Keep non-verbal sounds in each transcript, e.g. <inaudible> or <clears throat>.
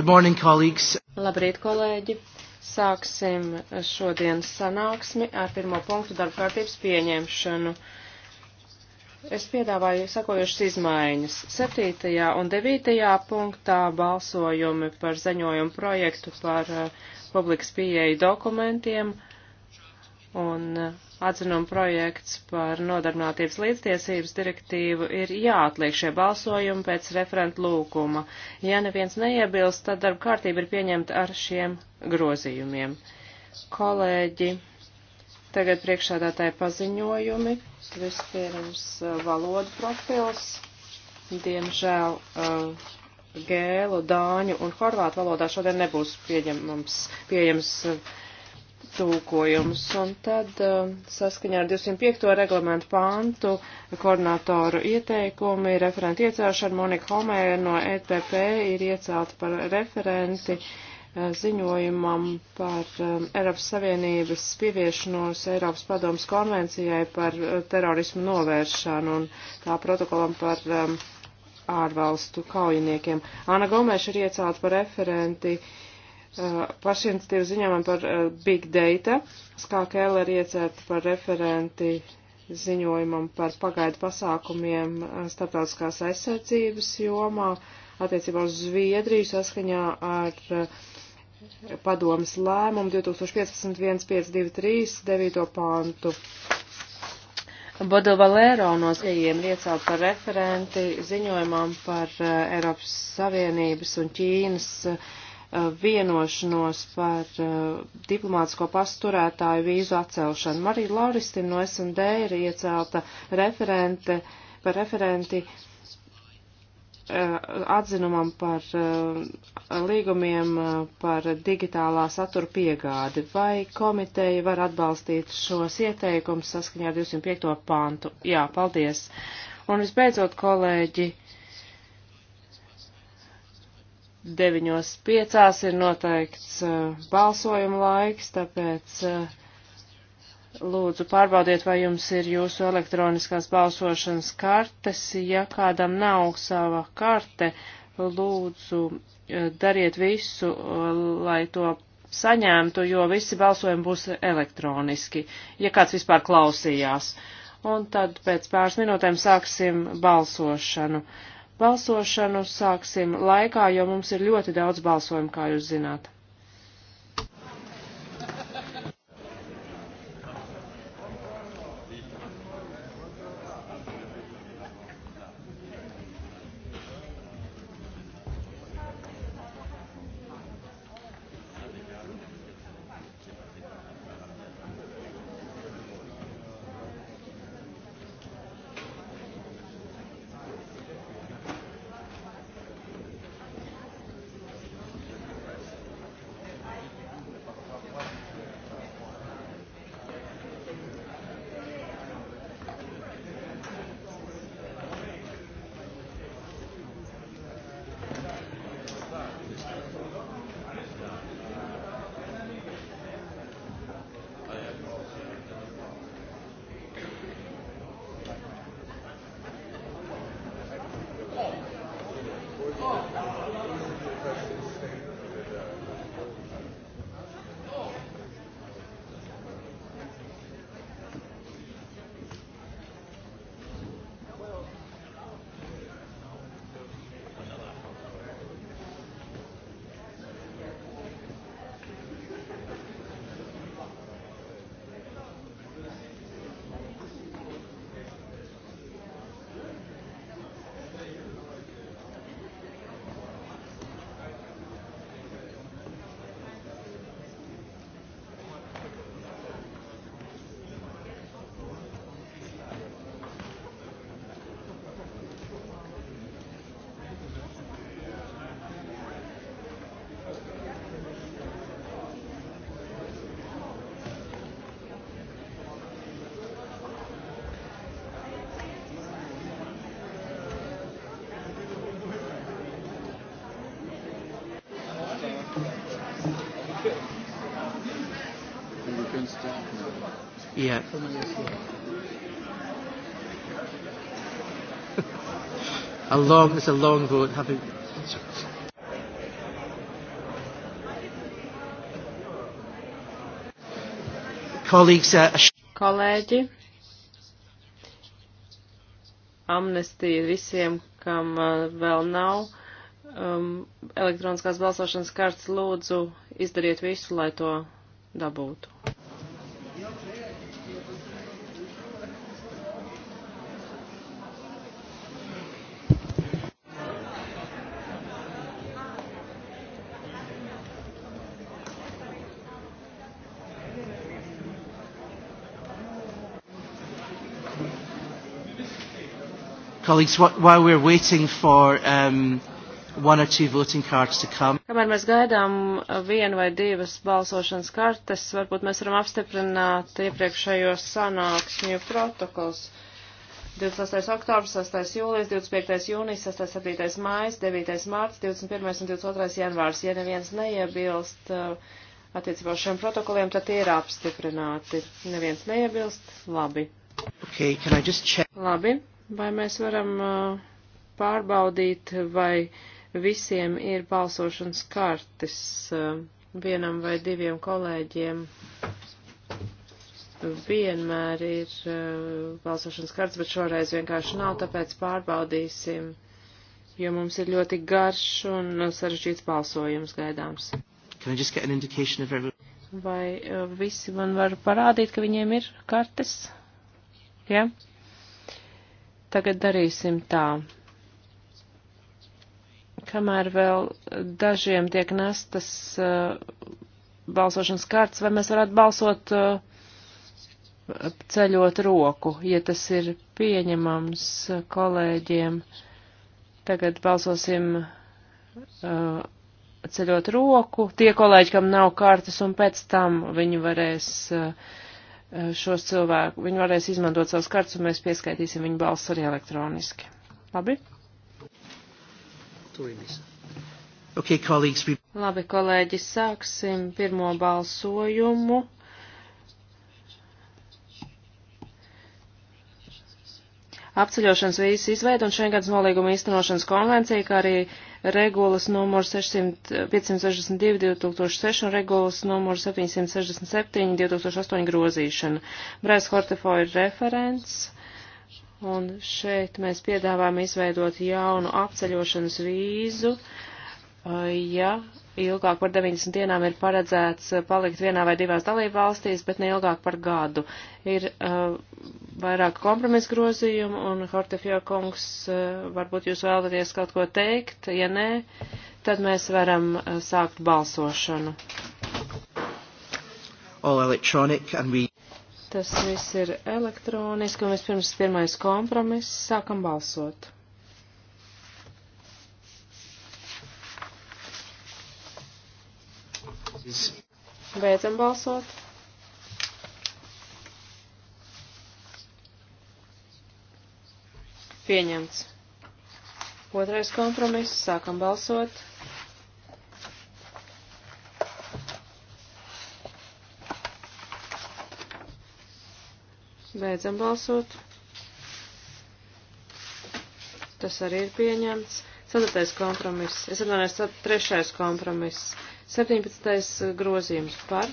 Good morning, colleagues. Labrīt, kolēģi. Sāksim šodienas sanāksmi ar pirmo punktu darba kārtības pieņemšanu. Es piedāvāju sakojušas izmaiņas. 7. un 9. punktā balsojumi par zaņojumu projektu par uh, publikas pieeju dokumentiem uh, un atzinuma projekts par nodarbinātības līdztiesības direktīvu ir jāatliek šie balsojumi pēc referentu lūguma. Ja neviens neiebilst, tad darba kārtība ir pieņemta ar šiem grozījumiem. Kolēģi, tagad priekšādātāji paziņojumi. Vispirms uh, valodu profils. Diemžēl uh, gēlu, dāņu un horvātu valodā šodien nebūs pieņemams, pieejams. Uh, tūkojums. Un tad uh, saskaņā ar 205. reglamentu pāntu koordinātoru ieteikumi referenti iecelšana Monika Homēra no ETP ir iecelta par referenti uh, ziņojumam par um, Eiropas Savienības pieviešanos Eiropas padomas konvencijai par uh, terorismu novēršanu un tā protokolam par um, ārvalstu kaujiniekiem. Ana Gomeša ir iecelta par referenti uh, Eh, pašinstīvu ziņojumu par eh, big data. Skā Keller iecēta par referenti ziņojumam par pagaidu pasākumiem eh, starptautiskās aizsardzības jomā attiecībā uz Zviedriju saskaņā ar padomas lēmumu 2015.1523 9. pantu. Bodo Valero no Zviedrijiem liecāja par referenti ziņojumam par Eiropas Savienības un Ķīnas uh, Uh, vienošanos par uh, diplomātsko pasturētāju vīzu atcelšanu. Marija Lauristina no SND ir iecelta referente, par referenti uh, atzinumam par uh, līgumiem uh, par digitālā satura piegādi. Vai komiteja var atbalstīt šos ieteikumus saskaņā 205. pantu? Jā, paldies. Un visbeidzot, kolēģi, uh, 9.5. ir noteikts uh, balsojuma laiks, tāpēc uh, lūdzu pārbaudiet, vai jums ir jūsu elektroniskās balsošanas kartes. Ja kādam nav sava karte, lūdzu uh, dariet visu, uh, lai to saņemtu, jo visi balsojumi būs elektroniski, ja kāds vispār klausījās. Un tad pēc pāris minūtēm sāksim balsošanu. Uh, Balsošanu sāksim laikā, jo mums ir ļoti daudz balsojumu, kā jūs zināt. a long, it's a long vote. Have you, Colleagues, uh, Kolēģi, amnestija visiem, kam uh, vēl nav um, elektroniskās balsošanas kārtas, lūdzu izdariet visu, lai to dabūtu. Colleagues, while we're waiting for um, one or two voting cards to come. Kamēr mēs gaidām uh, vienu vai divas balsošanas kartes, varbūt mēs varam apstiprināt iepriekšējo sanāksmju protokols. 28. oktobrs, 6. jūlijas, 25. jūnijas, 6. 7. mājas, 9. mārts, 21. un 22. janvārs. Ja neviens neiebilst uh, attiecībā uz šiem protokoliem, tad tie ir apstiprināti. Neviens neiebilst. Labi. Okay, Labi. Vai mēs varam uh, pārbaudīt, vai visiem ir balsošanas kartes uh, vienam vai diviem kolēģiem? Vienmēr ir uh, balsošanas kartes, bet šoreiz vienkārši nav, tāpēc pārbaudīsim, jo mums ir ļoti garš un sarežģīts balsojums gaidāms. Vai visi man var parādīt, ka viņiem ir kartes? Jā? Yeah? Tagad darīsim tā. Kamēr vēl dažiem tiek nestas uh, balsošanas kārtas, vai mēs varētu balsot uh, ceļot roku, ja tas ir pieņemams kolēģiem. Tagad balsosim uh, ceļot roku. Tie kolēģi, kam nav kārtas, un pēc tam viņi varēs uh, Eh, šos cilvēku. Viņi varēs izmantot savus kartus, un mēs pieskaitīsim viņu balsts arī elektroniski. Labi? Okay, colleagues, we... Labi, kolēģi, sāksim pirmo balsojumu. Apceļošanas vīzes izveidu un Schengens nolīguma īstenošanas konvencija, kā arī uh, regulas numuru 562-2006 un regulas numuru 767-2008 grozīšanu. Brais Hortefo ir referents, un šeit mēs piedāvājam izveidot jaunu apceļošanas vīzu, ja ilgāk par 90 dienām ir paredzēts eh, palikt vienā vai divās dalību valstīs, bet ne ilgāk par gadu. Ir uh, vairāk kompromisu grozījumu, un Hortefjo kungs, uh, varbūt jūs vēlaties kaut ko teikt, ja nē, tad mēs varam uh, sākt balsošanu. All electronic and we... Tas viss ir elektroniski, un vispirms pirmais kompromiss, sākam balsot. Beidzam balsot. Pieņemts. Otrais kompromiss. Sākam balsot. Beidzam balsot. Tas arī ir pieņemts. Ceturtais kompromiss. Es atvainojos, trešais kompromiss. 17. Eh, grozījums par.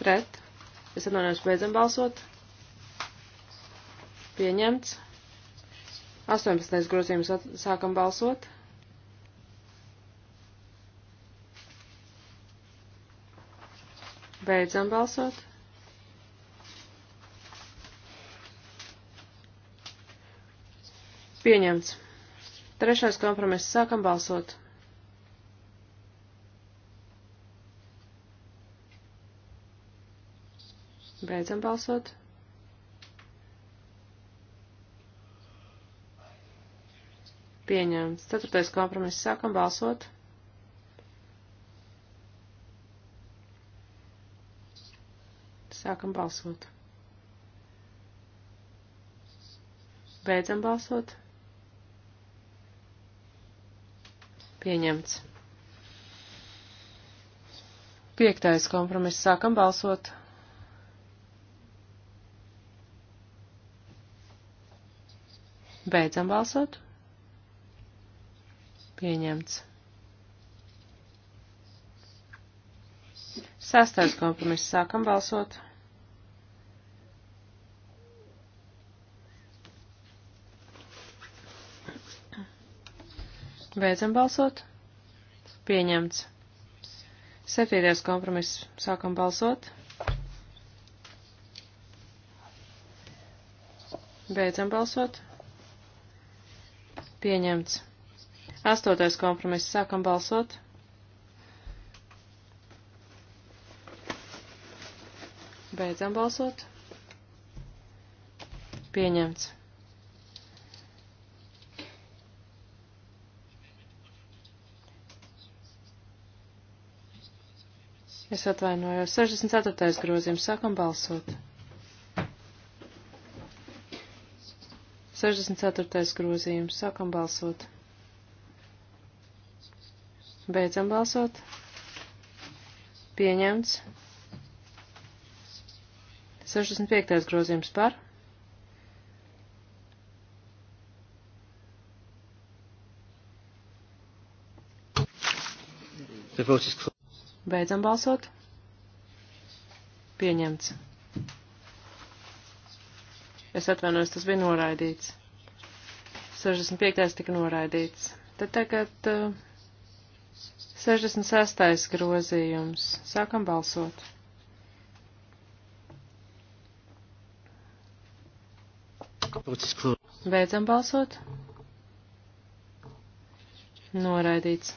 Pret. Es atvainojos, beidzam balsot. Pieņemts. 18. grozījums at, sākam balsot. Beidzam balsot. Pieņemts. Trešais kompromiss. Sākam balsot. Beidzam balsot. Pieņemts. Ceturtais kompromiss. Sākam balsot. Sākam balsot. Beidzam balsot. Pieņemts. Piektais kompromiss. Sākam balsot. Beidzam balsot. Pieņemts. Sastais kompromiss. Sākam balsot. Beidzam balsot. Pieņemts. Septītais kompromiss. Sākam balsot. Beidzam balsot. Pieņemts. Astotais kompromiss. Sākam balsot. Beidzam balsot. Pieņemts. Es atvainojos. 64. grozījums. Sākam balsot. 64. grozījums. Sākam balsot. Beidzam balsot. Pieņemts. 65. grozījums par. The vote is closed. Beidzam balsot. Pieņemts. Es atvainojos, tas bija noraidīts. 65. tika noraidīts. Tad tagad uh, 66. grozījums. Sākam balsot. Beidzam balsot. Noraidīts.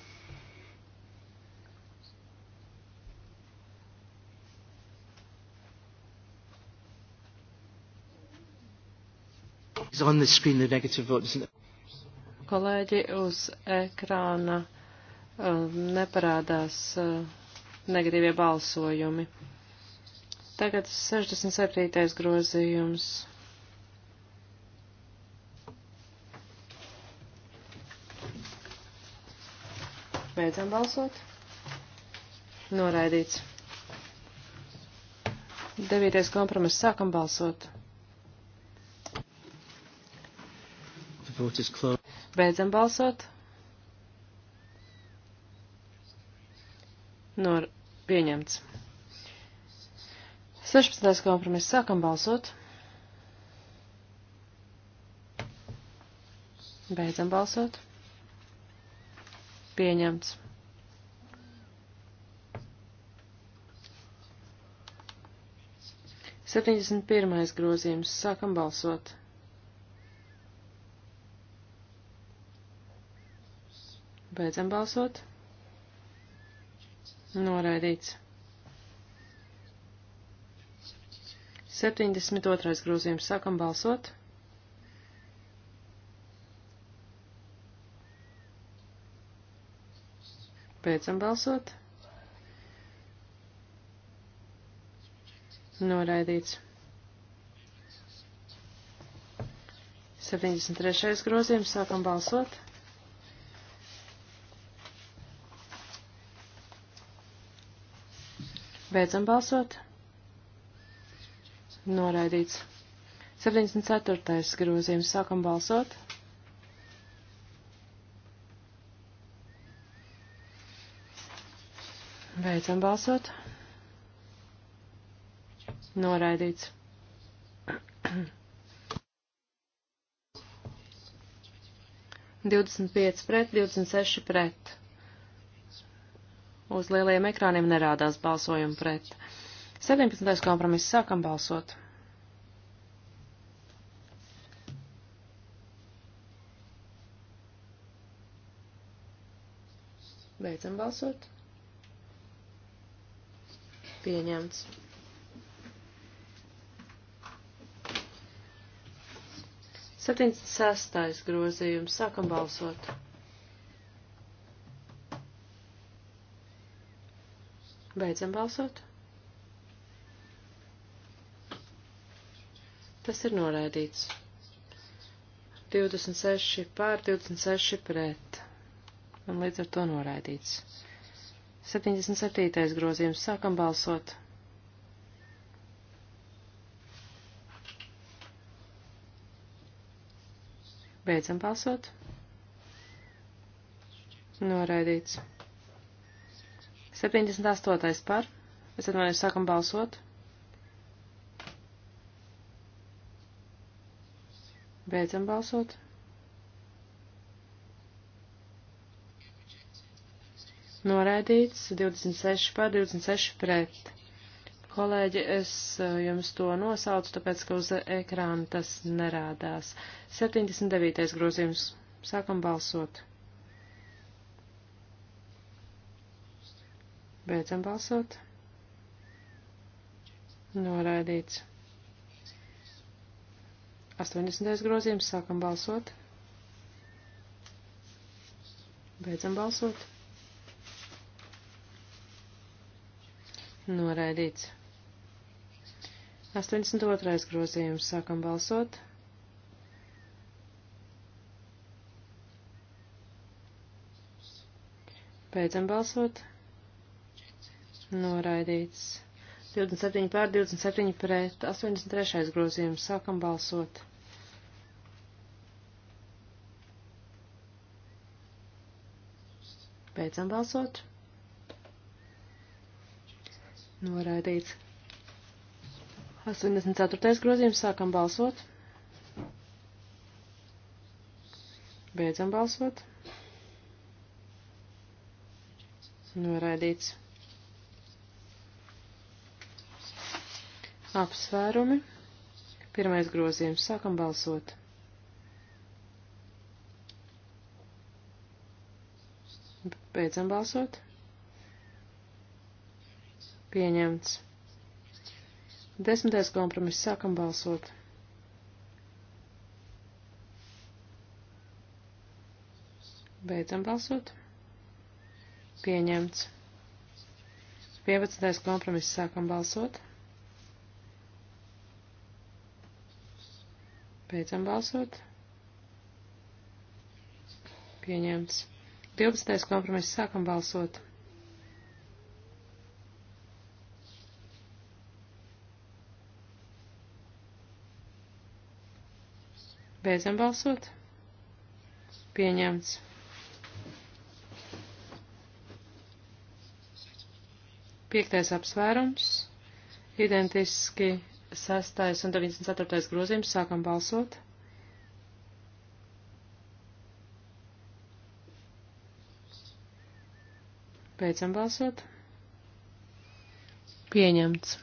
is on the screen the negative vote, isn't it? Kolēģi, uz ekrāna uh, neparādās uh, negatīvie balsojumi. Tagad 67. grozījums. Beidzam balsot. Noraidīts. Devītais kompromiss. Sākam balsot. Vote is closed. Beidzam balsot. Nor pieņemts. 16. kompromiss. Sākam balsot. Beidzam balsot. Pieņemts. 71. grozījums. Sākam balsot. Beidzam balsot. Noraidīts. 72. grozījums. Sākam balsot. Beidzam balsot. Noraidīts. 73. grozījums. Sākam balsot. Beidzam balsot. Noraidīts. 74. grozījums. Sākam balsot. Beidzam balsot. Noraidīts. 25 pret, 26 pret uz lielajiem ekrāniem nerādās balsojumu pret. 17. kompromiss sākam balsot. Beidzam balsot. Pieņemts. Septiņdesmit sestais grozījums. Sākam balsot. Beidzam balsot. Tas ir noraidīts. 26 pār 26 pret. Un līdz ar to noraidīts. 77. grozījums. Sākam balsot. Beidzam balsot. Noraidīts. 78. par. Es atvainojos, sākam balsot. Beidzam balsot. Noraidīts 26 par 26 pret. Kolēģi, es eh, jums to nosaucu, tāpēc, ka uz ekrāna tas nerādās. 79. grozījums. Sākam balsot. Beidzam balsot. Noraidīts. 80. grozījums. Sākam balsot. Beidzam balsot. Noraidīts. 82. grozījums. Sākam balsot. Beidzam balsot. Noraidīts. 27 pār 27 pret 83. grozījums. Sākam balsot. Beidzam balsot. Noraidīts. 84. grozījums. Sākam balsot. Beidzam balsot. Noraidīts. Apsvērumi. Pirmais grozījums. Sākam balsot. Beidzam balsot. Pieņemts. Desmitais kompromiss. Sākam balsot. Beidzam balsot. Pieņemts. 11. kompromiss sākam balsot. Beidzam balsot. Pieņemts. 12. kompromiss. Sākam balsot. Beidzam balsot. Pieņemts. 5. apsvērums. Identiski 96. un 94. grozījums. Sākam balsot. Beidzam balsot. Pieņemts.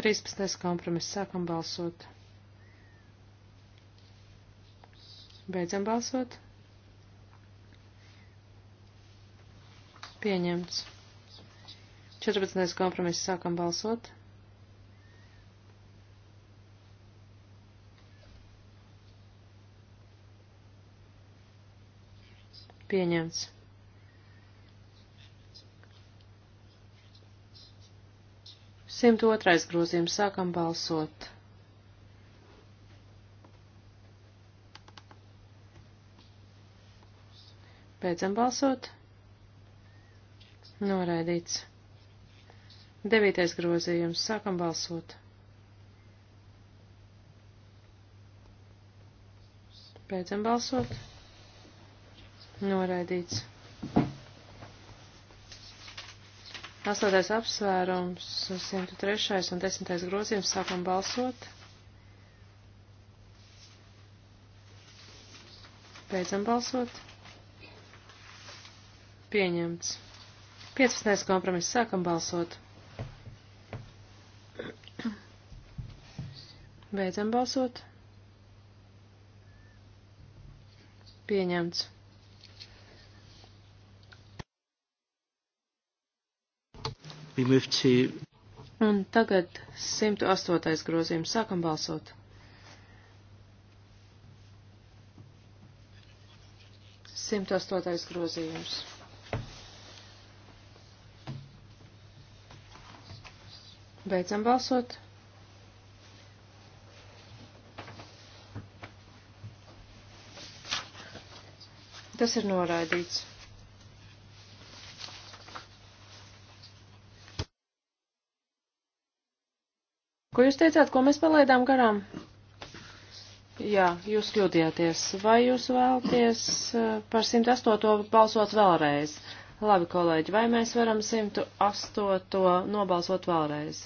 13. kompromiss. Sākam balsot. Beidzam balsot. Pieņemts. 14. kompromiss sākam balsot. Pieņemts. 102. grozījums sākam balsot. Beidzam balsot. Noraidīts. Devītais grozījums. Sākam balsot. Beidzam balsot. Noraidīts. Astotais apsvērums, 103. un 10. grozījums. Sākam balsot. Beidzam balsot. Pieņemts. 15. kompromiss. Sākam balsot. Beidzam balsot. Pieņemts. Un tagad 108. grozījums. Sākam balsot. Simt astotais grozījums. Beidzam balsot. Tas ir noraidīts. Ko jūs teicāt, ko mēs palaidām garām? Jā, jūs kļūdījāties. Vai jūs vēlaties eh, par 108. balsot vēlreiz? Labi, kolēģi, vai mēs varam 108. nobalsot vēlreiz?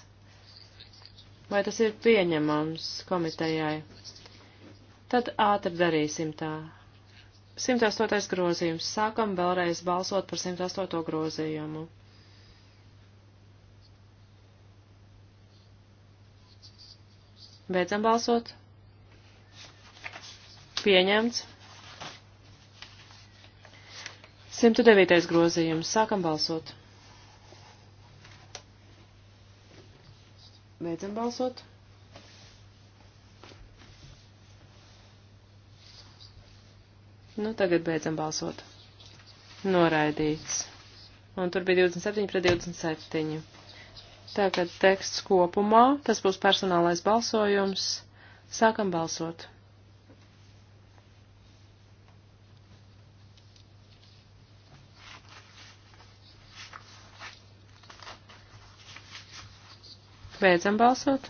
Vai tas ir pieņemams komitejai? Tad ātri darīsim tā. 108. grozījums. Sākam vēlreiz balsot par 108. grozījumu. Beidzam balsot. Pieņemts. 109. grozījums. Sākam balsot. Beidzam balsot. Nu, tagad beidzam balsot. Noraidīts. Un tur bija 27 pret 27. Tagad teksts kopumā, tas būs personālais balsojums. Sākam balsot. Beidzam balsot.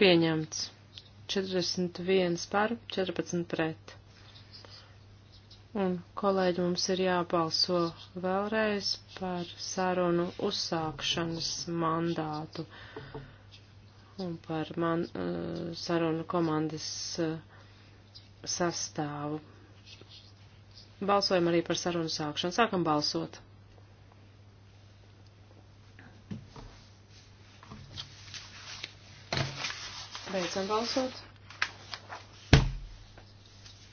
Pieņemts. 41 par, 14 pret. Un, kolēģi, mums ir jābalso vēlreiz par sarunu uzsākšanas mandātu un par man, uh, sarunu komandas uh, sastāvu. Balsojam arī par sarunu sākšanu. Sākam balsot! Beidzam balsot.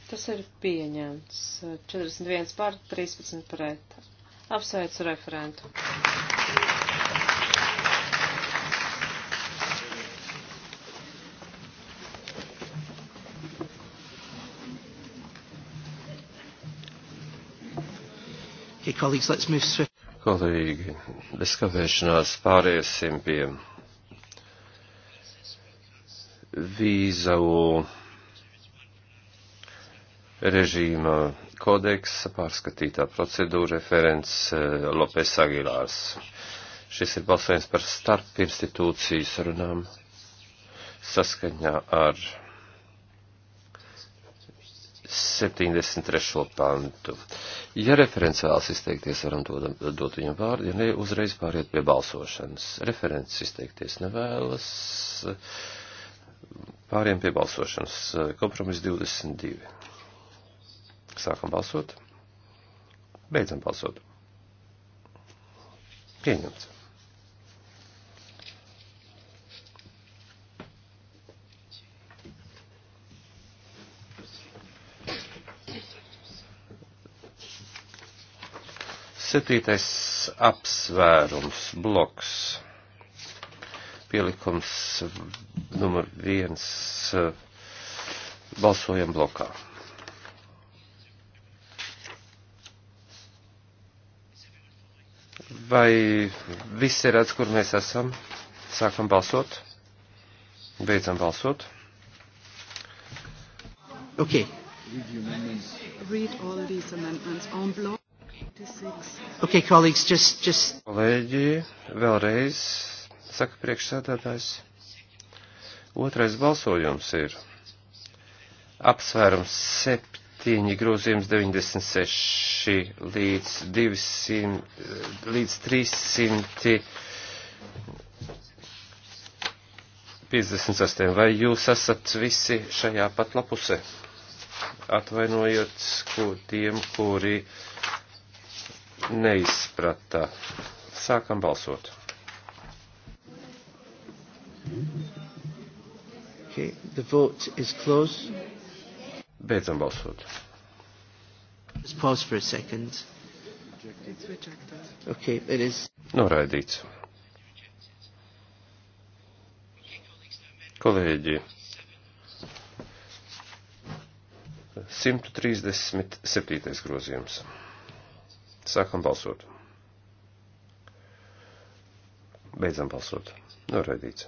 Tas ir pieņemts. 41 pār 13 pret. Apsveicu referentu. Hey, colleagues, let's move swiftly. Kolēģi, bez kavēšanās pāriesim pie vīzu režīma kodeksa pārskatītā procedūra referents eh, Lopes Agilārs. Šis ir balsojums par starp institūciju sarunām saskaņā ar 73. pantu. Ja referents vēlas izteikties, varam dot, dot viņam vārdu, ja ne, uzreiz pāriet pie balsošanas. Referents izteikties nevēlas. Uh, Pāriem pie balsošanas. Kompromiss 22. Sākam balsot. Beidzam balsot. Pieņemts. Septītais apsvērums bloks pielikums numur viens balsojam blokā. Vai visi redz, kur mēs esam? Sākam balsot. Beidzam balsot. Okay. Read all these amendments on block. Okay, colleagues, just, just. Kolēģi, vēlreiz saka priekšsēdētājs. Otrais balsojums ir apsvērums 7, grozījums 96 līdz 200, līdz 358. Vai jūs esat visi šajā pat lapusē? Atvainojiet ko tiem, kuri neizprata. Sākam balsot. Okay, the vote is closed. Beidzam balsot. Let's pause for a second. It's rejected. Okay, it is. Noraidīts. Kolēģi, 137. grozījums. Sākam balsot. Beidzam balsot. Noraidīts.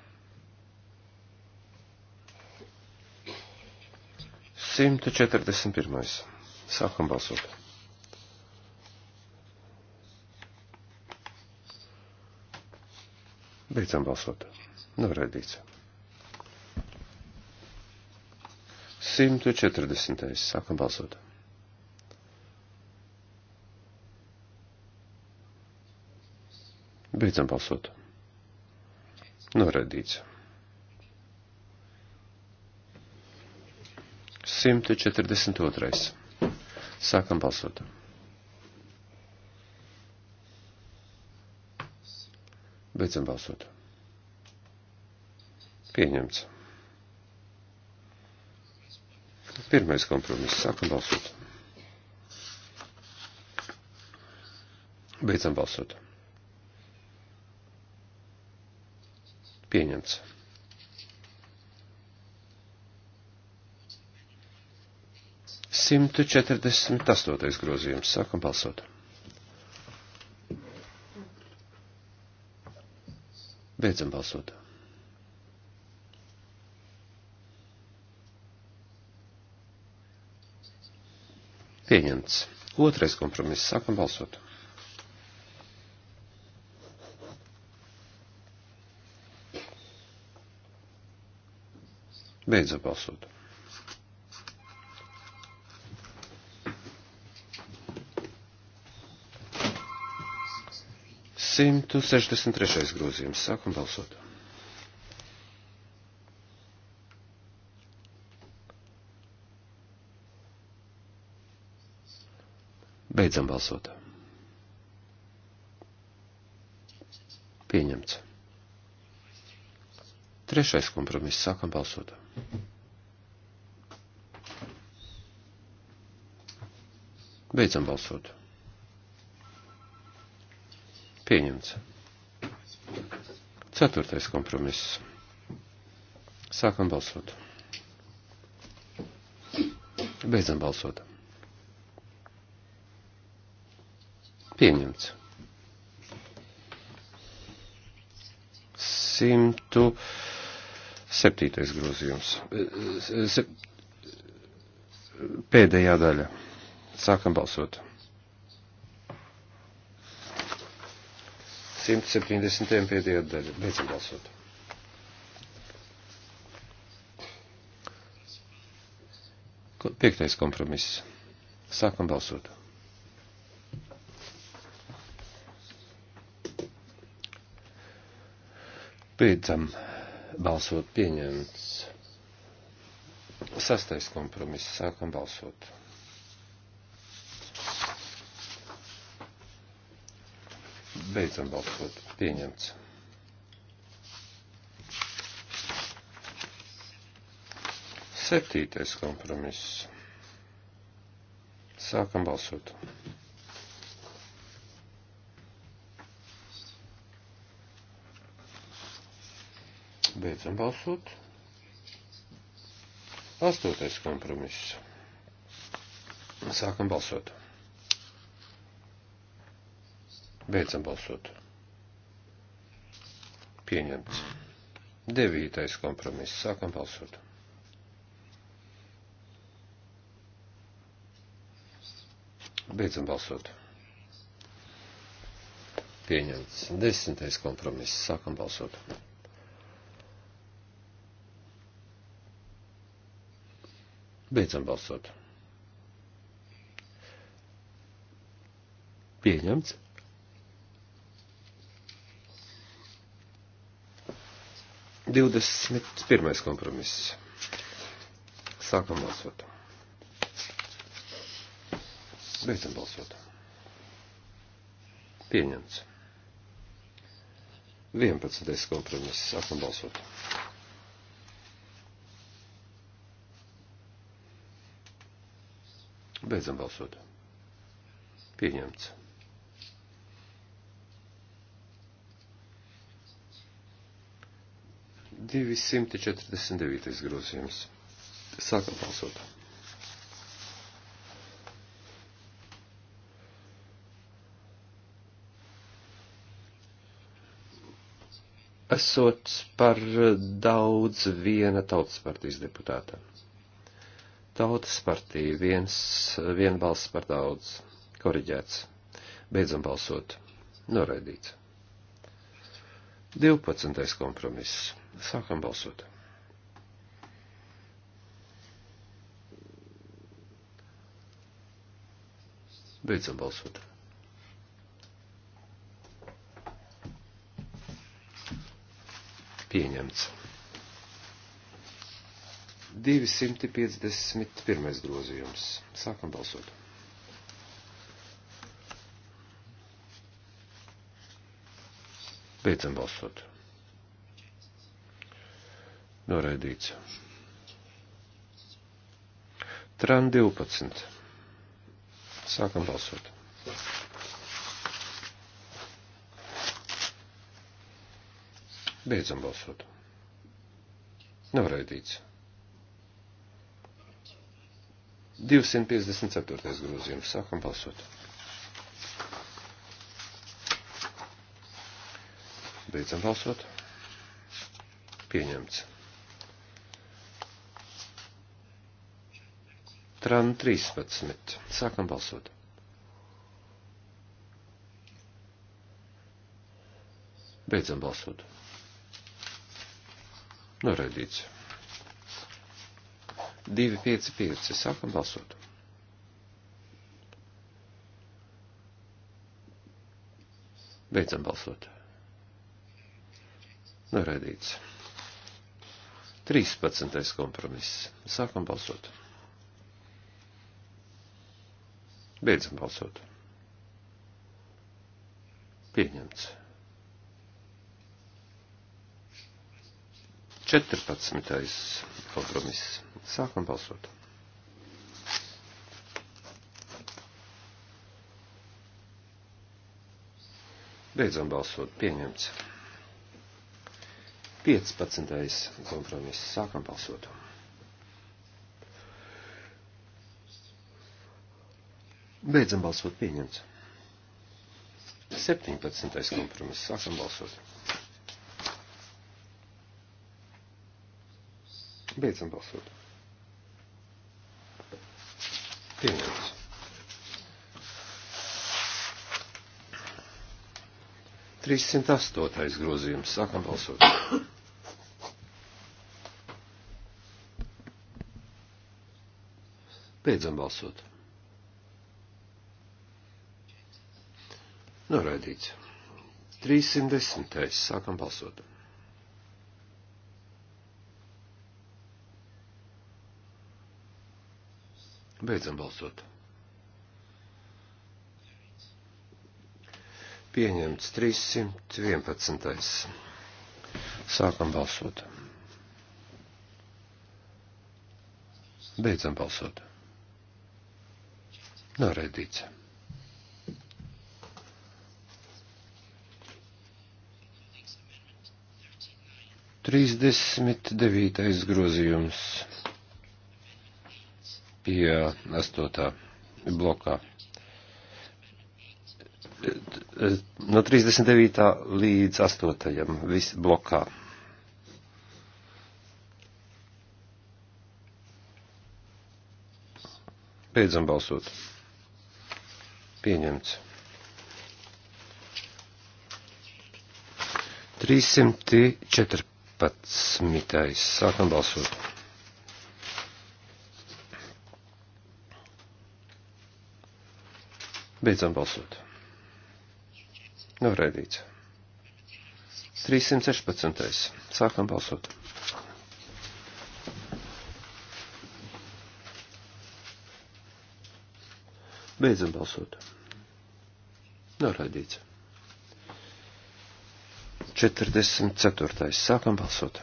141. Sākam balsot. Beidzam balsot. Nav redzīts. 140. Sākam balsot. Beidzam balsot. Noraidīts. 142. Sākam balsot. Beidzam balsot. Pieņemts. Pirmais kompromiss. Sākam balsot. Beidzam balsot. Pieņemts. 148. grozījums. Sākam balsot. Beidzam balsot. Pieņemts. Otrais kompromiss. Sākam balsot. Beidzam balsot. 163. grozījums. Sākam balsot. Beidzam balsot. Pieņemts. Trešais kompromiss. Sākam balsot. Beidzam balsot. Pieņemts. Ceturtais kompromiss. Sākam balsot. Beidzam balsot. Pieņemts. 107. grozījums. Pēdējā daļa. Sākam balsot. 170. pēdējā daļa. Beidzam balsot. Piektais kompromiss. Sākam balsot. Beidzam balsot pieņemts. Sastais kompromiss. Sākam balsot. Beidzam balsot. Pieņemts. Septītais kompromiss. Sākam balsot. Beidzam balsot. Astotais kompromiss. Sākam balsot. Beidzam balsot. Pieņemts. Devītais kompromiss. Sākam balsot. Beidzam balsot. Pieņemts. Desmitais kompromiss. Sākam balsot. Beidzam balsot. Pieņemts. 21. kompromiss. Sākam balsot. Beidzam balsot. Pieņemts. 11. kompromiss. Sākam balsot. Beidzam balsot. Pieņemts. 249. grozījums. Sākam balsot. Esot par daudz viena tautas partijas deputāta. Tautas partija viens, viena balss par daudz. Koriģēts. Beidzam balsot. Noraidīts. 12. kompromiss Sākam balsot. Beidzam balsot. Pieņemts. 251. grozījums. Sākam balsot. Beidzam balsot. Noraidīts. Tran 12. Sākam balsot. Beidzam balsot. Noraidīts. 254. grozījums. Sākam balsot. Beidzam balsot. Pieņemts. Tran 13. Sākam balsot. Beidzam balsot. Noraidīts. 2, 5, 5. Sākam balsot. Beidzam balsot. Noraidīts. 13. kompromiss. Sākam balsot. Beidzam balsot. Pieņemts. 14. kompromiss. Sākam balsot. Beidzam balsot. Pieņemts. 15. kompromiss. Sākam balsot. Beidzam balsot pieņemts. 17. kompromiss. Sākam balsot. Beidzam balsot. Pieņemts. Trīssimt astotais grozījums. Sākam balsot. Beidzam balsot. Noraidīts. 310. Sākam balsot. Beidzam balsot. Pieņemts 311. Sākam balsot. Beidzam balsot. Noraidīts. 39. grozījums pie 8. blokā. No 39. līdz 8. viss blokā. Beidzam balsot. Pieņemts. 314. 11. Sākam balsot. Beidzam balsot. Noraidīts. 316. Sākam balsot. Beidzam balsot. Noraidīts. 44. Sākam balsot.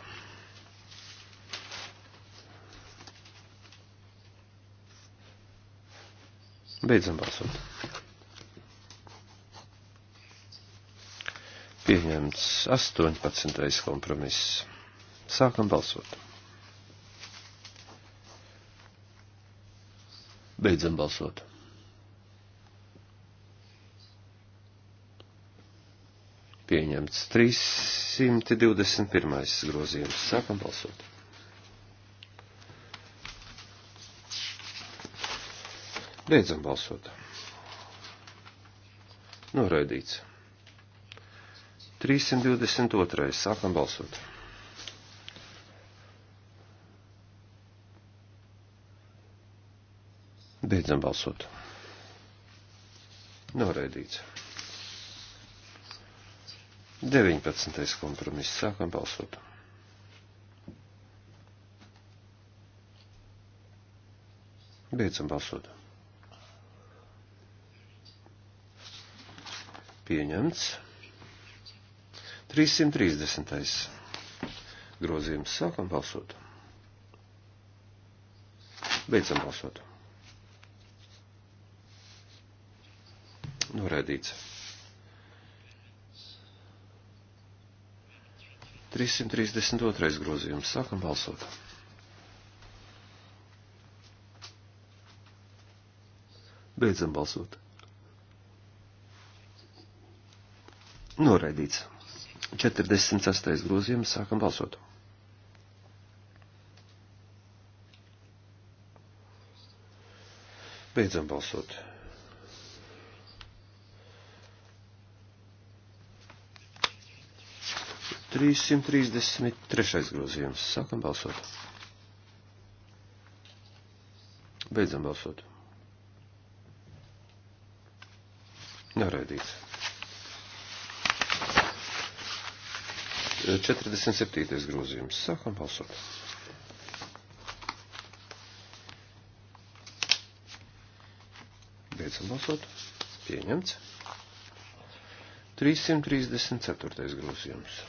Beidzam balsot. Pieņemts 18. kompromiss. Sākam balsot. Beidzam balsot. pieņemts. 321. grozījums. Sākam balsot. Beidzam balsot. Noraidīts. 322. Sākam balsot. Beidzam balsot. Noraidīts. 19. kompromiss. Sākam balsot. Beidzam balsot. Pieņemts. 330. grozījums. Sākam balsot. Beidzam balsot. Noraidīts. 332. grozījums. Sākam balsot. Beidzam balsot. Noraidīts. 46. grozījums. Sākam balsot. Beidzam balsot. 333. grozījums. Sākam balsot. Beidzam balsot. Noraidīts. 47. grozījums. Sākam balsot. Beidzam balsot. Pieņemts. 334. grozījums.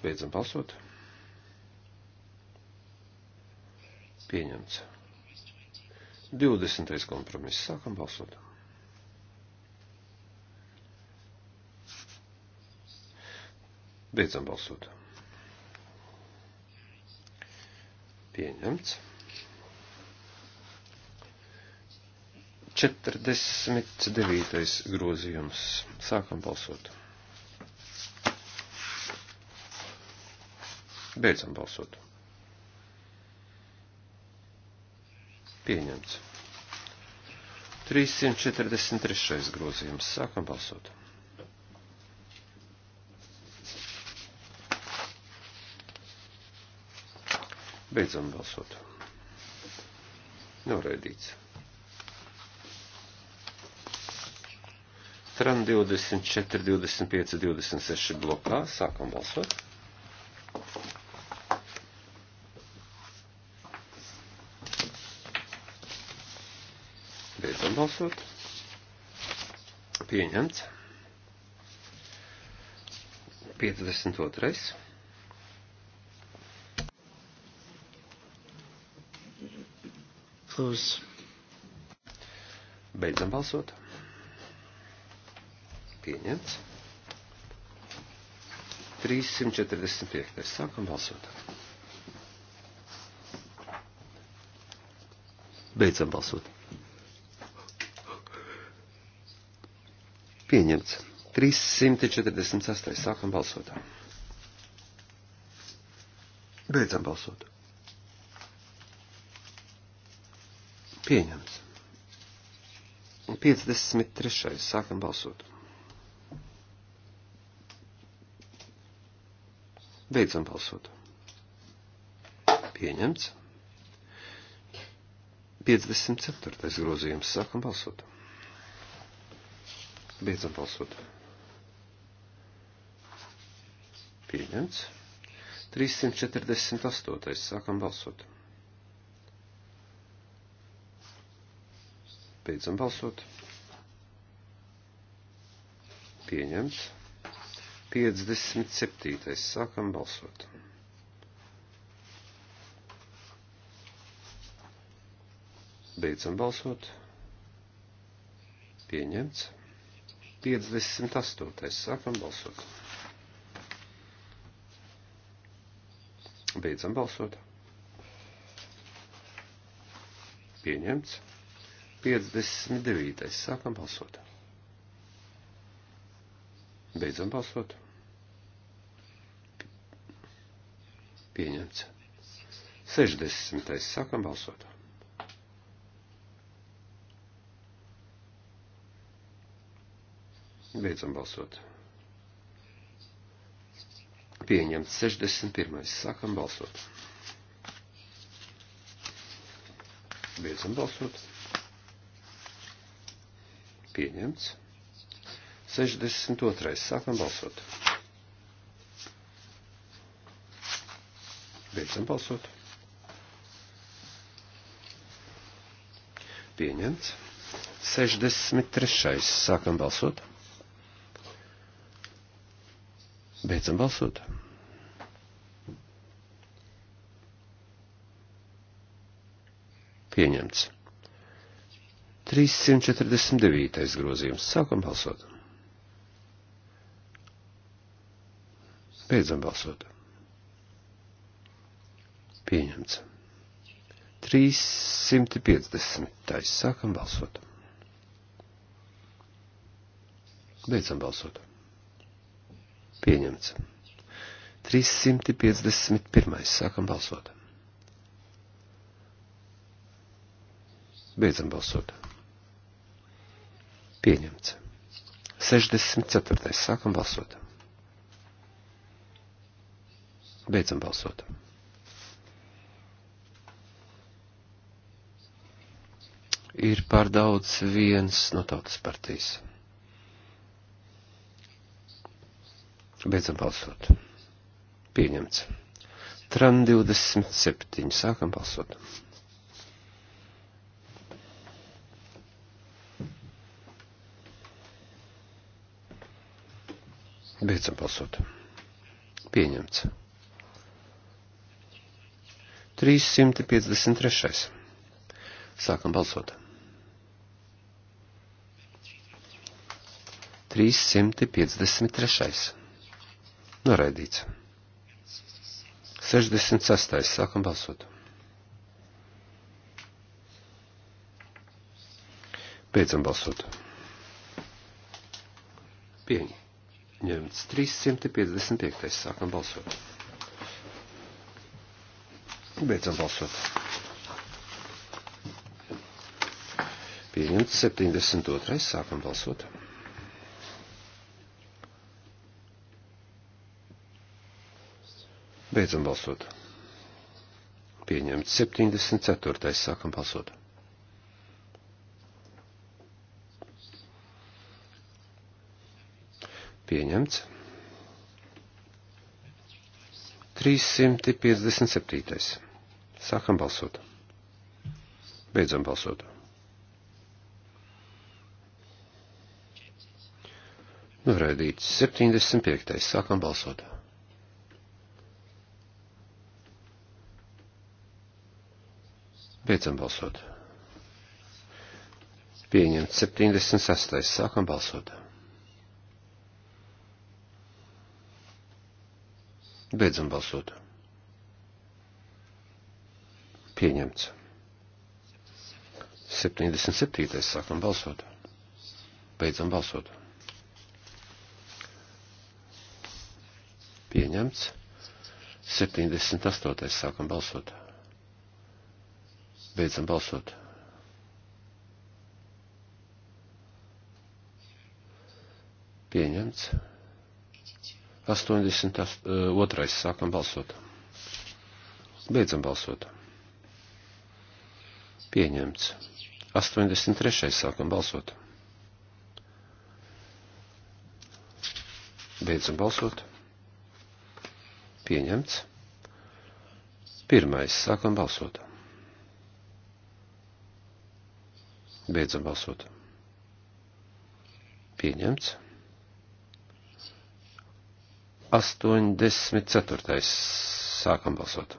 Beidzam balsot. Pieņemts. 20. kompromiss. Sākam balsot. Beidzam balsot. Pieņemts. 49. grozījums. Sākam balsot. Beidzam balsot. Pieņemts. 343. grozījums. Sākam balsot. Beidzam balsot. Noraidīts. Tran 24, 25, 26 blokā. Sākam balsot. balsot. Pieņemts. 52. Plus. Beidzam balsot. Pieņemts. 345. Sākam balsot. Beidzam balsot. Pieņemts. 348. Sākam balsot. Beidzam balsot. Pieņemts. 53. Sākam balsot. Beidzam balsot. Pieņemts. 54. grozījums. Sākam balsot. Beidzam balsot. Pieņemts. 348. Sākam balsot. Beidzam balsot. Pieņemts. 57. Sākam balsot. Beidzam balsot. Pieņemts. 58. Sākam balsot. Beidzam balsot. Pieņemts. 59. Sākam balsot. Beidzam balsot. Pieņemts. 60. Sākam balsot. Beidzam balsot. Pieņemts 61. Sākam balsot. Beidzam balsot. Pieņemts. 62. Sākam balsot. Beidzam balsot. Pieņemts. 63. Sākam balsot. Beidzam balsot. Pieņemts. 349. grozījums. Sākam balsot. Beidzam balsot. Pieņemts. 350. Sākam balsot. Beidzam balsot. Pieņemts. 351. Sākam balsot. Beidzam balsot. Pieņemts. 64. Sākam balsot. Beidzam balsot. Ir pārdaudz viens no tautas partijas. Beidzam balsot. Pieņemts. Tran 27. Sākam balsot. Beidzam balsot. Pieņemts. 353. Sākam balsot. 353. Noraidīts. 66. Sākam balsot. Beidzam balsot. Pieņemts 355. Sākam balsot. Beidzam balsot. Pieņemts 72. Sākam balsot. Beidzam balsot. Pieņemts 74. Sākam balsot. Pieņemts. 357. Sākam balsot. Beidzam balsot. Noraidīts 75. Sākam balsot. Beidzam balsot. Pieņemt 76. Sākam balsot. Beidzam balsot. Pieņemts. 77. Sākam balsot. Beidzam balsot. Pieņemts. 78. Sākam balsot. Beidzam balsot. Pieņemts. 82. Eh, Sākam balsot. Beidzam balsot. Pieņemts. 83. Sākam balsot. Beidzam balsot. Pieņemts. Pirmais. Sākam balsot. Beidzam balsot. Pieņemts. 84. Sākam balsot.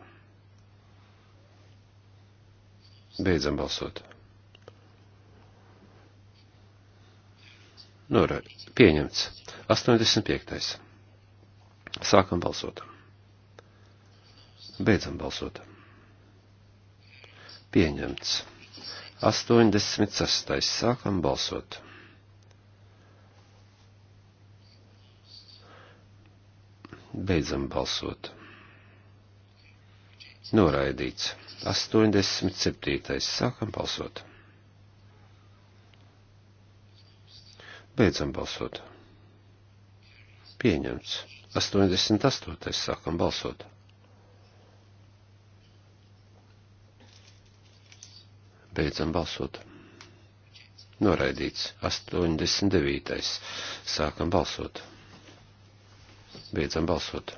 Beidzam balsot. Nora, nu, pieņemts. 85. Sākam balsot. Beidzam balsot. Pieņemts. 86. Sākam balsot. Beidzam balsot. Noraidīts. 87. Sākam balsot. Beidzam balsot. Pieņemts. 88. Sākam balsot. Beidzam balsot. Noraidīts. 89. Sākam balsot. Beidzam balsot.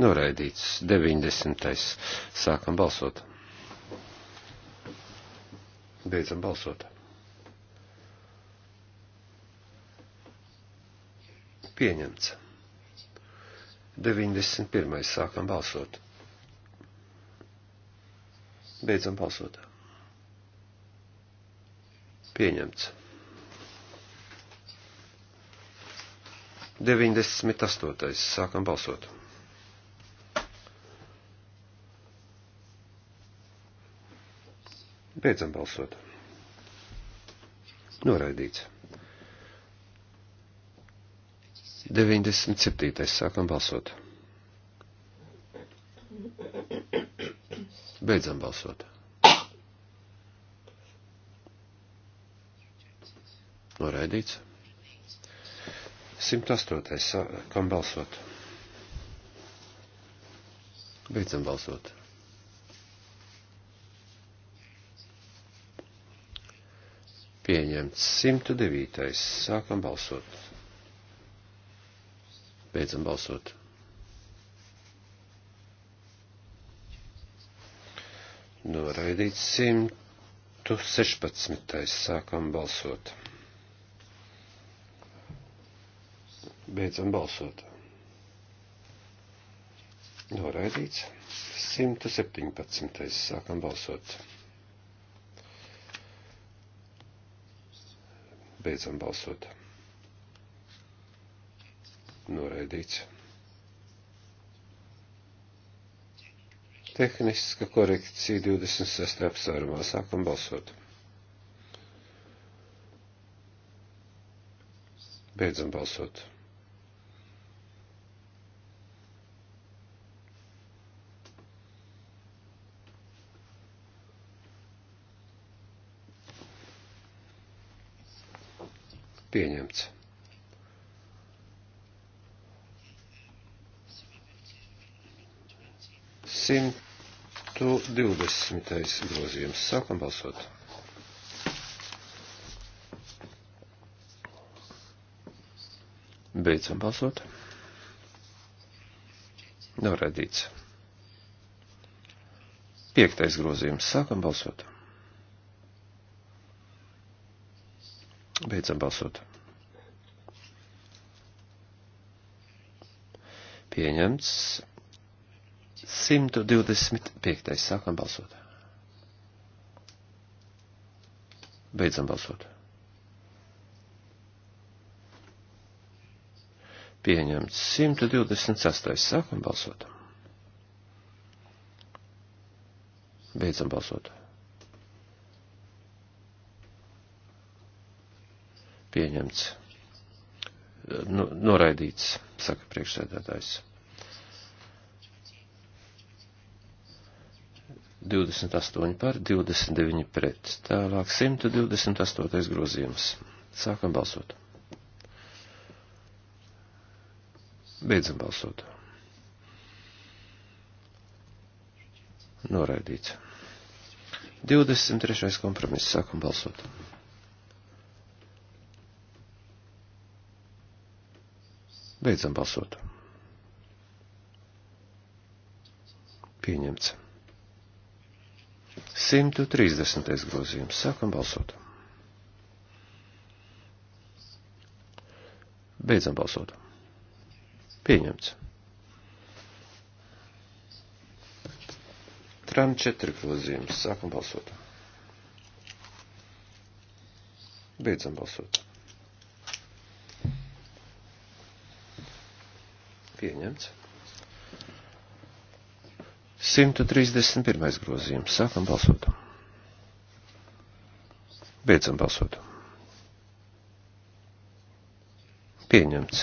Noraidīts. 90. Sākam balsot. Beidzam balsot. Pieņemts. 91. Sākam balsot. Beidzam balsot. Pieņemts. 98. Sākam balsot. Beidzam balsot. Noraidīts. 97. Sākam balsot. Beidzam balsot. Noraidīts. 108. Kam balsot? Beidzam balsot. Pieņemts 109. Sākam balsot. Beidzam balsot. Noraidīts 116. Sākam balsot. Beidzam balsot. Noraidīts 117. Sākam balsot. Beidzam balsot. Noraidīts. Tehniska korekcija 26. apsvērumā. Sākam balsot. Beidzam balsot. Pieņemts. 120. grozījums. Sākam balsot. Beidzam balsot. Nav redzīts. Piektais grozījums. Sākam balsot. Beidzam balsot. Pieņemts. 125. Sākam balsot. Beidzam balsot. Pieņemts 126. Sākam balsot. Beidzam balsot. Pieņemts. Nu, noraidīts, saka priekšsēdētājs. 28 par 29 pret. Tālāk 128 grozījums. Sākam balsot. Beidzam balsot. Noraidīts. 23. kompromiss. Sākam balsot. Beidzam balsot. Pieņemts. 130. grozījums. Sākam balsot. Beidzam balsot. Pieņemts. Tram 4 grozījums. Sākam balsot. Beidzam balsot. Pieņemts. 131. grozījums. Sākam balsot. Beidzam balsot. Pieņemts.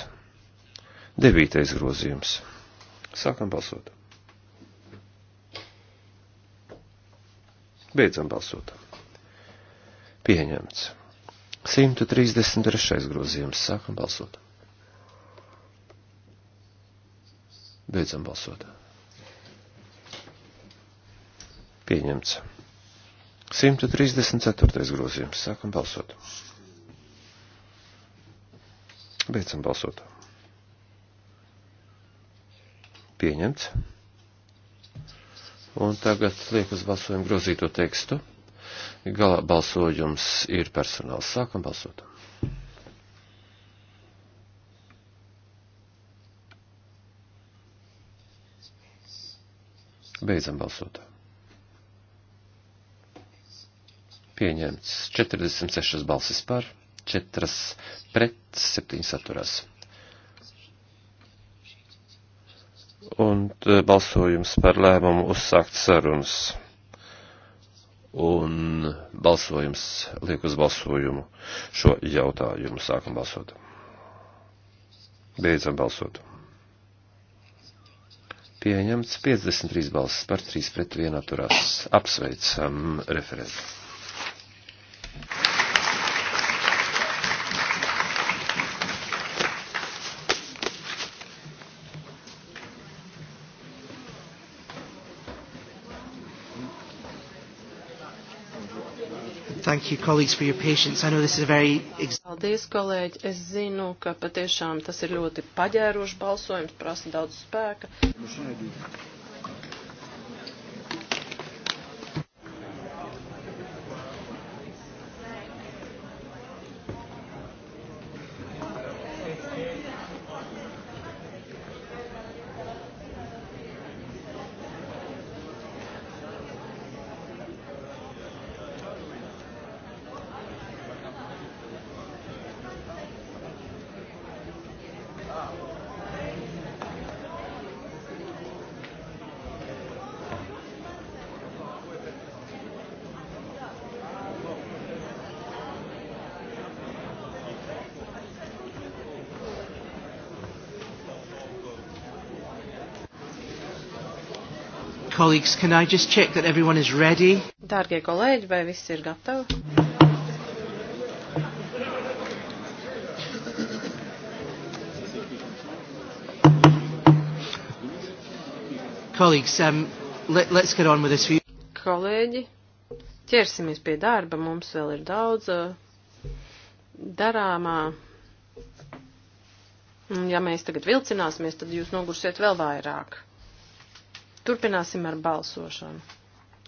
9. grozījums. Sākam balsot. Beidzam balsot. Pieņemts. 133. grozījums. Sākam balsot. Beidzam balsot. Pieņemts. 134. grozījums. Sākam balsot. Beidzam balsot. Pieņemts. Un tagad liek uz balsojumu grozīto tekstu. Galā balsojums ir personāls. Sākam balsot. Beidzam balsot. Pieņemts 46 balsis par, 4 pret, 7 saturās. Un balsojums par lēmumu uzsākt sarunas un balsojums liek uz balsojumu šo jautājumu. Sākam balsot. Beidzam balsot. Pieņemts 53 balsis par 3 pret 1 atturās. Apsveicam referendumu. Thank you, colleagues, for your patience. I know this is a very... Paldies, kolēģi. Es zinu, ka patiešām tas ir ļoti paģērošs balsojums, prasa daudz spēka. Mašinēdī. colleagues, can I just check that everyone is ready? Dārgie kolēģi, vai viss ir gatavi? Colleagues, um, let, let's get on with this. Kolēģi, ķersimies pie darba, mums vēl ir daudz uh, darāmā. Ja mēs tagad vilcināsimies, tad jūs nogursiet vēl vairāk. Turpināsim ar balsošanu.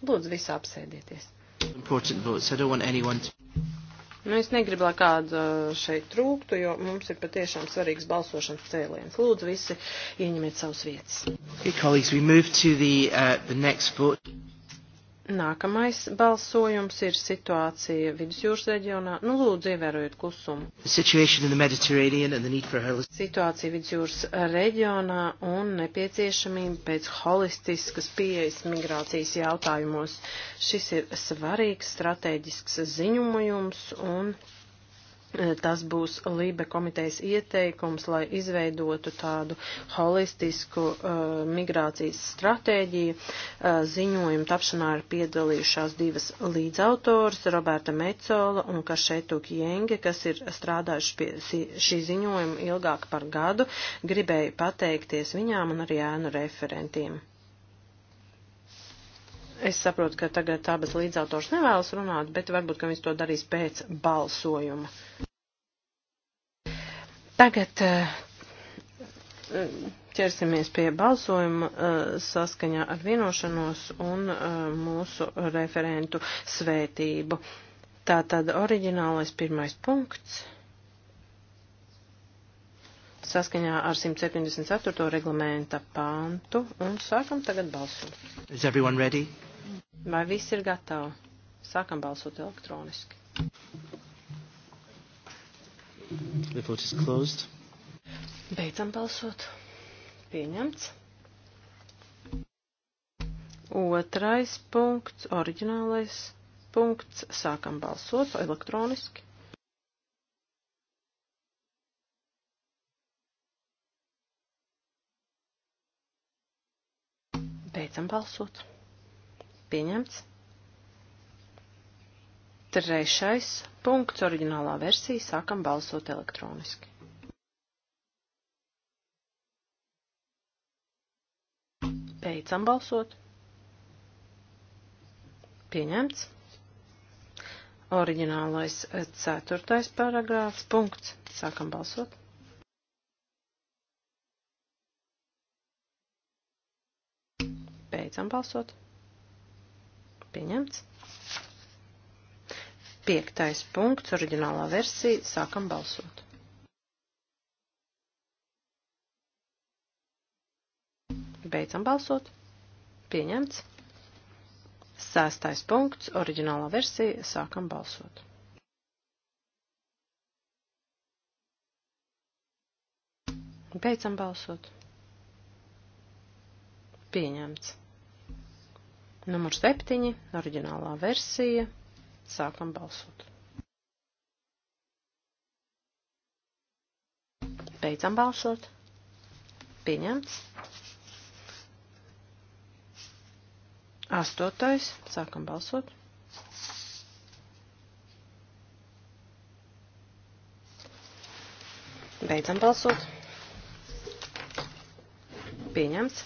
Lūdzu, visi apsēdieties. Nu, es negribu, lai kāda šeit trūktu, jo mums ir patiešām svarīgs balsošanas cēliens. Lūdzu, visi ieņemiet savus vietas. Okay, the, uh, the Nākamais balsojums ir situācija vidusjūras reģionā. Nu, lūdzu, ievērojiet klusumu. Her... Situācija vidusjūras reģionā un nepieciešamība pēc holistiskas pieejas migrācijas jautājumos. Šis ir svarīgs strateģisks ziņojums un E, tas būs Lībe komitejas ieteikums, lai izveidotu tādu holistisku uh, migrācijas stratēģiju. Uh, ziņojumu tapšanā ir piedalījušās divas līdzautors - Roberta Mecola un Kašetu Kienge, kas ir strādājuši pie šī ziņojuma ilgāk par gadu. Gribēju pateikties viņām un arī ēnu referentiem. Es saprotu, ka tagad abas līdzautors nevēlas runāt, bet varbūt, ka viņš to darīs pēc balsojuma. Tagad eh, ķersimies pie balsojuma eh, saskaņā ar vienošanos un eh, mūsu referentu svētību. Tātad oriģinālais pirmais punkts saskaņā ar 174. reglamenta pāntu un sākam tagad balsot. Is everyone ready? Vai viss ir gatavi? Sākam balsot elektroniski. The vote is closed. Beidzam balsot. Pieņemts. Otrais punkts, oriģinālais punkts, sākam balsot elektroniski. Beidzam balsot. Pieņemts. Trešais punkts oriģinālā versija sākam balsot elektroniski. Beidzam balsot. Pieņemts. Oriģinālais eh, ceturtais paragrāfs punkts. Sākam balsot. Beidzam balsot. Pieņemts. Piektais punkts, oriģinālā versija, sākam balsot. Beidzam balsot. Pieņemts. Sēstais punkts, oriģinālā versija, sākam balsot. Beidzam balsot. Pieņemts. Numur 7, oriģinālā versija. Sākam balsot. Beidzam balsot. Pieņemts. Astotais. Sākam balsot. Beidzam balsot. Pieņemts.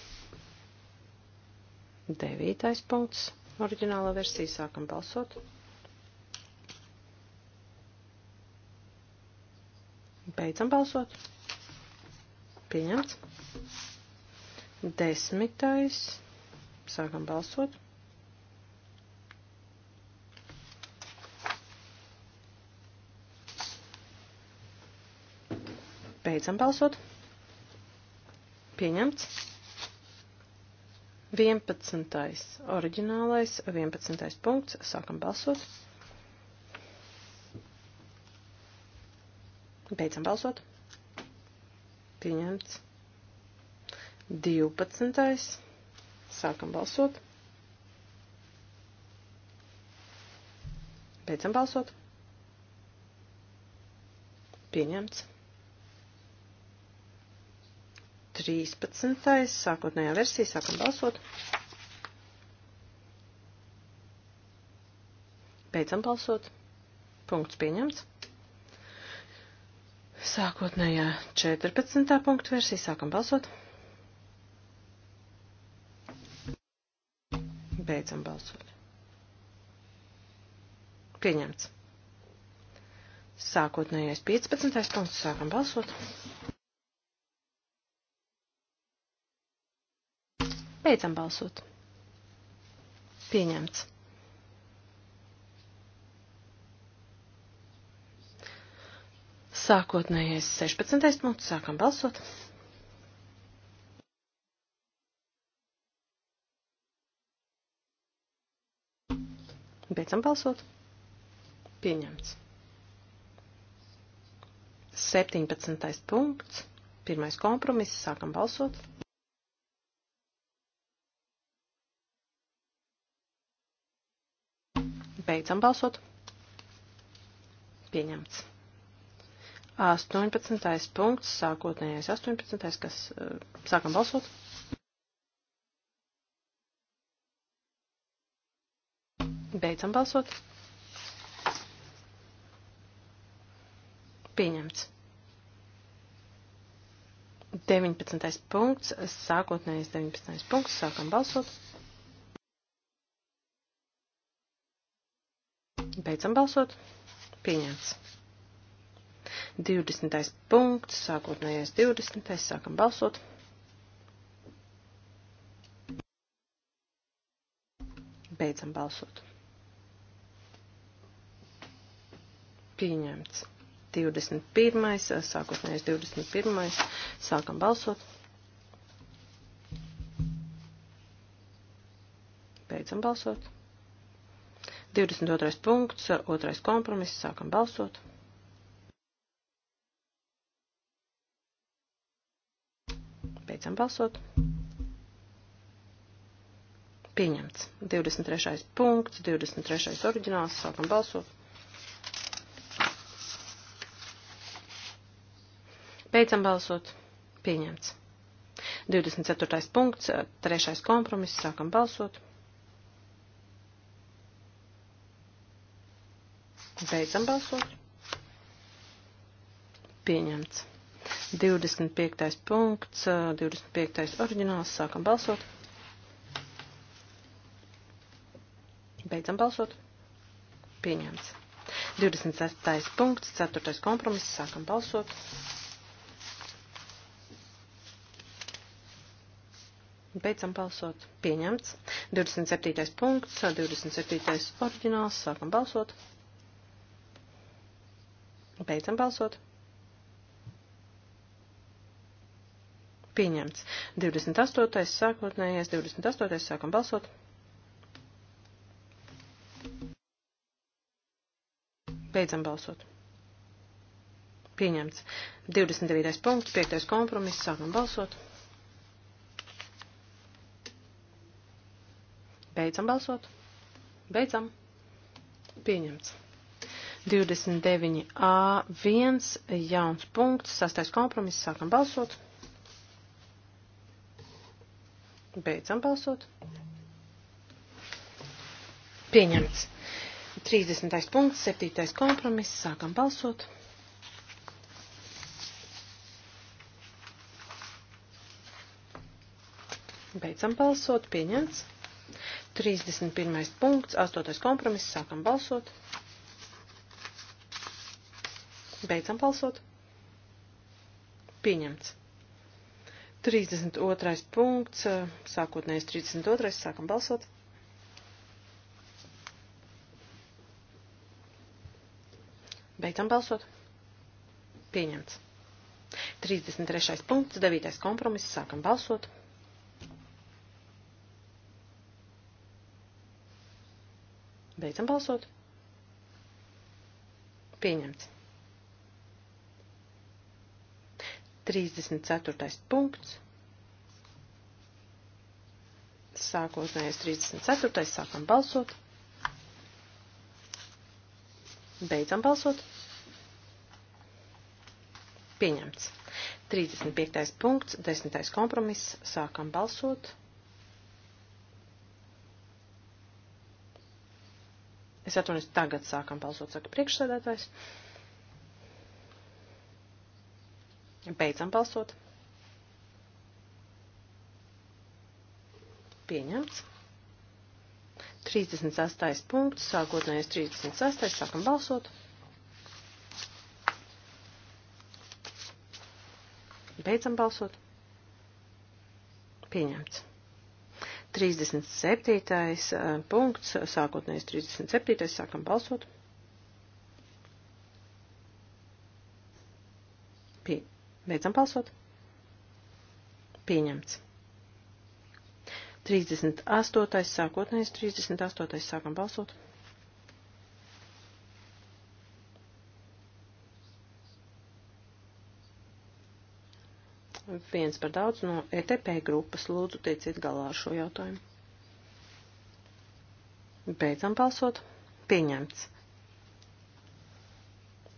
Devītais punkts. Oriģināla versija sākam balsot. Beidzam balsot. Pieņemts. Desmitais. Sākam balsot. Beidzam balsot. Pieņemts. 11. oriģinālais, 11. punkts, sākam balsot. Beidzam balsot. Pieņemts. 12. Sākam balsot. Beidzam balsot. Pieņemts. 13. sākotnējā versija, sākam balsot. Beidzam balsot. Punkts pieņemts. Sākotnējā 14. punktu versija, sākam balsot. Beidzam balsot. Pieņemts. Sākotnējais 15. punkts, sākam balsot. Beidzam balsot. Pieņemts. Sākotnējais 16. punkts. Sākam balsot. Beidzam balsot. Pieņemts. 17. punkts. Pirmais kompromiss. Sākam balsot. Beidzam balsot. Pieņemts. 18. punkts, sākotnējais 18. kas eh, sākam balsot. Beidzam balsot. Pieņemts. 19. punkts, sākotnējais 19. punkts, sākam balsot. Beidzam balsot. Pieņemts. 20. punkts, sākotnējais 20. sākam balsot. Beidzam balsot. Pieņemts. 21. sākotnējais 21. sākam balsot. Beidzam balsot. 22. punkts, otrais kompromiss, sākam balsot. Beidzam balsot. Pieņemts. 23. punkts, 23. oriģināls, sākam balsot. Beidzam balsot. Pieņemts. 24. punkts, trešais kompromiss, sākam balsot. Beidzam balsot. Pieņemts. 25. punkts, 25. oriģināls, sākam balsot. Beidzam balsot. Pieņemts. 26. punkts, 4. kompromiss, sākam balsot. Beidzam balsot. Pieņemts. 27. punkts, 27. oriģināls, sākam balsot. Beidzam balsot. Pieņemts. 28. sākotnējais, 28. sākam balsot. Beidzam balsot. Pieņemts. 29. punkts, 5. kompromiss, sākam balsot. Beidzam balsot. Beidzam. Pieņemts. 29A1 jauns punkts, sastais kompromiss, sākam balsot. Beidzam balsot. Pieņemts. 30. punkts, 7. kompromiss, sākam balsot. Beidzam balsot, pieņemts. 31. punkts, 8. kompromiss, sākam balsot. Beidzam balsot. Pieņemts. 32. punkts, eh, sākotnējais 32. sākam balsot. Beidzam balsot. Pieņemts. 33. punkts, 9. kompromiss, sākam balsot. Beidzam balsot. Pieņemts. 34. punkts. Sākotnējais 34. sākam balsot. Beidzam balsot. Pieņemts. 35. punkts, 10. kompromiss, sākam balsot. Es atvainojos, tagad sākam balsot, saka priekšsēdētājs. Beidzam balsot. Pieņemts. 36. punkts, sākotnējais 36. sākam balsot. Beidzam balsot. Pieņemts. 37. Eh, punkts, sākotnējais 37. sākam balsot. Pieņemts. Beidzam balsot. Pieņemts. 38. sākotnējs, 38. sākam balsot. Viens par daudz no ETP grupas lūdzu tieciet galā ar šo jautājumu. Beidzam balsot. Pieņemts.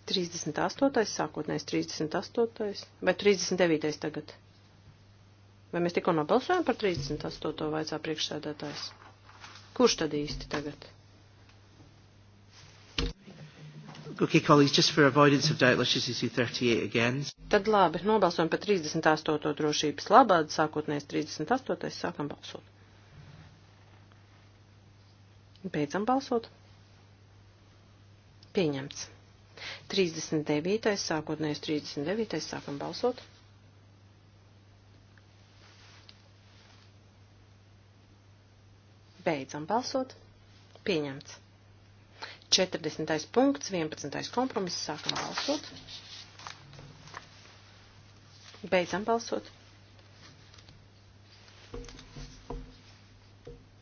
38. sākotnējais 38. vai 39. tagad? Vai mēs tikko nobalsojam par 38. vaicā priekšsēdētājs? Kurš tad īsti tagad? Okay, colleagues, just for avoidance of doubt, let's just issue 38 again. Tad labi, nobalsojam par 38. drošības labādu, sākotnējais 38. sākam balsot. Beidzam balsot. Pieņemts. 39. sākotnējais 39. sākam balsot. Beidzam balsot. Pieņemts. 40. punkts, 11. kompromiss, sākam balsot. Beidzam balsot.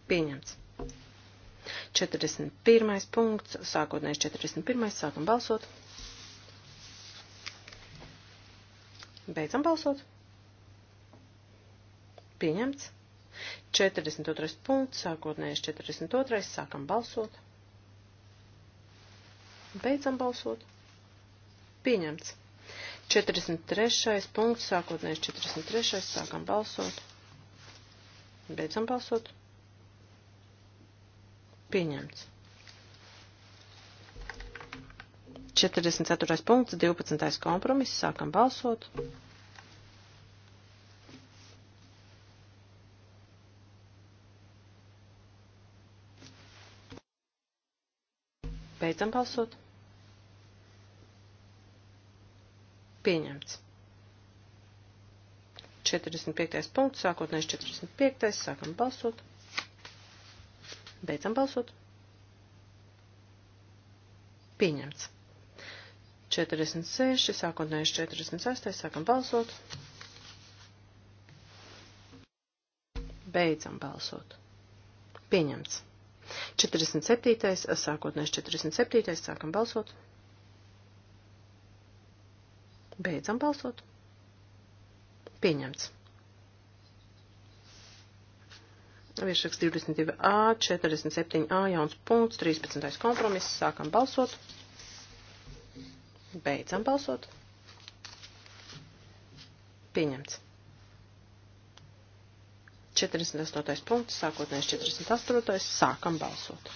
Pieņemts. 41. punkts, sākotnēji 41. sākam balsot. Beidzam balsot. Pieņemts. 42. punkts, sākotnēji 42. sākam balsot. Beidzam balsot. Pieņemts. 43. punkts, sākotnēji 43. sākam balsot. Beidzam balsot. Pieņemts. 44. punkts, 12. kompromiss, sākam balsot. Beidzam balsot. Pieņemts. 45. punkts, sākotnēs 45. sākam balsot. Beidzam balsot. Pieņemts. 46, sākotnējais 46, sākam balsot. Beidzam balsot. Pieņemts. 47. sākotnējais 47. sākam balsot. Beidzam balsot. Pieņemts. Viešraks 22a, 47a, jauns punkts, 13. kompromiss, sākam balsot. Beidzam balsot. Pieņemts. 48. punkts, sākotnēs 48. sākam balsot.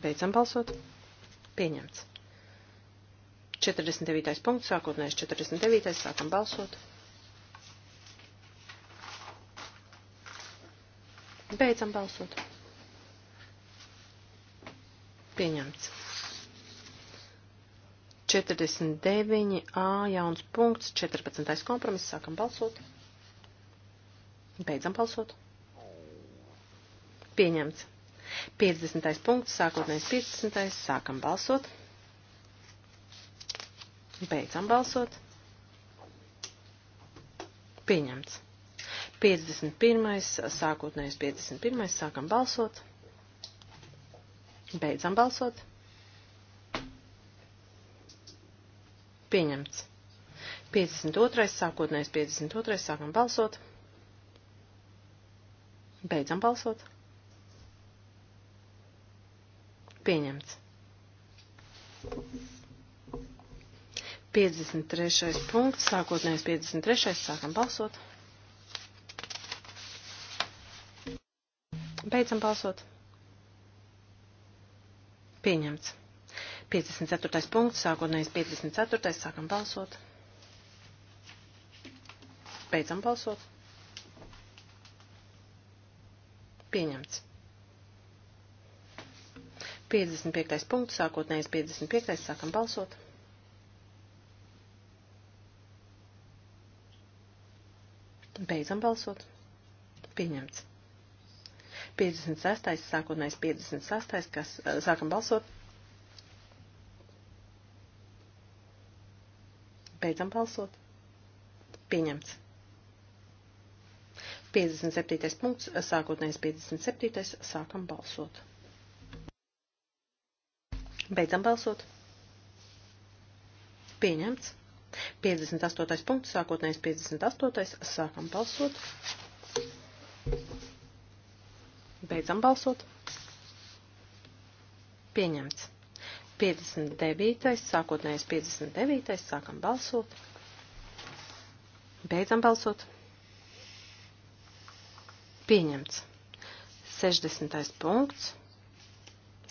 Beidzam balsot. Pieņemts. 49. punkts, sākotnējais 49. sākam balsot. Beidzam balsot. Pieņemts. 49a jauns punkts, 14. kompromiss, sākam balsot. Beidzam balsot. Pieņemts. 50. punkts, sākotnējais 15. sākam balsot. Beidzam balsot. Pieņemts. 51. sākotnējais 51. sākam balsot. Beidzam balsot. Pieņemts. 52. sākotnējais 52. sākam balsot. Beidzam balsot. Pieņemts. 53. punkts, sākotnējais 53. sākam balsot. Beidzam balsot. Pieņemts. 54. punkts, sākotnējais 54. sākam balsot. Beidzam balsot. Pieņemts. 55. punkts, sākotnējais 55. sākam balsot. Beidzam balsot. Pieņemts. 56. sākotnējs 56. kas eh, sākam balsot. Beidzam balsot. Pieņemts. 57. punkts, eh, sākotnējs 57. sākam balsot. Beidzam balsot. Pieņemts. 58. punkts, sākotnējais 58. sākam balsot. Beidzam balsot. Pieņemts. 59. sākotnējais 59. sākam balsot. Beidzam balsot. Pieņemts. 60. punkts.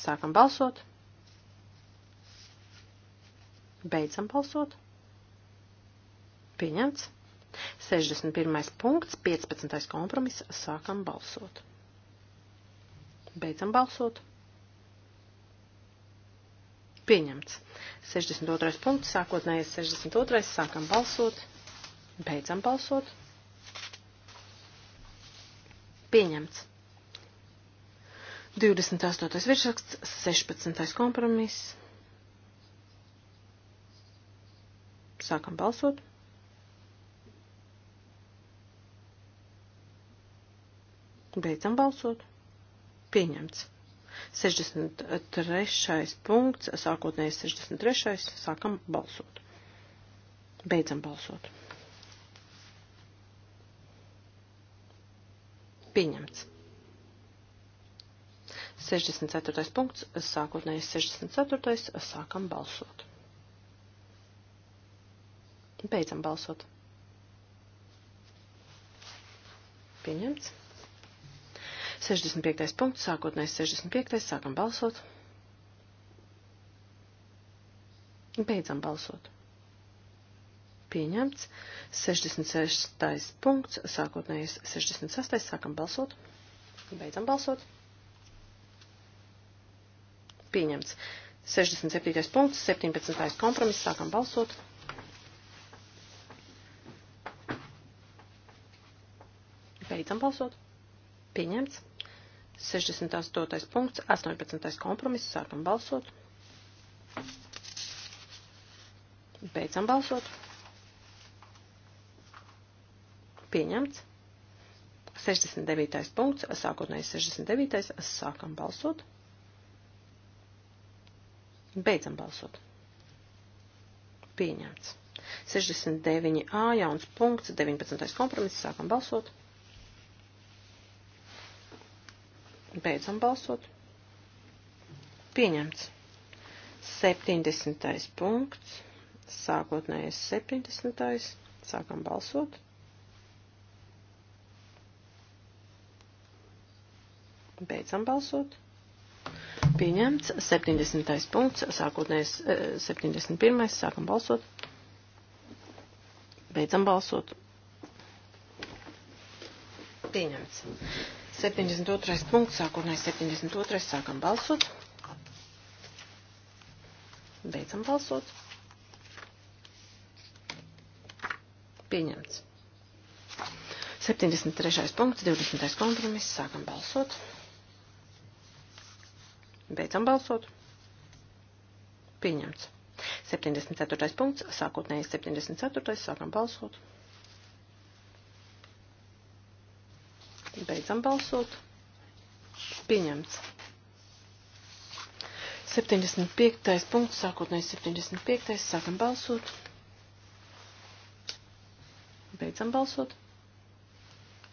Sākam balsot. Beidzam balsot. Pieņemts. 61. punkts, 15. kompromiss. Sākam balsot. Beidzam balsot. Pieņemts. 62. punkts, sākotnējais 62. sākam balsot. Beidzam balsot. Pieņemts. 28. virsraksts, 16. kompromiss. Sākam balsot. Beidzam balsot. Pieņemts. 63. punkts, sākotnēji 63. sākam balsot. Beidzam balsot. Pieņemts. 64. punkts, sākotnēji 64. sākam balsot. Beidzam balsot. Pieņemts. 65. punkts, sākotnēs 65. sākam balsot. Beidzam balsot. Pieņemts. 66. punkts, sākotnējais 68. sākam balsot. Beidzam balsot. Pieņemts. 67. punkts, 17. kompromiss, sākam balsot. Beidzam balsot. Pieņemts. 68. punkts, 18. kompromiss, sākam balsot. Beidzam balsot. Pieņemts. 69. punkts, sākotnēji 69. sākam balsot. Beidzam balsot. Pieņemts. 69a jauns punkts, 19. kompromiss, sākam balsot. Balsot. Beidzam balsot. Pieņemts. 70. punkts. Sākotnējais 70. Sākam balsot. Beidzam balsot. Pieņemts 70. punkts, sākotnējais 71. Eh, Sākam balsot. Beidzam balsot. Pieņemts. 72. punkts, sākotnēji 72. sākam balsot. Beidzam balsot. Pieņemts. 73. punkts, 20. kompromiss, sākam balsot. Beidzam balsot. Pieņemts. 74. punkts, sākotnēji 74. sākam balsot. Beidzam balsot. Pieņemts. 75. punkts, sākotnēji 75. sākam balsot. Beidzam balsot.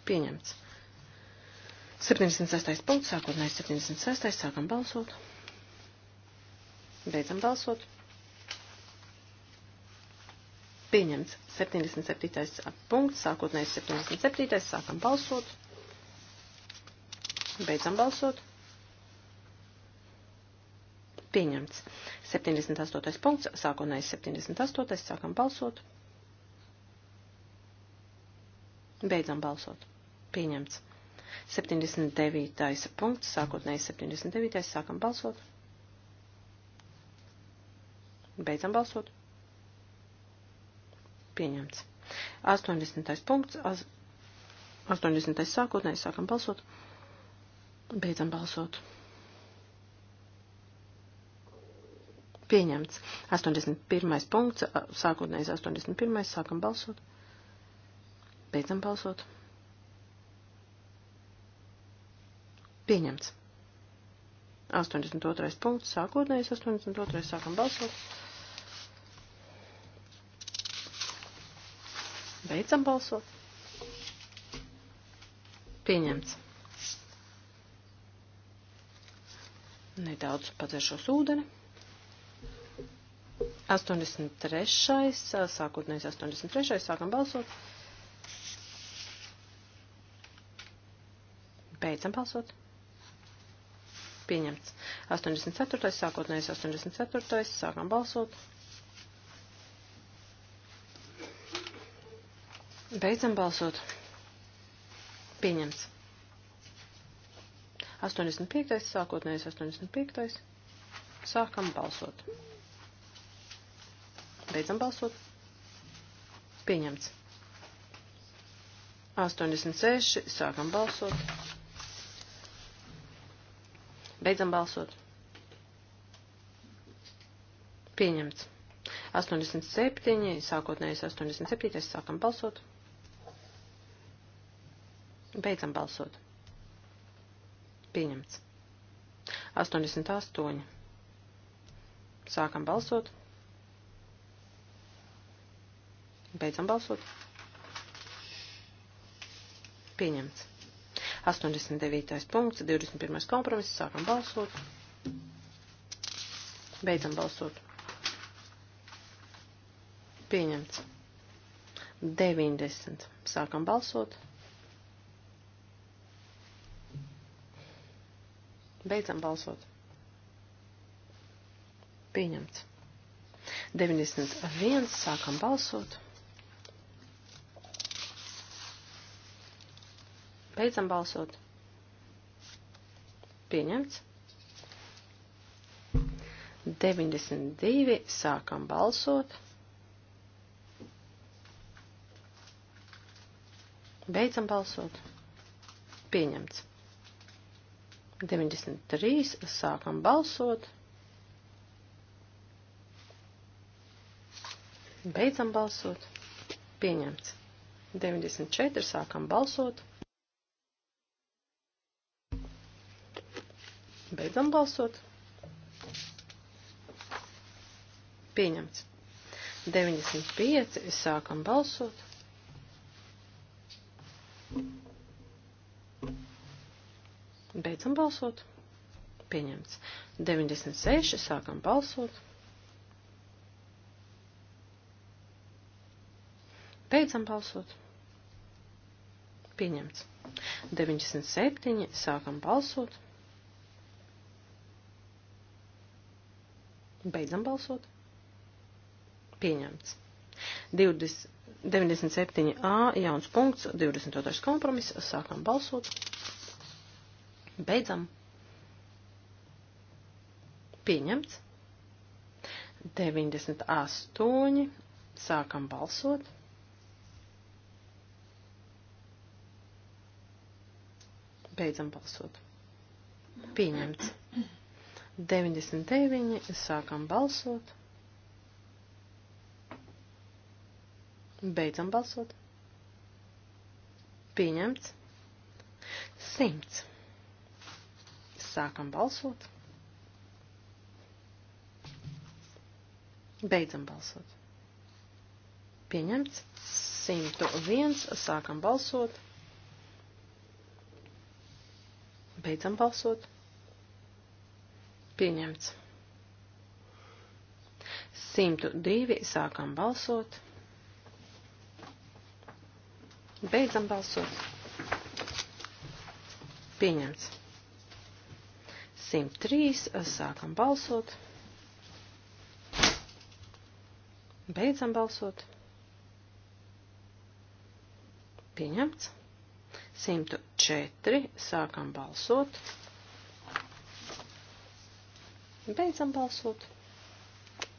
Pieņemts. 76. punkts, sākotnēji 76. sākam balsot. Beidzam balsot. Pieņemts 77. punkts, sākotnēji 77. sākam balsot. Beidzam balsot. Pieņemts. 78. punkts. Sākotnējais 78. Sākam balsot. Beidzam balsot. Pieņemts. 79. punkts. Sākotnējais 79. Sākam balsot. Beidzam balsot. Pieņemts. 80. punkts. 80. sākotnēji sākam balsot. Beidzam balsot. Pieņemts. 81. punkts, sākotnējais 81. sākam balsot. Beidzam balsot. Pieņemts. 82. punkts, sākotnējais 82. sākam balsot. Beidzam balsot. Pieņemts. Nedaudz padzeršos ūdeni. 83. sākotnējais 83. sākam balsot. Beidzam balsot. Pieņemts. 84. sākotnējais 84. sākam balsot. Beidzam balsot. Pieņemts. 85. sākotnējais 85. Sākam balsot. Beidzam balsot. Pieņemts. 86. Sākam balsot. Beidzam balsot. Pieņemts. 87, sākotnējais 87, sākam balsot. Beidzam balsot. Pieņemts. 88. Sākam balsot. Beidzam balsot. Pieņemts. 89. punkts, 21. kompromiss. Sākam balsot. Beidzam balsot. Pieņemts. 90. Sākam balsot. Beidzam balsot. Pieņemts. 91. Sākam balsot. Beidzam balsot. Pieņemts. 92. Sākam balsot. Beidzam balsot. Pieņemts. 93. Sākam balsot. Beidzam balsot. Pieņemts. 94. Sākam balsot. Beidzam balsot. Pieņemts. 95. Sākam balsot. Beidzam balsot. Pieņemts. 96. Sākam balsot. Beidzam balsot. Pieņemts. 97. Sākam balsot. Beidzam balsot. Pieņemts. 20, 97a jauns punkts, 22. kompromiss. Sākam balsot. Beidzam. Pieņemts. 98. Sākam balsot. Beidzam balsot. Pieņemts. 99. Sākam balsot. Beidzam balsot. Pieņemts. 100. Sākam balsot. Beidzam balsot. Pieņemts. 101. Sākam balsot. Beidzam balsot. Pieņemts. 102. Sākam balsot. Beidzam balsot. Pieņemts. 103. Sākam balsot. Beidzam balsot. Pieņemts. 104. Sākam balsot. Beidzam balsot.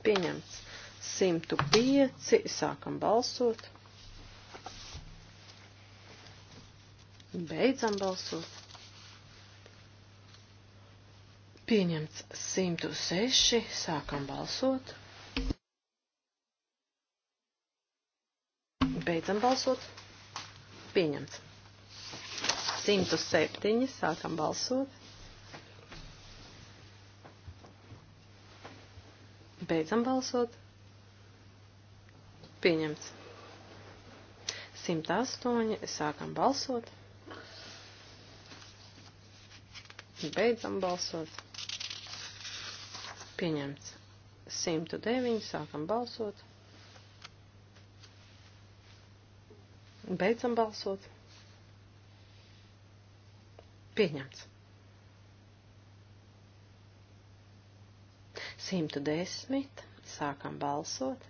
Pieņemts. 105. Sākam balsot. Beidzam balsot Pieņemts 106. Sākam balsot. Beidzam balsot. Pieņemts. 107. Sākam balsot. Beidzam balsot. Pieņemts. 108. Sākam balsot. Beidzam balsot Pieņemts. 109. Sākam balsot. Beidzam balsot. Pieņemts. 110. Sākam balsot.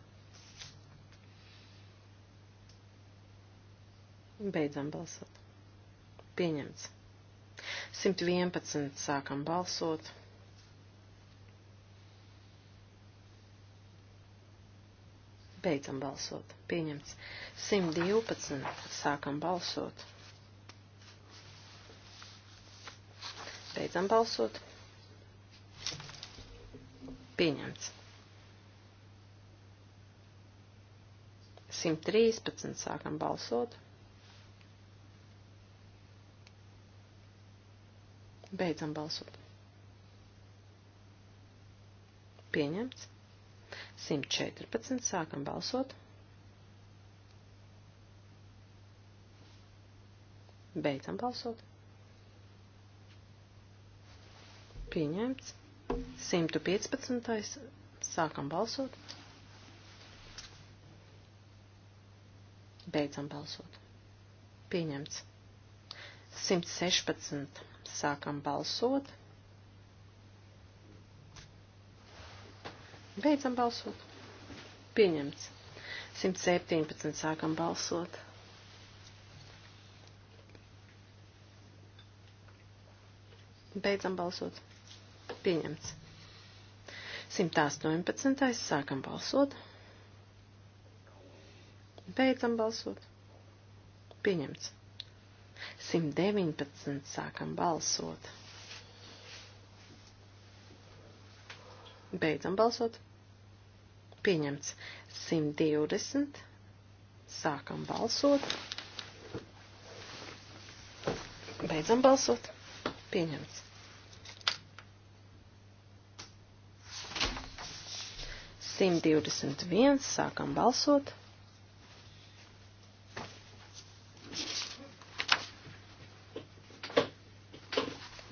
Beidzam balsot. Pieņemts. 111. Sākam balsot. Beidzam balsot. Pieņemts. 112. Sākam balsot. Beidzam balsot. Pieņemts. 113. Sākam balsot. Beidzam balsot. Pieņemts. 114. Sākam balsot. Beidzam balsot. Pieņemts. 115. Sākam balsot. Beidzam balsot. Pieņemts. 116. Sākam balsot. Beidzam balsot. Pieņemts. 117. Sākam balsot. Beidzam balsot. Pieņemts. 118. Sākam balsot. Beidzam balsot. Pieņemts. 119. Sākam balsot. Beidzam balsot. Pieņemts 120. Sākam balsot. Beidzam balsot. Pieņemts. Simt divdesmit viens. Sākam balsot.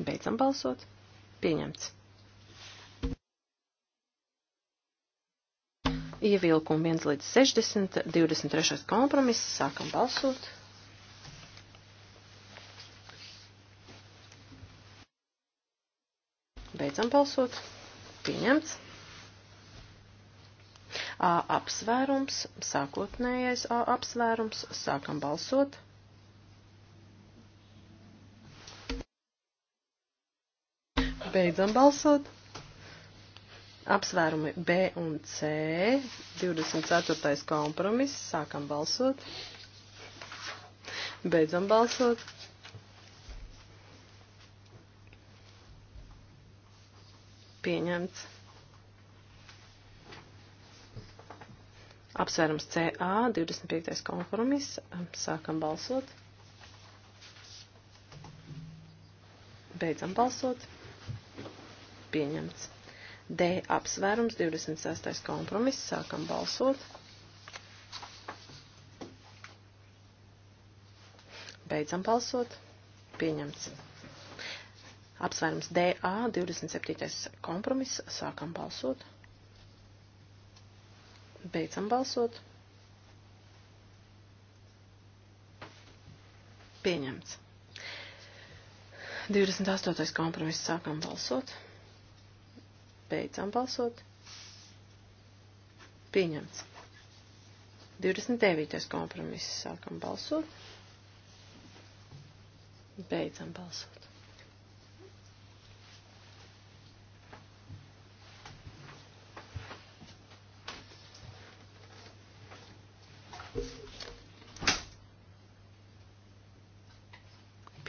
Beidzam balsot. Pieņemts. Ievilkumi 1 līdz 60, 23. kompromiss, sākam balsot. Beidzam balsot. Pieņemts. A apsvērums, sākotnējais A apsvērums, sākam balsot. Beidzam balsot. Apsvērumi B un C, 24. kompromiss, sākam balsot, beidzam balsot. Pieņemts. Apsvērums CA, 25. kompromiss, sākam balsot. Beidzam balsot. Pieņemts. D apsvērums 26. kompromiss. Sākam balsot. Beidzam balsot. Pieņemts. Apsvērums DA 27. kompromiss. Sākam balsot. Beidzam balsot. Pieņemts. 28. kompromiss. Sākam balsot. Beidzam balsot. Pieņemts. 29. kompromiss. Sākam balsot. Beidzam balsot.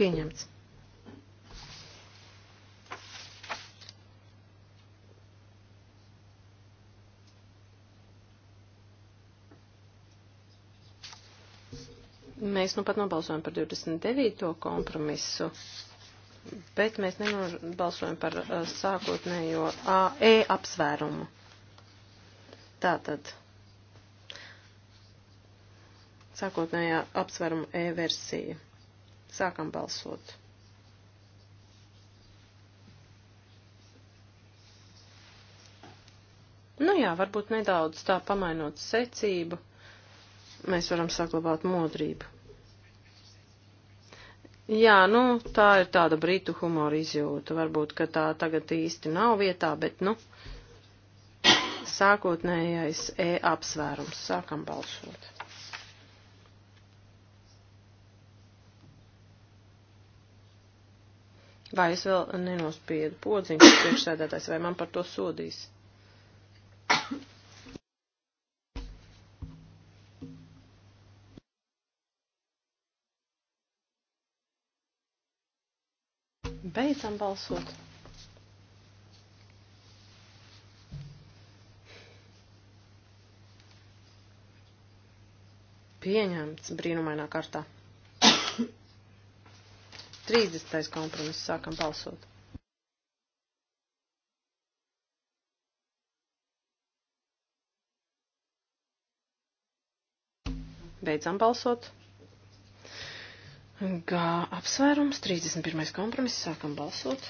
Pieņemts. Mēs nu pat nobalsojam par 29. kompromisu, bet mēs nenobalsojam par uh, sākotnējo uh, E apsvērumu. Tātad. Sākotnējā apsvēruma E versija. Sākam balsot. Nu jā, varbūt nedaudz tā pamainot secību, mēs varam saglabāt modrību. Jā, nu, tā ir tāda britu humora izjūta. Varbūt, ka tā tagad īsti nav vietā, bet, nu, sākotnējais E apsvērums. Sākam balsot. Vai es vēl nenospiedu podziņu priekšsēdētājs, vai man par to sodīs? Beidzam balsot. Pieņemts brīnumainā kārtā. 30. kompromiss sākam balsot. Beidzam balsot. G apsvērums, 31. kompromiss, sākam balsot.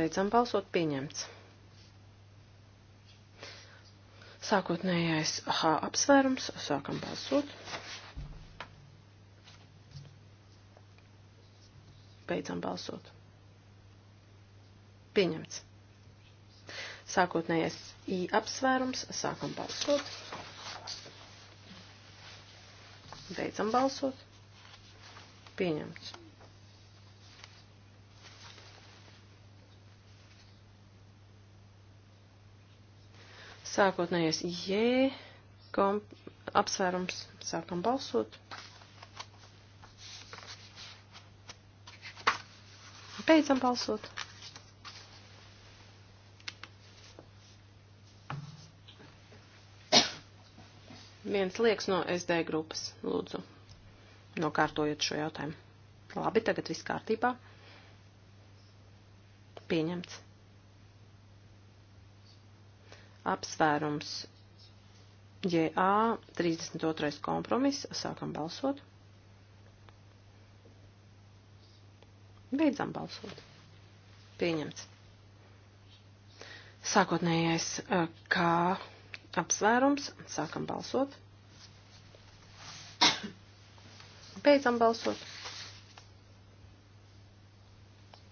Beidzam balsot, pieņemts. Sākotnējais H apsvērums, sākam balsot. Beidzam balsot. Pieņemts. Sākotnējais I apsvērums, sākam balsot. Beidzam balsot. Pieņemts. Sākotnējais J komp, apsvērums. Sākam balsot. Beidzam balsot. viens liekas no SD grupas, lūdzu, nokārtojot šo jautājumu. Labi, tagad viss kārtībā. Pieņemts. Apsvērums JA 32. kompromiss. Sākam balsot. Beidzam balsot. Pieņemts. Sākotnējais, eh, kā apsvērums. Sākam balsot. Beidzam balsot.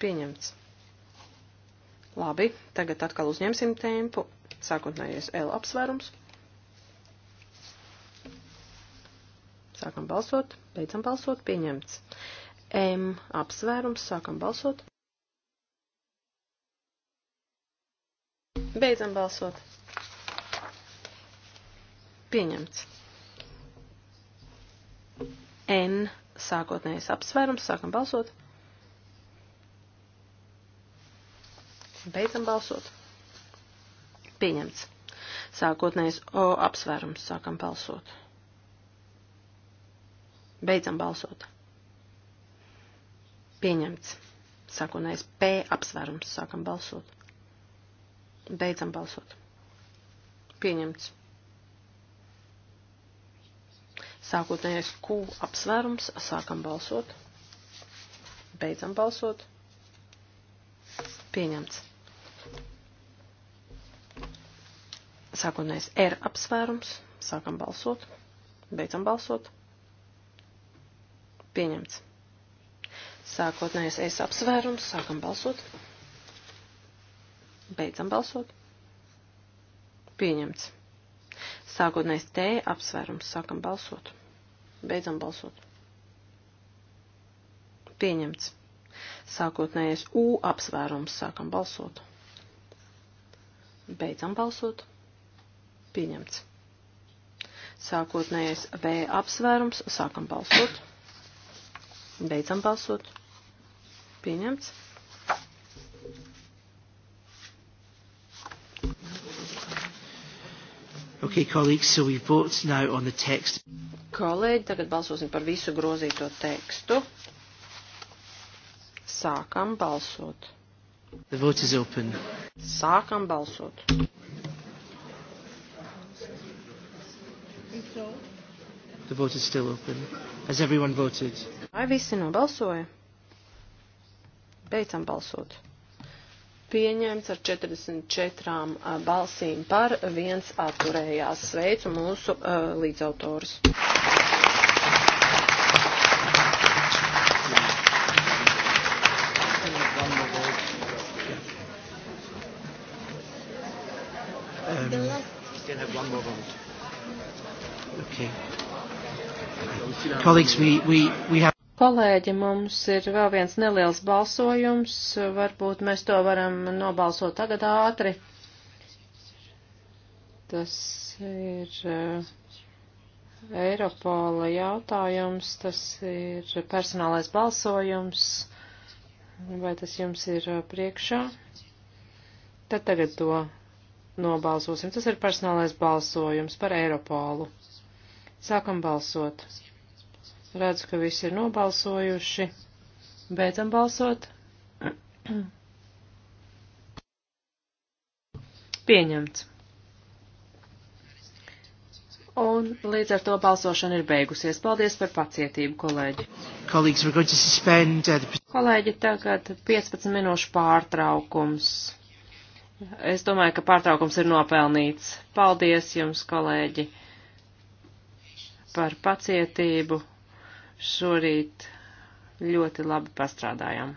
Pieņemts. Labi, tagad atkal uzņemsim tempu. Sākotnējais L apsvērums. Sākam balsot, beidzam balsot, pieņemts. M apsvērums, sākam balsot. Beidzam balsot. Pieņemts. N sākotnējais apsvērums. Sākam balsot. Beidzam balsot. Pieņemts. Sākotnējais O apsvērums. Sākam balsot. Beidzam balsot. Pieņemts. Sākotnējais P apsvērums. Sākam balsot. Beidzam balsot. Pieņemts. Sākotnējais Q apsvērums. Sākam balsot. Beidzam balsot. Pieņemts. Sākotnējais R apsvērums. Sākam balsot. Beidzam balsot. Pieņemts. Sākotnējais S apsvērums. Sākam balsot. Beidzam balsot. Pieņemts. Sākotnējais T apsvērums. Sākam balsot. Beidzam balsot. Pieņemts. Sākotnējais U apsvērums. Sākam balsot. Beidzam balsot. Pieņemts. Sākotnējais V apsvērums. Sākam balsot. Beidzam balsot. Pieņemts. Okay, colleagues, so we vote now on the text. Kolēģi, tagad balsosim par visu grozīto tekstu. Sākam balsot. The vote is open. Sākam balsot. The vote is still open. Has everyone voted? Vai visi nobalsoja? Beidzam balsot pieņemts ar 44 balsīm par, viens atturējās. Sveicu mūsu uh, līdzautorus. Um, okay. Colleagues, we, we, we have Kolēģi, mums ir vēl viens neliels balsojums, varbūt mēs to varam nobalsot tagad ātri. Tas ir eh, Eiropola jautājums, tas ir personālais balsojums, vai tas jums ir eh, priekšā? Tad tagad to nobalsosim. Tas ir personālais balsojums par Eiropolu. Sākam balsot. Redzu, ka visi ir nobalsojuši. Beidzam balsot. Pieņemts. Un līdz ar to balsošana ir beigusies. Paldies par pacietību, kolēģi. Uh, kolēģi, tagad 15 minūšu pārtraukums. Es domāju, ka pārtraukums ir nopelnīts. Paldies jums, kolēģi, par pacietību šorīt ļoti labi pastrādājām.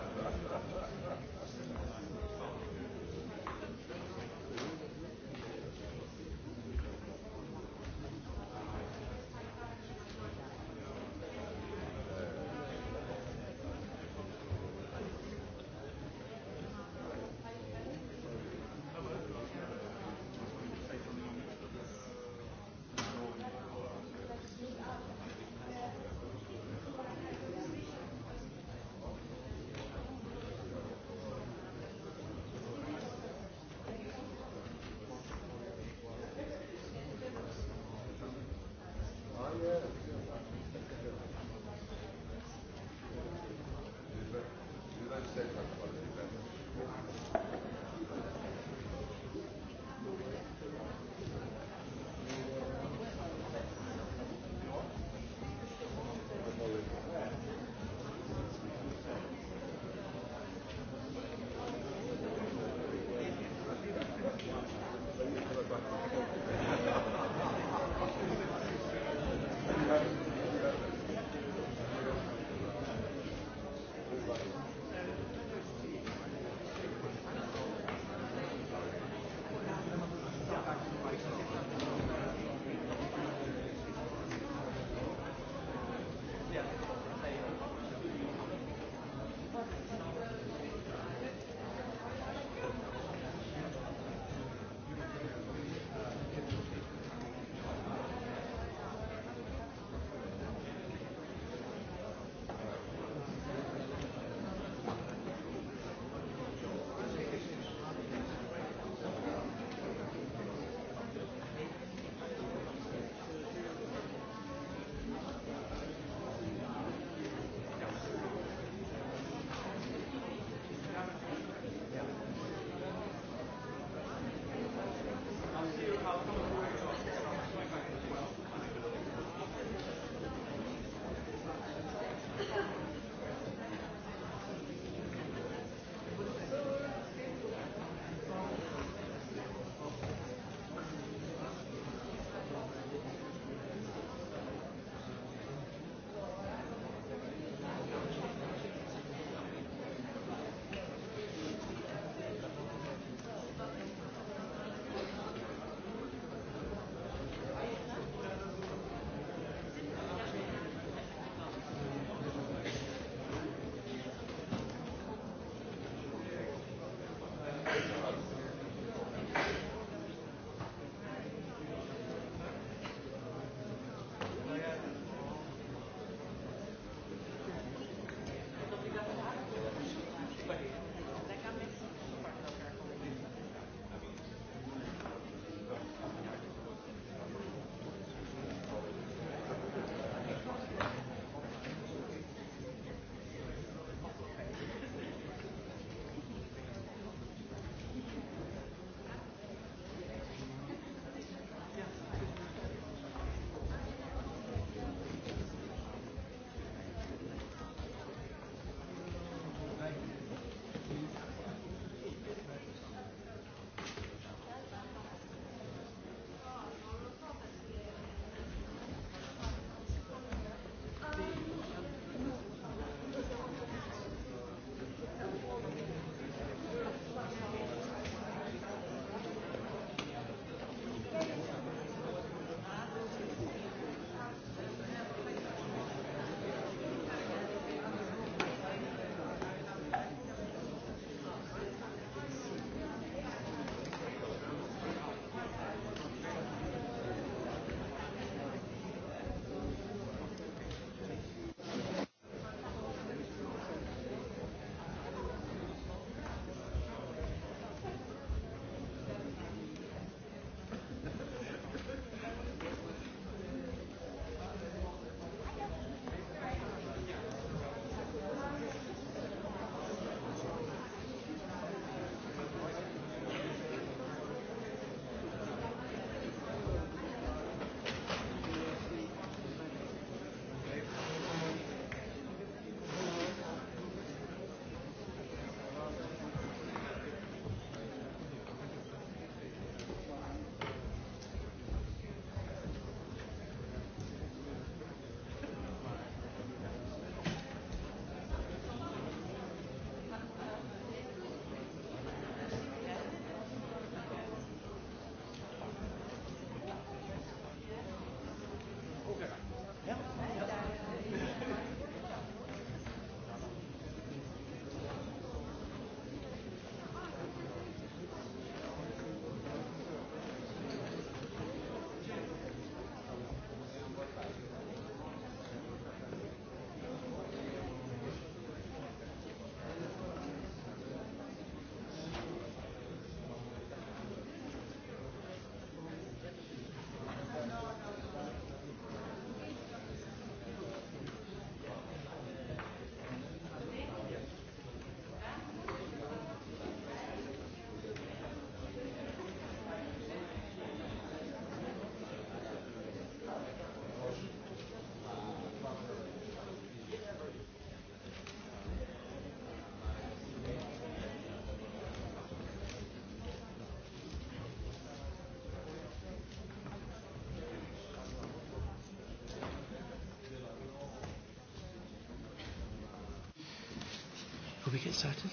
Can we get started?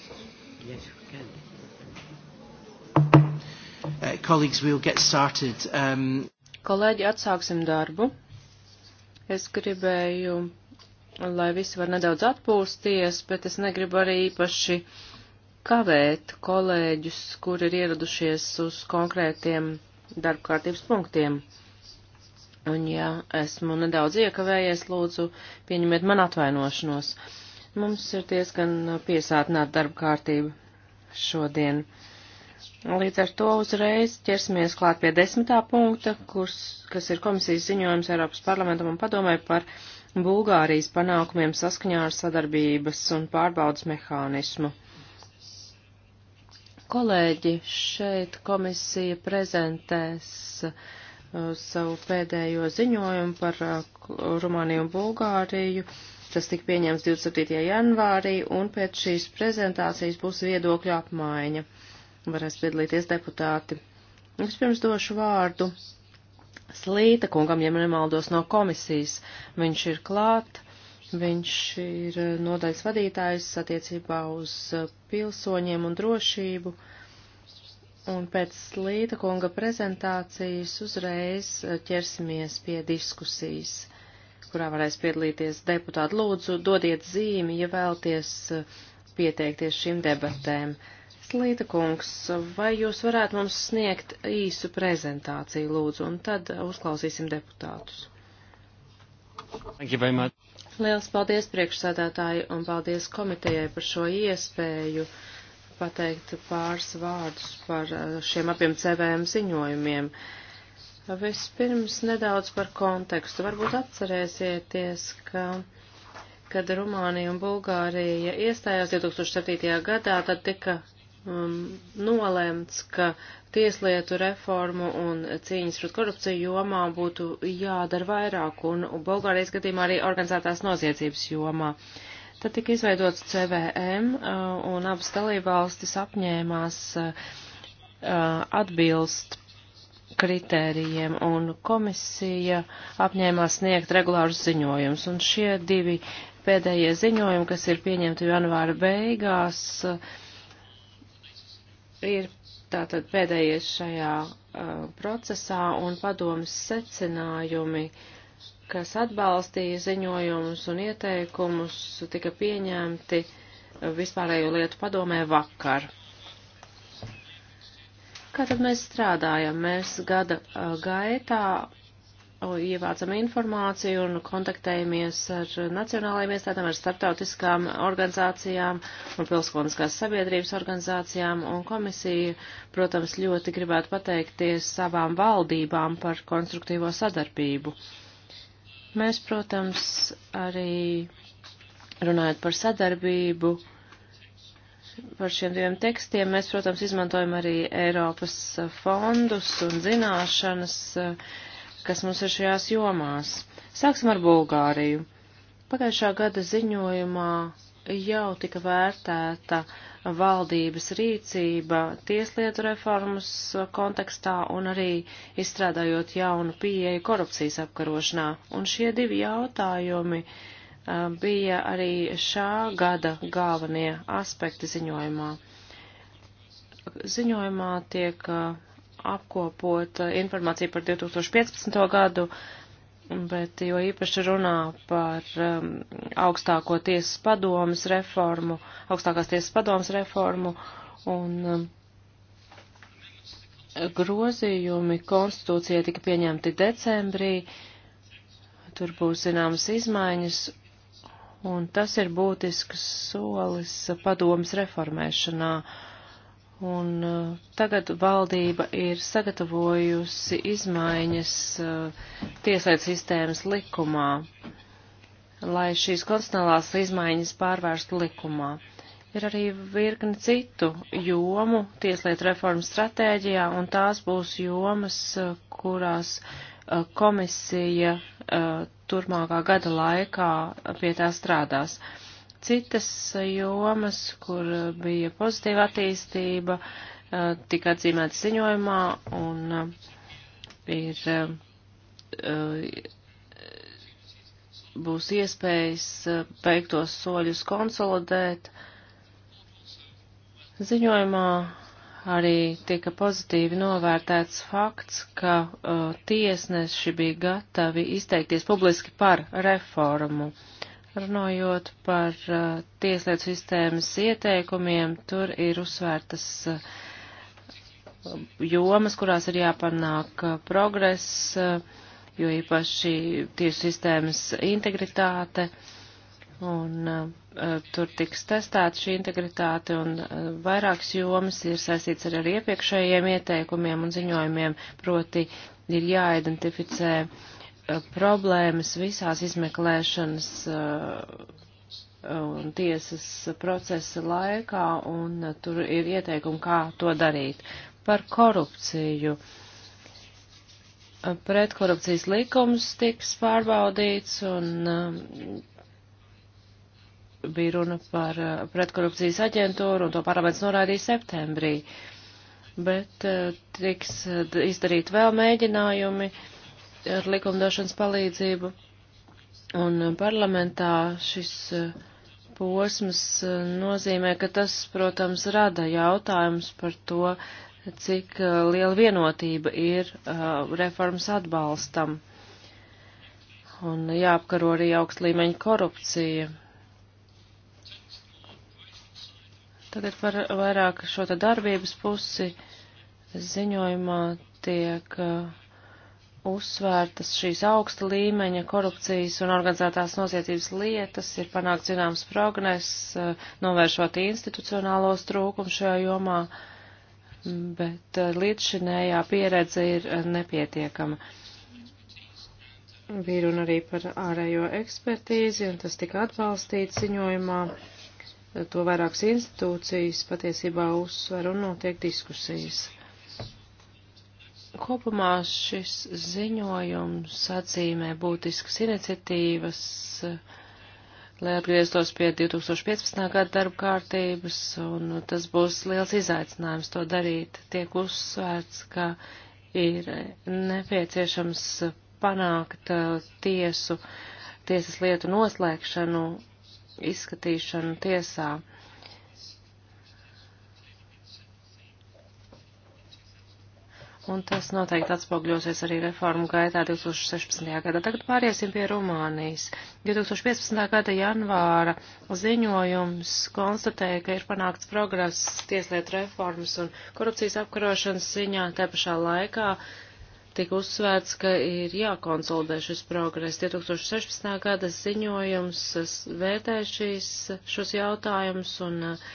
Yes, we can. Uh, colleagues, we'll get started. Um... Kolēģi, atsāksim darbu. Es gribēju, lai visi var nedaudz atpūsties, bet es negribu arī īpaši kavēt kolēģus, kuri ir ieradušies uz konkrētiem darba kārtības punktiem. Un ja esmu nedaudz iekavējies, lūdzu, pieņemiet man atvainošanos. Uh, Mums ir diezgan piesātināta darba kārtība šodien. Līdz ar to uzreiz ķersimies klāt pie desmitā punkta, kurs, kas ir komisijas ziņojums Eiropas parlamentam un padomē par Bulgārijas panākumiem saskaņā ar sadarbības un pārbaudas mehānismu. Kolēģi, šeit komisija prezentēs uh, savu pēdējo ziņojumu par uh, Rumāniju un Bulgāriju. Uh, Tas tika pieņemts 27. janvārī, un pēc šīs prezentācijas būs viedokļu apmaiņa. Varēs piedalīties deputāti. Vispirms došu vārdu Slīta kungam, ja nemaldos no komisijas. Viņš ir klāt, viņš ir eh, nodaļas vadītājs attiecībā uz eh, pilsoņiem un drošību. Un pēc Slīta kunga prezentācijas uzreiz eh, ķersimies pie diskusijas kurā varēs piedalīties deputāti. Lūdzu, dodiet zīmi, ja vēlties eh, pieteikties šīm debatēm. Slīta kungs, vai jūs varētu mums sniegt īsu prezentāciju, lūdzu, un tad uzklausīsim deputātus. Liels paldies priekšsēdētāji un paldies komitejai par šo iespēju pateikt pāris vārdus par eh, šiem abiem CVM ziņojumiem. Uh, Vispirms nedaudz par kontekstu. Varbūt atcerēsieties, ka, kad Rumānija un Bulgārija iestājās 2007. gadā, tad tika um, nolēmts, ka tieslietu reformu un cīņas pret korupciju jomā būtu jādara vairāk, un Bulgārijas gadījumā arī organizētās noziedzības jomā. Tad tika izveidots CVM, uh, un abas dalībvalstis apņēmās uh, uh atbilst kritērijiem, un komisija apņēmās sniegt regulārus ziņojumus, un šie divi pēdējie ziņojumi, kas ir pieņemti janvāra beigās, ir tātad pēdējie šajā uh, procesā, un padomas secinājumi, kas atbalstīja ziņojumus un ieteikumus, tika pieņemti vispārējo lietu padomē vakar. Kā tad mēs strādājam? Mēs gada gaitā ievācam informāciju un kontaktējamies ar nacionālajiem iestādēm, ar starptautiskām organizācijām un pilskoniskās sabiedrības organizācijām, un komisija, protams, ļoti gribētu pateikties savām valdībām par konstruktīvo sadarbību. Mēs, protams, arī runājot par sadarbību, uh, par šiem diviem tekstiem. Mēs, protams, izmantojam arī Eiropas fondus un zināšanas, kas mums ir šajās jomās. Sāksim ar Bulgāriju. Pagājušā gada ziņojumā jau tika vērtēta valdības rīcība tieslietu reformas kontekstā un arī izstrādājot jaunu pieeju korupcijas apkarošanā. Un šie divi jautājumi uh, bija arī šā gada galvenie aspekti ziņojumā. Ziņojumā tiek apkopot informāciju par 2015. gadu, bet jo īpaši runā par um, augstāko tiesas padomas reformu, augstākās tiesas padomas reformu un um, grozījumi konstitūcijai tika pieņemti decembrī. Tur būs zināmas izmaiņas un tas ir būtisks solis padomas reformēšanā. Un uh, tagad valdība ir sagatavojusi izmaiņas uh, tieslietu sistēmas likumā, lai šīs konstitucionālās izmaiņas pārvērstu likumā. Ir arī virkni citu jomu tieslietu reformas stratēģijā, un tās būs jomas, uh, kurās komisija turmākā gada laikā pie tā strādās. Citas jomas, kur bija pozitīva attīstība, eh, tika atzīmēta ziņojumā un eh, ir eh, būs iespējas beigtos soļus konsolidēt. Ziņojumā arī tika pozitīvi novērtēts fakts, ka uh, tiesneši bija gatavi izteikties publiski par reformu. Runājot par uh, tieslietu sistēmas ieteikumiem, tur ir uzsvērtas uh, jomas, kurās ir jāpanāk uh, progress, uh, jo īpaši tiesu sistēmas integritāte un uh, Eh, tur tiks testēta šī integritāte un eh, vairākas jomas ir saistīts ar, ar iepriekšējiem ieteikumiem un ziņojumiem, proti ir jāidentificē eh, problēmas visās izmeklēšanas un tiesas procesa laikā un tur ir ieteikumi, kā to darīt. Par korupciju. Pretkorupcijas likums tiks pārbaudīts un bija runa par eh, pretkorupcijas aģentūru, un to parlaments norādīja septembrī. Bet eh, tiks eh, izdarīt vēl mēģinājumi ar likumdošanas palīdzību, un parlamentā šis posms nozīmē, ka tas, protams, rada jautājums par to, cik liela vienotība ir reformas atbalstam. Un jāapkaro arī augst līmeņa korupcija Tad ir par vairāk šo te darbības pusi ziņojumā tiek uh, uzsvērtas šīs augsta līmeņa korupcijas un organizētās noziedzības lietas, ir panākt zināms progress, uh, novēršot institucionālos trūkumus šajā jomā, bet uh, līdzšinējā pieredze ir nepietiekama. Bija runa arī par ārējo ekspertīzi, un tas tika atbalstīts ziņojumā to vairākas institūcijas patiesībā uzsver un notiek diskusijas. Kopumā šis ziņojums atzīmē būtiskas iniciatīvas, lai atgrieztos pie 2015. gada darba kārtības, un tas būs liels izaicinājums to darīt. Tiek uzsvērts, ka ir nepieciešams panākt uh, tiesu, tiesas lietu noslēgšanu izskatīšanu tiesā. Un tas noteikti atspogļosies arī reformu gaitā 2016. gadā. Tagad pāriesim pie Rumānijas. 2015. gada janvāra ziņojums konstatēja, ka ir panākts progress tieslietu reformas un korupcijas apkarošanas ziņā. Te pašā laikā tika uzsvērts, ka ir jākonsolidē šis progress. 2016. gada ziņojums vērtē šīs, šos jautājumus un eh,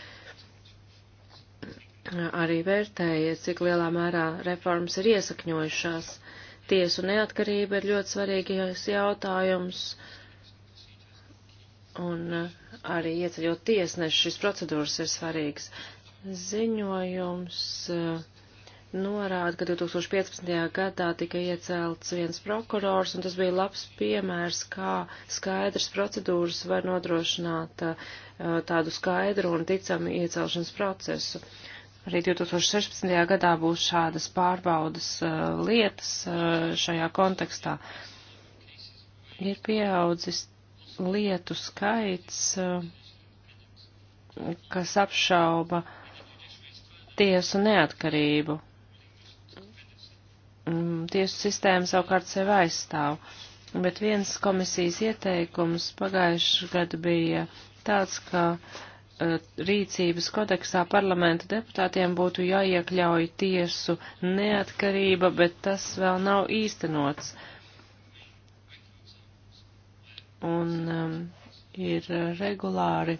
arī vērtēja, cik lielā mērā reformas ir iesakņojušās. Tiesu neatkarība ir ļoti svarīgs jautājums. Un eh, arī ieceļot tiesneši, šis procedūras ir svarīgs. Ziņojums uh, norāda, ka 2015. gadā tika iecelts viens prokurors, un tas bija labs piemērs, kā skaidrs procedūras var nodrošināt uh, tādu skaidru un ticamu iecelšanas procesu. Arī 2016. gadā būs šādas pārbaudas uh, lietas uh, šajā kontekstā. Ir pieaudzis lietu skaits, kas apšauba tiesu neatkarību Mm, tiesu sistēma savukārt sevi aizstāv. Bet viens komisijas ieteikums pagājušajā gadu bija tāds, ka e, rīcības kodeksā parlamenta deputātiem būtu jāiekļauj tiesu neatkarība, bet tas vēl nav īstenots. Un um, ir regulāri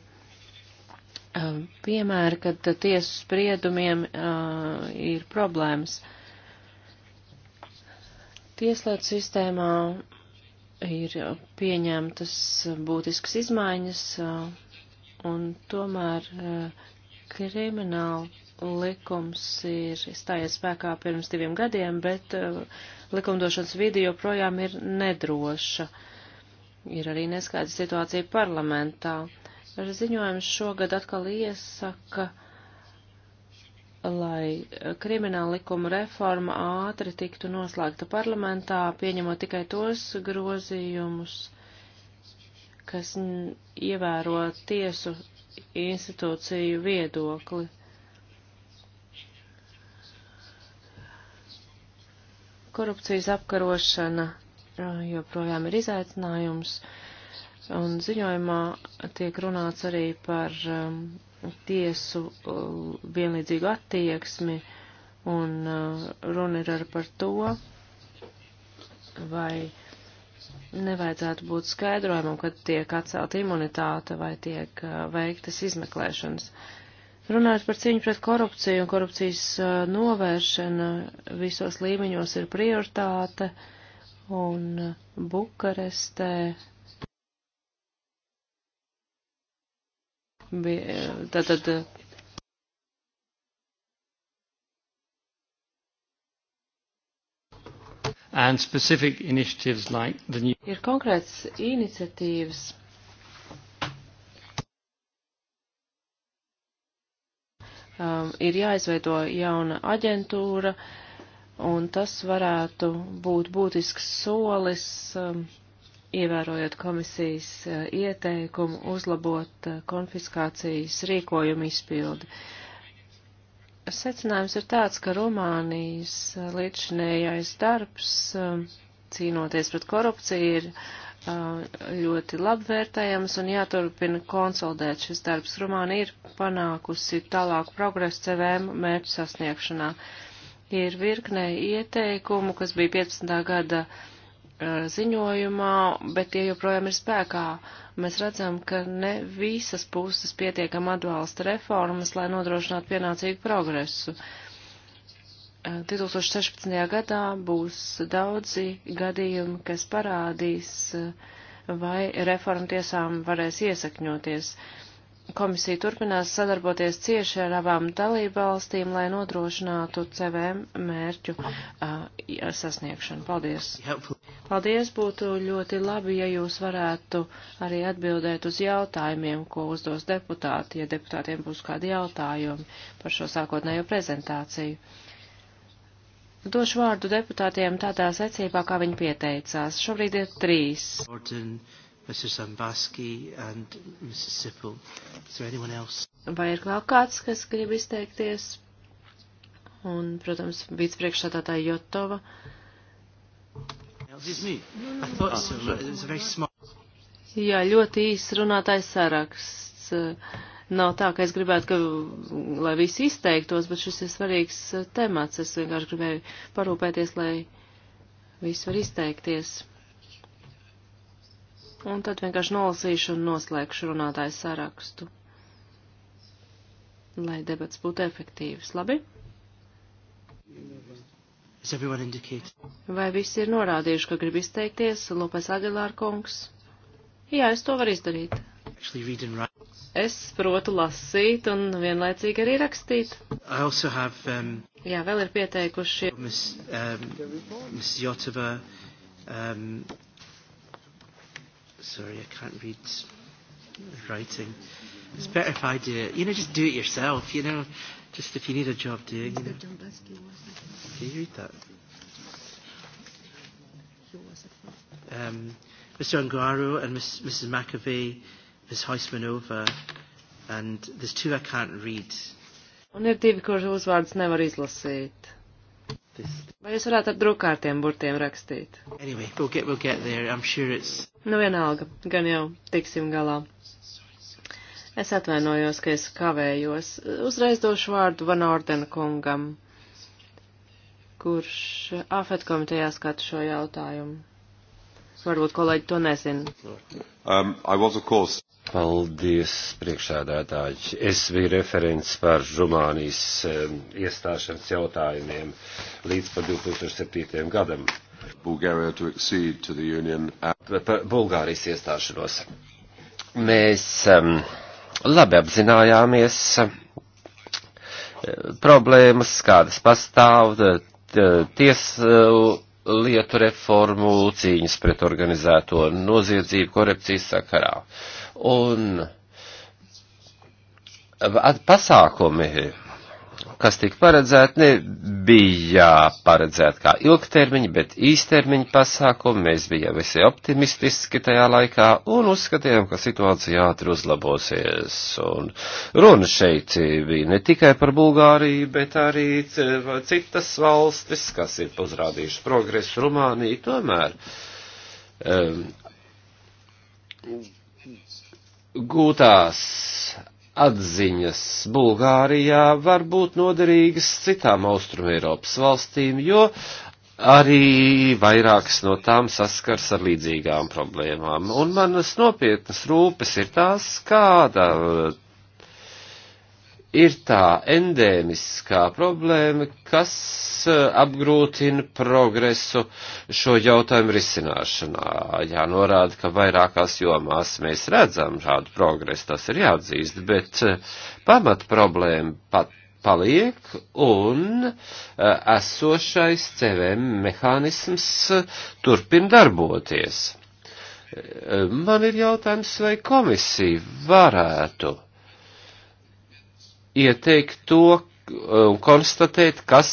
um, piemēri, kad tiesu spriedumiem uh, ir problēmas. Uh, Tieslietu sistēmā ir pieņemtas būtiskas izmaiņas, un tomēr krimināla likums ir stājies spēkā pirms diviem gadiem, bet likumdošanas vidi joprojām ir nedroša. Ir arī neskaidra situācija parlamentā. Ar ziņojums šogad atkal iesaka lai krimināla likuma reforma ātri tiktu noslēgta parlamentā, pieņemot tikai tos grozījumus, kas ievēro tiesu institūciju viedokli. Korupcijas apkarošana joprojām ir izaicinājums, un ziņojumā tiek runāts arī par um, tiesu uh, vienlīdzīgu attieksmi, un uh, runa ir arī par to, vai nevajadzētu būt skaidrojumam, kad tiek atcelta imunitāte vai tiek uh, veiktas izmeklēšanas. Runājot par cīņu pret korupciju un korupcijas novēršana visos līmeņos ir prioritāte, un Bukarestē Tātad and specific initiatives like the new Ir konkrēts iniciatīvas. Um, ir jāizveido jauna aģentūra, un tas varētu būt būtisks solis um, ievērojot komisijas eh, ieteikumu uzlabot eh, konfiskācijas rīkojumu izpildi. Secinājums ir tāds, ka Rumānijas eh, līdzšinējais darbs cīnoties pret korupciju ir ļoti labvērtējams un jāturpina konsolidēt šis darbs. Rumānija ir panākusi tālāku progresu CVM mērķu sasniegšanā. Ir virknē ieteikumu, kas bija 15. gada uh, E, ziņojumā, bet tie joprojām ir spēkā. Mēs redzam, ka ne visas puses pietiekam atbalsta reformas, lai nodrošinātu pienācīgu progresu. 2016. E, gadā būs daudzi gadījumi, kas parādīs, e, vai reforma tiesām varēs iesakņoties. Uh, Komisija turpinās sadarboties cieši ar abām dalībvalstīm, lai nodrošinātu CVM mērķu uh, sasniegšanu. Paldies! Paldies! Būtu ļoti labi, ja jūs varētu arī atbildēt uz jautājumiem, ko uzdos deputāti, ja deputātiem būs kādi jautājumi par šo sākotnējo prezentāciju. Došu vārdu deputātiem tādā secībā, kā viņi pieteicās. Šobrīd ir trīs. Morton. Mr. Zambaski and Mrs. Sippel. Is there anyone else? Vai ir vēl kāds, kas grib izteikties? Un, protams, vicepriekšsādātāja Jotova. Jā, ļoti īs runātājs saraksts. Nav tā, ka es gribētu, ka, lai visi izteiktos, bet šis ir svarīgs temats. Es vienkārši gribēju parūpēties, lai visi var izteikties un tad vienkārši nolasīšu un noslēgšu runātāju sarakstu, lai debats būtu efektīvs. Labi? Vai visi ir norādījuši, ka grib izteikties, Lopes Agilār kungs? Jā, es to varu izdarīt. Es protu lasīt un vienlaicīgi arī rakstīt. Have, um, Jā, vēl ir pieteikuši. Miss, um, Miss Jotava, um, Sorry, I can't read writing. It's better if I do it. You know, just do it yourself, you know. Just if you need a job doing, you know. Can you read that? Um, Mr. Anguaro and Miss, Mrs. McAvey, Ms. Heismanova, and there's two I can't read. Un ir divi, kurus uzvārdus nevar izlasīt. Vai jūs varētu ar drukkārtiem burtiem rakstīt? Anyway, we'll get, we'll get there. I'm sure it's... Nu vienalga, gan jau tiksim galā. Es atvainojos, ka es kavējos. Uzreiz došu vārdu Van Orden kungam, kurš afetkomitejā skata šo jautājumu. Varbūt kolēģi to nezina. Um, Paldies, priekšsēdētāji. Es biju referents par Rumānijas um, iestāšanas jautājumiem līdz pat 2007. gadam. To to par Bulgārijas iestāšanos. Mēs um, labi apzinājāmies um, problēmas, kādas pastāv, ties. Uh, lietu reformu cīņas pret organizēto noziedzību korupcijas sakarā. Un pasākumi kas tika paredzēta, nebija paredzēta kā ilgtermiņa, bet īstermiņa pasākumi. Mēs bijām visai optimistiski tajā laikā un uzskatījām, ka situācija ātri uzlabosies. Un runa šeit bija ne tikai par Bulgāriju, bet arī citas valstis, kas ir uzrādījušas progresu Rumāniju. Tomēr um, gūtās atziņas Bulgārijā var būt noderīgas citām Austrumēropas valstīm, jo arī vairākas no tām saskars ar līdzīgām problēmām. Un manas nopietnas rūpes ir tās, kāda ir tā endēmiskā problēma, kas eh, apgrūtina progresu šo jautājumu risināšanā. Jā, norāda, ka vairākās jomās mēs redzam šādu progresu, tas ir jāatzīst, bet eh, pamat problēma pat paliek un eh, esošais CVM mehānisms turpina darboties. Man ir jautājums, vai komisija varētu ieteikt to un konstatēt, kas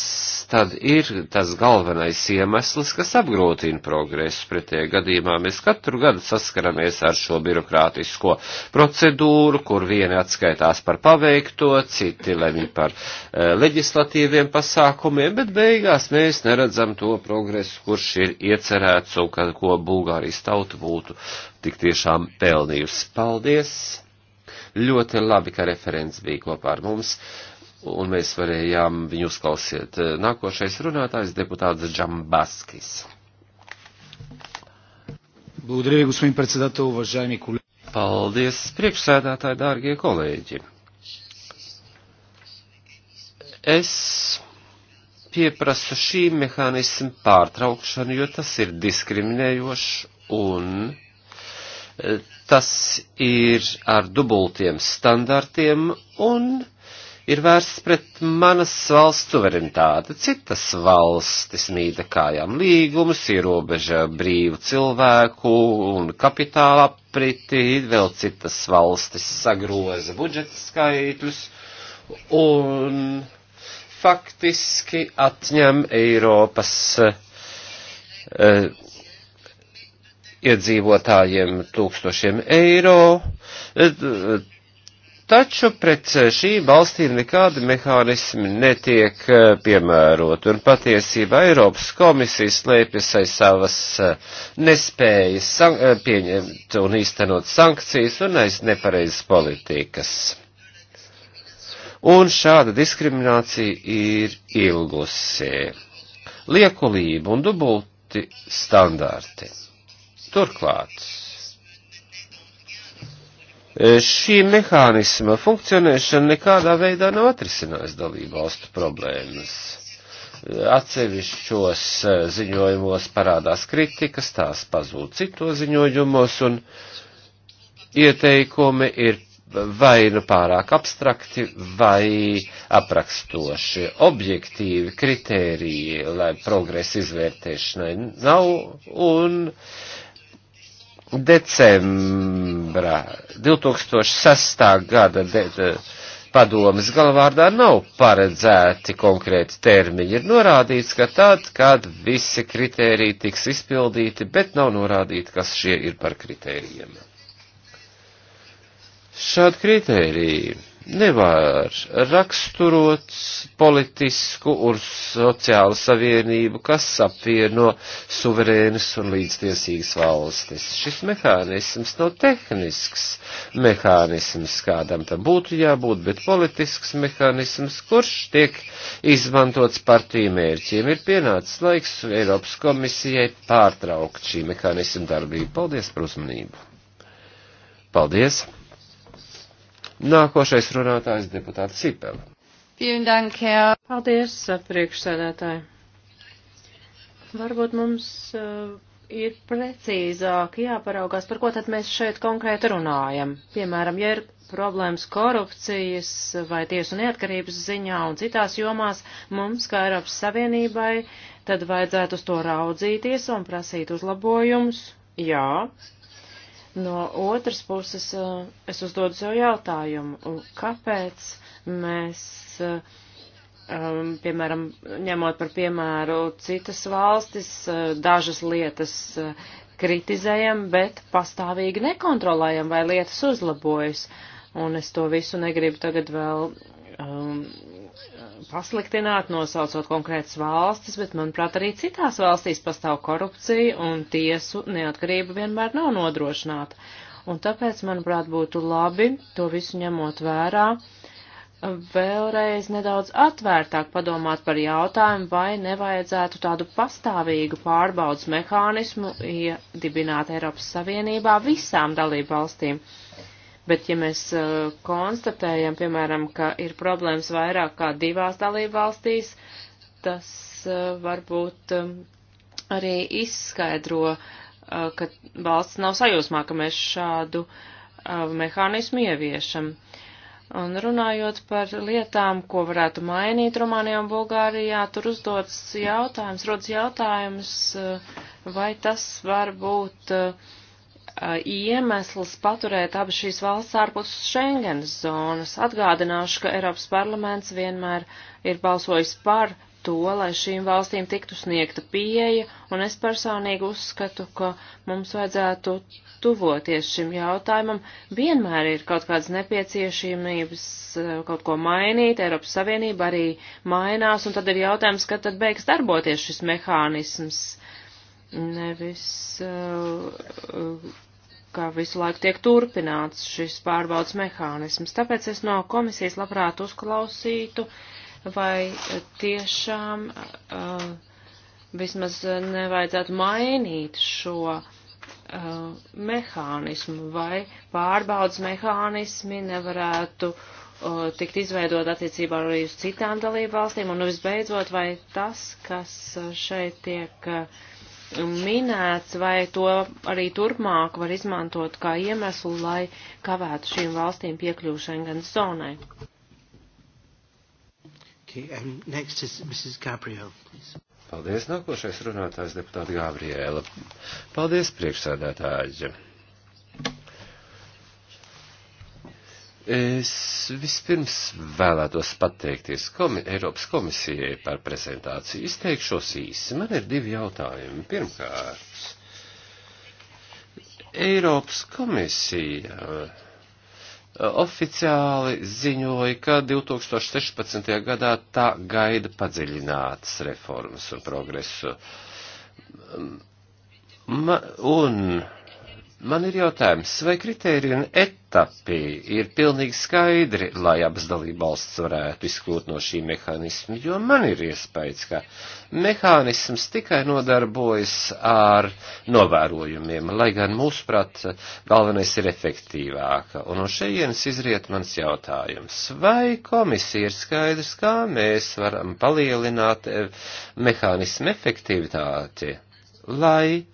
tad ir tas galvenais iemesls, kas apgrūtina progresu. Pretējā gadījumā mēs katru gadu saskaramies ar šo birokrātisko procedūru, kur vieni atskaitās par paveikto, citi lemj par e, leģislatīviem pasākumiem, bet beigās mēs neredzam to progresu, kurš ir iecerēts un ka, ko Bulgārijas tauta būtu tik tiešām pelnījusi. Paldies! ļoti labi, ka referents bija kopā ar mums, un mēs varējām viņu uzklausīt. Nākošais runātājs deputāts Džambaskis. Благодаря ви, господин председател, уважаеми колеги. Paldies, priekšsēdētāji, dārgie kolēģi. Es pieprasu šī mehānismu pārtraukšanu, jo tas ir diskriminējošs un eh, tas ir ar dubultiem standartiem un ir vērsts pret manas valsts suverenitāti. Citas valstis mīda kājām līgumus, ierobeža brīvu cilvēku un kapitāla apriti, vēl citas valstis sagroza budžeta skaitļus un faktiski atņem Eiropas. Uh, iedzīvotājiem tūkstošiem eiro, taču pret šīm valstīm nekādi mehānismi netiek e, piemērot, un patiesībā Eiropas komisija slēpjas aiz savas e, nespējas e, pieņemt un īstenot sankcijas un aiz nepareizas politikas. Un šāda diskriminācija ir ilgusi. Liekulība un dubulti standārti. Turklāt šī mehānisma funkcionēšana nekādā veidā nav atrisinājis dalību valstu problēmas. Atsevišķos e, ziņojumos parādās kritikas, tās pazūd citos ziņojumos, un ieteikumi ir vai nu pārāk abstrakti, vai aprakstoši. Objektīvi kritēriji, lai progresa izvērtēšanai nav, un uh, decembrā 2006. gada de, de, padomas galvārdā nav paredzēti konkrēti termiņi. Ir norādīts, ka tad, kad visi kritēriji tiks izpildīti, bet nav norādīti, kas šie ir par kritērijiem. Šādi kritēriji nevar raksturot politisku un sociālu savienību, kas apvieno suverēnas un līdztiesīgas valstis. Šis mehānisms nav tehnisks mehānisms, kādam tam būtu jābūt, bet politisks mehānisms, kurš tiek izmantots partiju mērķiem. Ir pienācis laiks Eiropas komisijai pārtraukt šī mehānismu darbību. Paldies par uzmanību! Paldies! Nākošais runātājs deputāta Sipela. Paldies, priekšsēdētāji. Varbūt mums uh, ir precīzāk jāparaugās, par ko tad mēs šeit konkrēti runājam. Piemēram, ja ir problēmas korupcijas vai tiesu neatkarības ziņā un citās jomās, mums, kā Eiropas Savienībai, tad vajadzētu uz to raudzīties un prasīt uzlabojumus. Jā, No otras puses, eh, es uzdodu sev jautājumu, kāpēc mēs, eh, um, piemēram, ņemot par piemēru citas valstis, eh, dažas lietas kritizējam, bet pastāvīgi nekontrolējam, vai lietas uzlabojas. Un es to visu negribu tagad vēl um, pasliktināt, nosaucot konkrētas valstis, bet, manuprāt, arī citās valstīs pastāv korupcija un tiesu neatkarība vienmēr nav nodrošināta. Un tāpēc, manuprāt, būtu labi to visu ņemot vērā, vēlreiz nedaudz atvērtāk padomāt par jautājumu, vai nevajadzētu tādu pastāvīgu pārbaudas mehānismu iedibināt Eiropas Savienībā visām dalību valstīm. Bet, ja mēs uh, konstatējam, piemēram, ka ir problēmas vairāk kā divās dalību valstīs, tas uh, varbūt um, arī izskaidro, uh, ka valsts nav sajūsmā, ka mēs šādu uh, mehānismu ieviešam. Un runājot par lietām, ko varētu mainīt Rumānijā un Bulgārijā, tur uzdodas jautājums, rodas jautājums, uh, vai tas var būt uh, iemesls paturēt abas šīs valsts ārpus Schengenas zonas. Atgādināšu, ka Eiropas parlaments vienmēr ir balsojis par to, lai šīm valstīm tiktu sniegta pieeja, un es personīgi uzskatu, ka mums vajadzētu tuvoties šim jautājumam. Vienmēr ir kaut kādas nepieciešamības kaut ko mainīt, Eiropas Savienība arī mainās, un tad ir jautājums, kad tad beigs darboties šis mehānisms. Nevis uh, uh, ka visu laiku tiek turpināts šis pārbaudas mehānisms. Tāpēc es no komisijas labprāt uzklausītu, vai tiešām uh, vismaz nevajadzētu mainīt šo uh, mehānismu, vai pārbaudas mehānismi nevarētu uh, tikt izveidot attiecībā arī uz citām dalību valstīm, un nu visbeidzot, vai tas, kas uh, šeit tiek uh, minēts, vai to arī turpmāk var izmantot kā iemeslu, lai kavētu šīm valstīm piekļuvu Schengen zonai. Okay, um, next is Mrs. Gabriel, please. Paldies, nākošais runātājs deputāta Gabriela. Paldies, priekšsēdētāji. Es vispirms vēlētos pateikties komi Eiropas komisijai par prezentāciju. Izteikšos īsi. Man ir divi jautājumi. Pirmkārt, Eiropas komisija uh, oficiāli ziņoja, ka 2016. gadā tā gaida padziļinātas reformas un progresu. Um, ma, un Man ir jautājums, vai kriteriju un etapi ir pilnīgi skaidri, lai abas dalībvalsts varētu izkļūt no šī mehānisma, jo man ir iespējas, ka mehānisms tikai nodarbojas ar novērojumiem, lai gan mūsuprāt galvenais ir efektīvāka. Un no šejienes izriet mans jautājums, vai komisija ir skaidrs, kā mēs varam palielināt eh, mehānismu efektivitāti, lai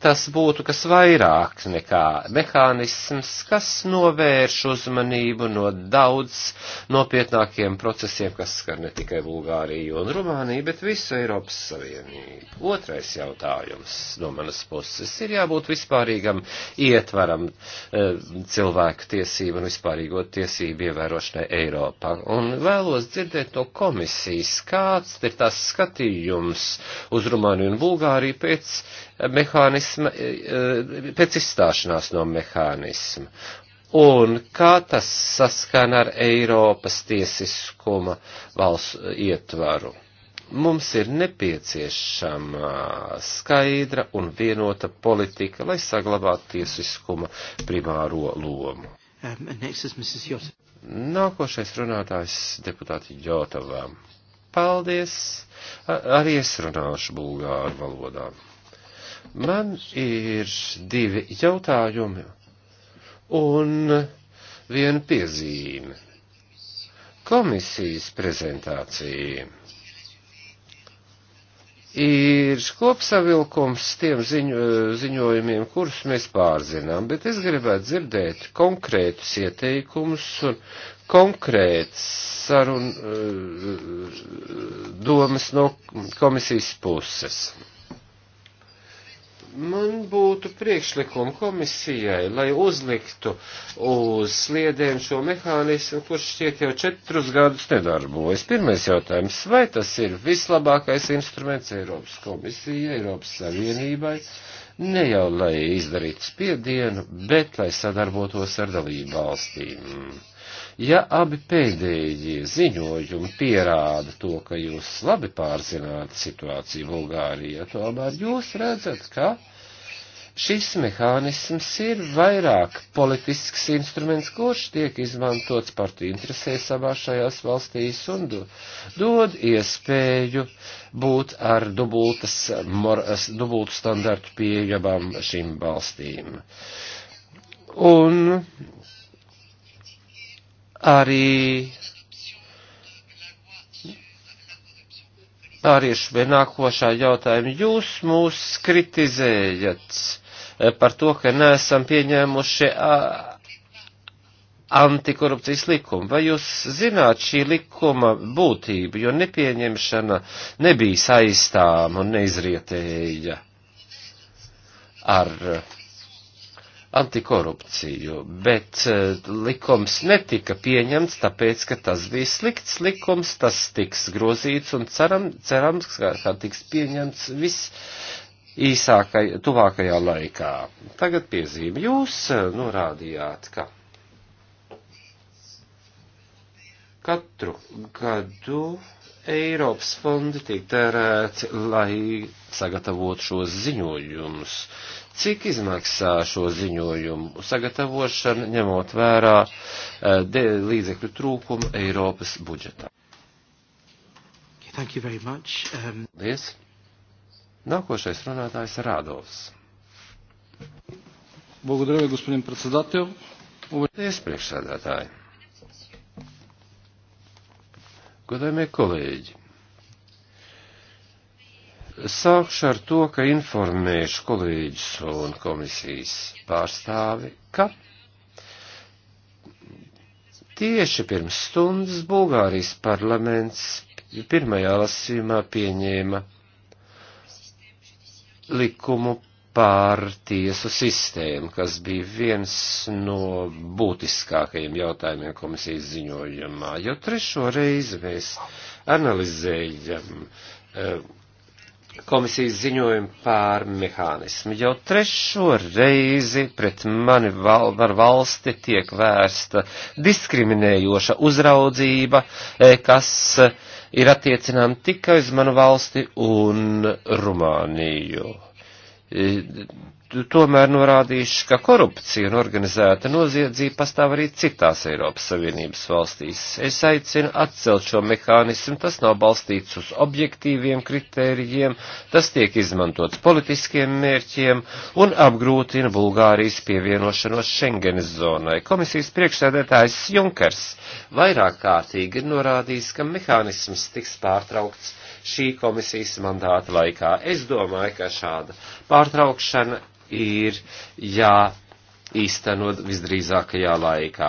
tas būtu kas vairāk nekā mehānisms, kas novērš uzmanību no daudz nopietnākiem procesiem, kas skar ne tikai Bulgāriju un Rumāniju, bet visu Eiropas Savienību. Otrais jautājums no manas puses ir jābūt vispārīgam ietvaram e, cilvēku tiesību un vispārīgo tiesību ievērošanai Eiropā. Un vēlos dzirdēt no komisijas, kāds ir tas skatījums uz Rumāniju un Bulgāriju pēc mehānisma, e, e, pēc izstāšanās no mehānisma. Un kā tas saskan ar Eiropas tiesiskuma valsts e, ietvaru? Mums ir nepieciešama skaidra un vienota politika, lai saglabātu tiesiskuma primāro lomu. Um, Nākošais runātājs deputāti Jotavām. Paldies! Ar, arī es runāšu bulgāru valodā. Man ir divi jautājumi un viena piezīme. Komisijas prezentācija ir kopsavilkums tiem ziņo, ziņojumiem, kurus mēs pārzinām, bet es gribētu dzirdēt konkrētus ieteikumus un konkrētas sarun eh, domas no komisijas puses. Man būtu priekšlikumi komisijai, lai uzliktu uz sliedēm šo mehānismu, kurš šķiet jau četrus gadus nedarbojas. Pirmais jautājums, vai tas ir vislabākais instruments Eiropas komisijai, Eiropas Savienībai, ne jau lai izdarītu spiedienu, bet lai sadarbotos ar dalību valstīm Ja abi pēdējie ziņojumi pierāda to, ka jūs labi pārzināt situāciju Bulgārijā, tomēr jūs redzat, ka šis mehānisms ir vairāk politisks instruments, kurš tiek izmantots partiju interesēs abās šajās valstīs un do, dod iespēju būt ar dubultas, mor, dubultu standartu pieejamām šīm valstīm. Un arī arī nākošā jautājuma. Jūs mūs kritizējat e, par to, ka neesam pieņēmuši antikorupcijas likumu. Vai jūs zināt šī likuma būtību, jo nepieņemšana nebija saistām un neizrietēja ar antikorupciju, bet eh, likums netika pieņemts, tāpēc, ka tas bija slikts likums, tas tiks grozīts un ceram, cerams, ka tiks pieņemts viss īsākai, tuvākajā laikā. Tagad piezīme. Jūs eh, norādījāt, ka katru gadu Eiropas fondi tiek tērēti, lai sagatavotu šos ziņojumus. Uh, cik izmaksā šo ziņojumu sagatavošana, ņemot vērā eh, de, līdzekļu trūkumu Eiropas budžetā. Thank you very much. Um... Lies. Nākošais runātājs Rādovs. Благодаря, господин председател. Lies priekšsēdētāji. Godājumie kolēģi. Sākšu ar to, ka informēšu kolēģis un komisijas pārstāvi, ka tieši pirms stundas Bulgārijas parlaments pirmajā lasījumā pieņēma likumu pār tiesu sistēmu, kas bija viens no būtiskākajiem jautājumiem komisijas ziņojumā, jo trešo reizi mēs analizējam uh, komisijas ziņojumu pār mehānismu. Jau trešo reizi pret mani val, var valsti tiek vērsta diskriminējoša uzraudzība, e, kas ir attiecinām tikai uz manu valsti un Rumāniju e, tomēr norādījuši, ka korupcija un organizēta noziedzība pastāv arī citās Eiropas Savienības valstīs. Es aicinu atcelt šo mehānismu, tas nav balstīts uz objektīviem kritērijiem, tas tiek izmantots politiskiem mērķiem un apgrūtina Bulgārijas pievienošanos Schengenes zonai. Komisijas priekšsēdētājs Junkers vairāk kārtīgi ir norādījis, ka mehānisms tiks pārtraukts šī komisijas mandāta laikā. Es domāju, ka šāda pārtraukšana ir jā īstenot visdrīzākajā laikā.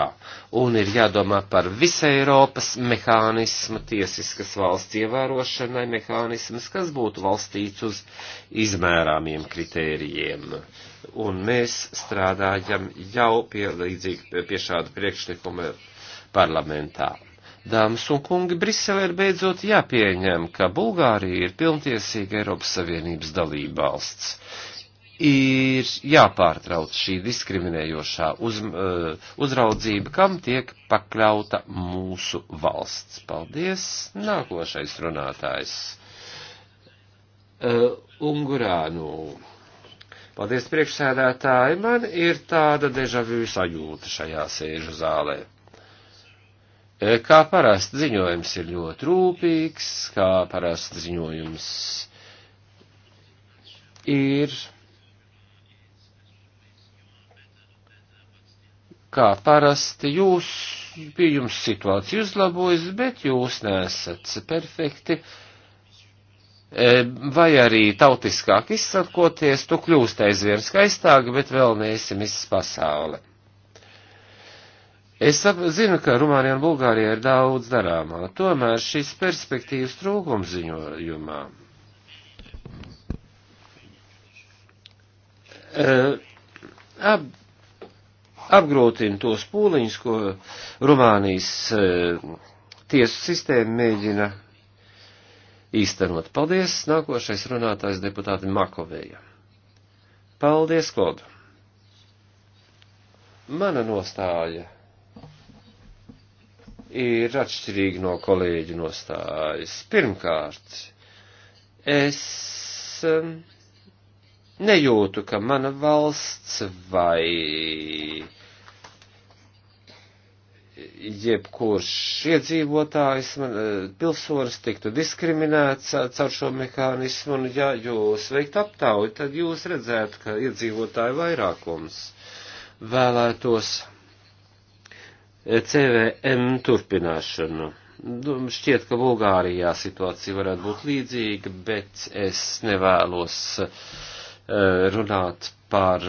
Un ir jādomā par visu Eiropas mehānismu, tiesiskas valsts ievērošanai mehānismas, kas būtu valstīts uz izmērāmiem kritērijiem. Un mēs strādājam jau pie, līdzīgi, pie šāda priekšlikuma parlamentā. Dāmas un kungi, Briselē ir beidzot jāpieņem, ka Bulgārija ir pilntiesīga Eiropas Savienības dalībvalsts ir jāpārtrauc šī diskriminējošā uz, eh, uzraudzība, kam tiek pakļauta mūsu valsts. Paldies! Nākošais runātājs. Uh, Ungurānu. Paldies priekšsēdētāji, man ir tāda dežavju sajūta šajā sēžu zālē. Eh, kā parasti ziņojums ir ļoti rūpīgs, kā parasti ziņojums ir kā parasti jūs, pie jums situācija uzlabojas, bet jūs nesat perfekti, e, vai arī tautiskāk izsakoties, tu kļūst aizvien skaistāk, bet vēl neesi viss pasaule. Es zinu, ka Rumānijā un Bulgārijā ir daudz darāmā, tomēr šīs perspektīvas trūkums ziņojumā. Uh, e, ab, apgrūtina tos pūliņus, ko Rumānijas eh, tiesu sistēma mēģina īstenot. Paldies, nākošais runātājs deputāti Makovēja. Paldies, Klod. Mana nostāja ir atšķirīga no kolēģu nostājas. Pirmkārt, es eh, nejūtu, ka mana valsts vai jebkurš iedzīvotājs, man, eh, pilsonis tiktu diskriminēts caur šo mehānismu, un ja jūs veikt aptauju, tad jūs redzētu, ka iedzīvotāju vairākums vēlētos eh, CVM turpināšanu. Nu, šķiet, ka Bulgārijā situācija varētu būt līdzīga, bet es nevēlos eh, runāt par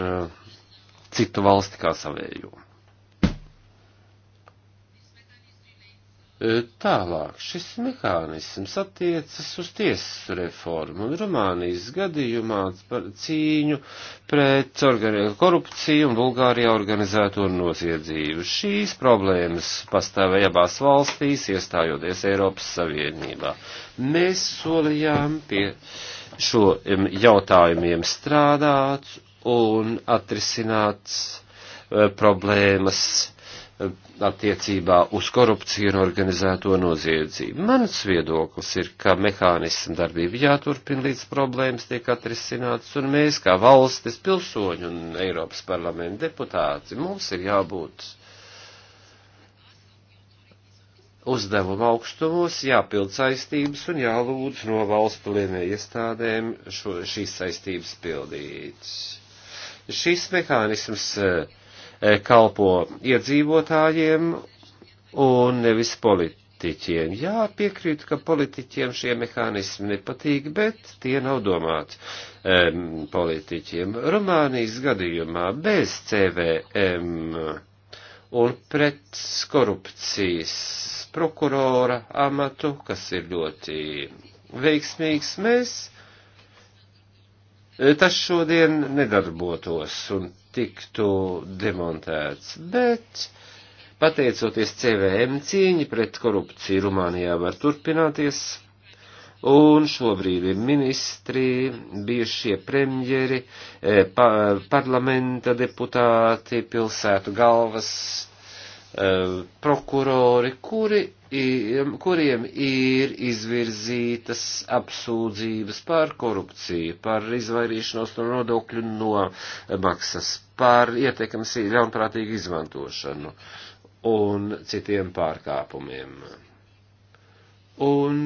citu valsti kā savējumu. Tālāk šis mehānisms attiecas uz tiesu reformu un Rumānijas gadījumā par cīņu pret korupciju un Bulgārijā organizēto noziedzību. Šīs problēmas pastāvēja abās valstīs, iestājoties Eiropas Savienībā. Mēs solījām pie šo jautājumiem strādāt un atrisināt eh, problēmas attiecībā uz korupciju un organizēto noziedzību. Mans viedoklis ir, ka mehānismu darbību jāturpina līdz problēmas tiek atrisinātas, un mēs, kā valstis pilsoņi un Eiropas parlamenta deputāti, mums ir jābūt uzdevuma augstumos, jāpild saistības un jālūdz no valstu lēmē iestādēm šo, šīs saistības pildīt. Šis mehānisms uh, E, kalpo iedzīvotājiem un nevis politiķiem. Jā, piekrītu, ka politiķiem šie mehānismi nepatīk, bet tie nav domāti um, politiķiem. Rumānijas gadījumā bez CVM un pret korupcijas prokurora amatu, kas ir ļoti veiksmīgs, mēs tas šodien nedarbotos, un tiktu demontēts, bet pateicoties CVM cieņi pret korupciju Rumānijā var turpināties, un šobrīd ir ministri, bijušie premjeri, eh, pa, parlamenta deputāti, pilsētu galvas, eh, prokurori, kuri kuriem ir izvirzītas apsūdzības par korupciju, par izvairīšanos no nodokļu nomaksas, par ietekmes ļaunprātīgu izmantošanu un citiem pārkāpumiem. Un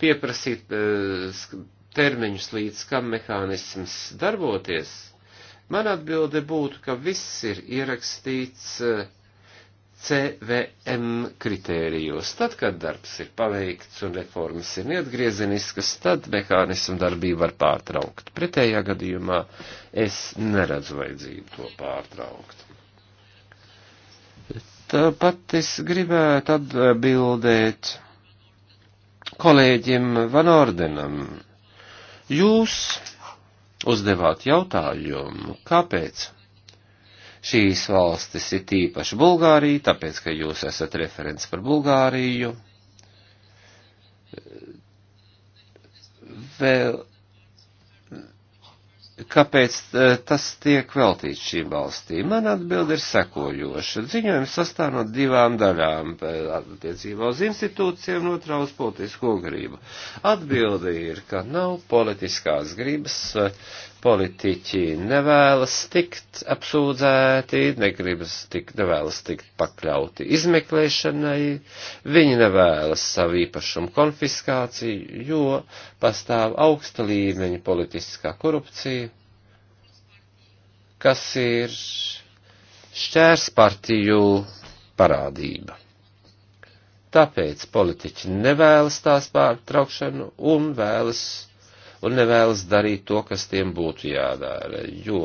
pieprasīt eh, termiņus līdz kam mehānisms darboties, man atbilde būtu, ka viss ir ierakstīts eh, CVM kritērijos. Tad, kad darbs ir paveikts un reformas ir neatgriezeniskas, tad mehānismu darbību var pārtraukt. Pretējā gadījumā es neredzu vajadzību to pārtraukt. Tāpat es gribētu atbildēt kolēģim Van Ordenam. Jūs uzdevāt jautājumu, kāpēc? šīs valstis ir tīpaši Bulgārija, tāpēc, ka jūs esat referents par Bulgāriju. Vēl, kāpēc eh, tas tiek veltīts šīm valstīm? Man atbildi ir sekojoša. Ziņojums sastāv no divām daļām - attiecībā uz institūcijiem, no otrā uz politisko gribu. Atbildi ir, ka nav politiskās gribas eh, politiķi nevēlas tikt apsūdzēti, negribas tikt, nevēlas tikt pakļauti izmeklēšanai, viņi nevēlas savu īpašumu konfiskāciju, jo pastāv augsta līmeņa politiskā korupcija, kas ir šķērs partiju parādība. Tāpēc politiķi nevēlas tās pārtraukšanu un vēlas un nevēlas darīt to, kas tiem būtu jādara, jo,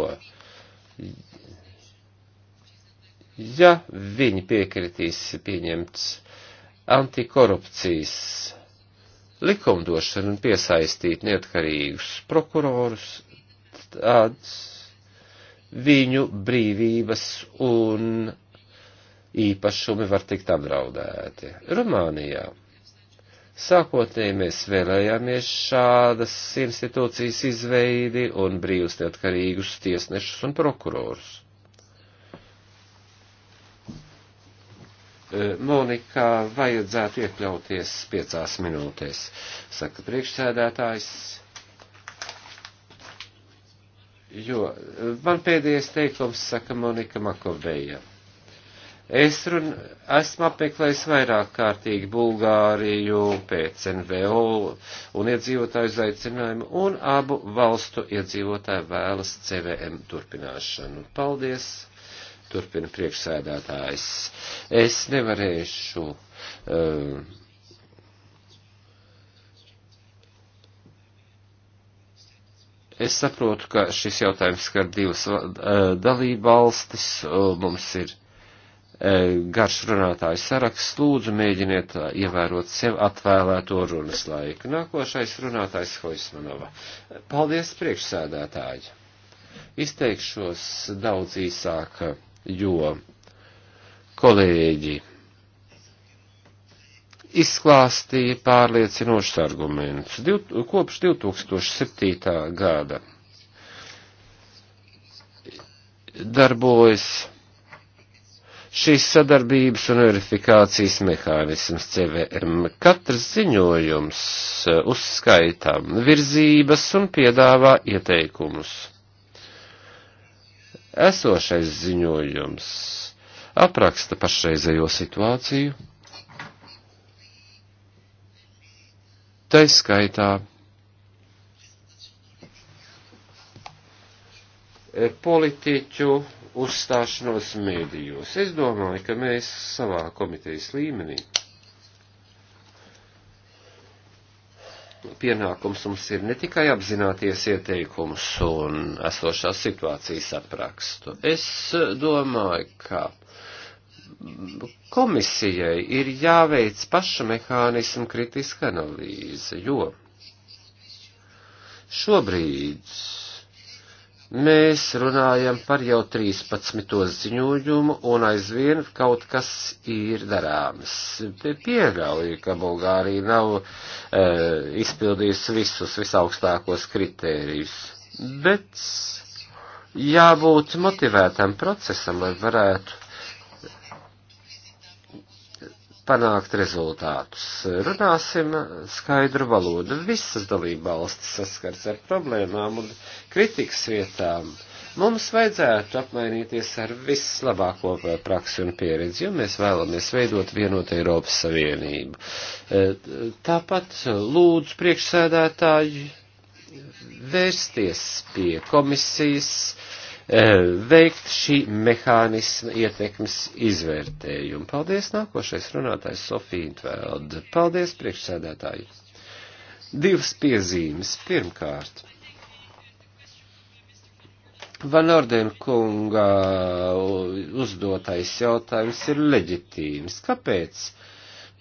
ja viņi piekritīs pieņemts antikorupcijas likumdošanu un piesaistīt neatkarīgus prokurorus, tāds viņu brīvības un īpašumi var tikt apdraudēti. Rumānijā Sākotnēji mēs vēlējāmies šādas institūcijas izveidi un brīvus neatkarīgus tiesnešus un prokurorus. E, Monika, vajadzētu iekļauties piecās minūtēs, saka priekšsēdētājs, jo man pēdējais teikums saka Monika Makoveja. Es run, esmu apmeklējis vairāk kārtīgi Bulgāriju pēc NVO un iedzīvotāju zaicinājumu, un abu valstu iedzīvotāju vēlas CVM turpināšanu. Paldies! Turpina priekšsēdētājs. Es nevarēšu. Um, Es saprotu, ka šis jautājums skar divas uh, eh, dalībvalstis, uh, eh, mums ir uh, Eh, garš runātājs saraksts, lūdzu mēģiniet eh, ievērot sev atvēlēto runas laiku. Nākošais runātājs Hoismanova. Paldies priekšsēdētāji. Izteikšos daudz īsāk, jo kolēģi izklāstīja pārliecinošus argumentus kopš 2007. gada. Darbojas šīs sadarbības un verifikācijas mehānisms CVM. Katrs ziņojums e, uzskaitām virzības un piedāvā ieteikumus. Esošais ziņojums apraksta pašreizējo situāciju. Taiskaitā E, politiķu uzstāšanos mēdījos. Es domāju, ka mēs savā komitejas līmenī pienākums mums ir ne tikai apzināties ieteikumus un esošās situācijas aprakstu. Es domāju, ka komisijai ir jāveic paša mehānismu kritiska analīze, jo šobrīd Mēs runājam par jau 13. ziņojumu, un aizvien kaut kas ir darāms. Pieļauju, ka Bulgārija nav e, izpildījusi visus visaugstākos kritērijus, bet jābūt motivētam procesam, lai varētu panākt rezultātus. Runāsim skaidru valodu. Visas dalība valstis saskars ar problēmām un kritikas vietām. Mums vajadzētu apmainīties ar vislabāko praksi un pieredzi, jo mēs vēlamies veidot vienotu Eiropas Savienību. E, tāpat lūdzu priekšsēdētāji vērsties pie komisijas, Eh, veikt šī mehānisma ietekmes izvērtējumu. Paldies, nākošais runātājs Sofija Intvelda. Paldies, priekšsēdētāji. Divas piezīmes. Pirmkārt. Van Orden kunga uzdotais jautājums ir leģitīms. Kāpēc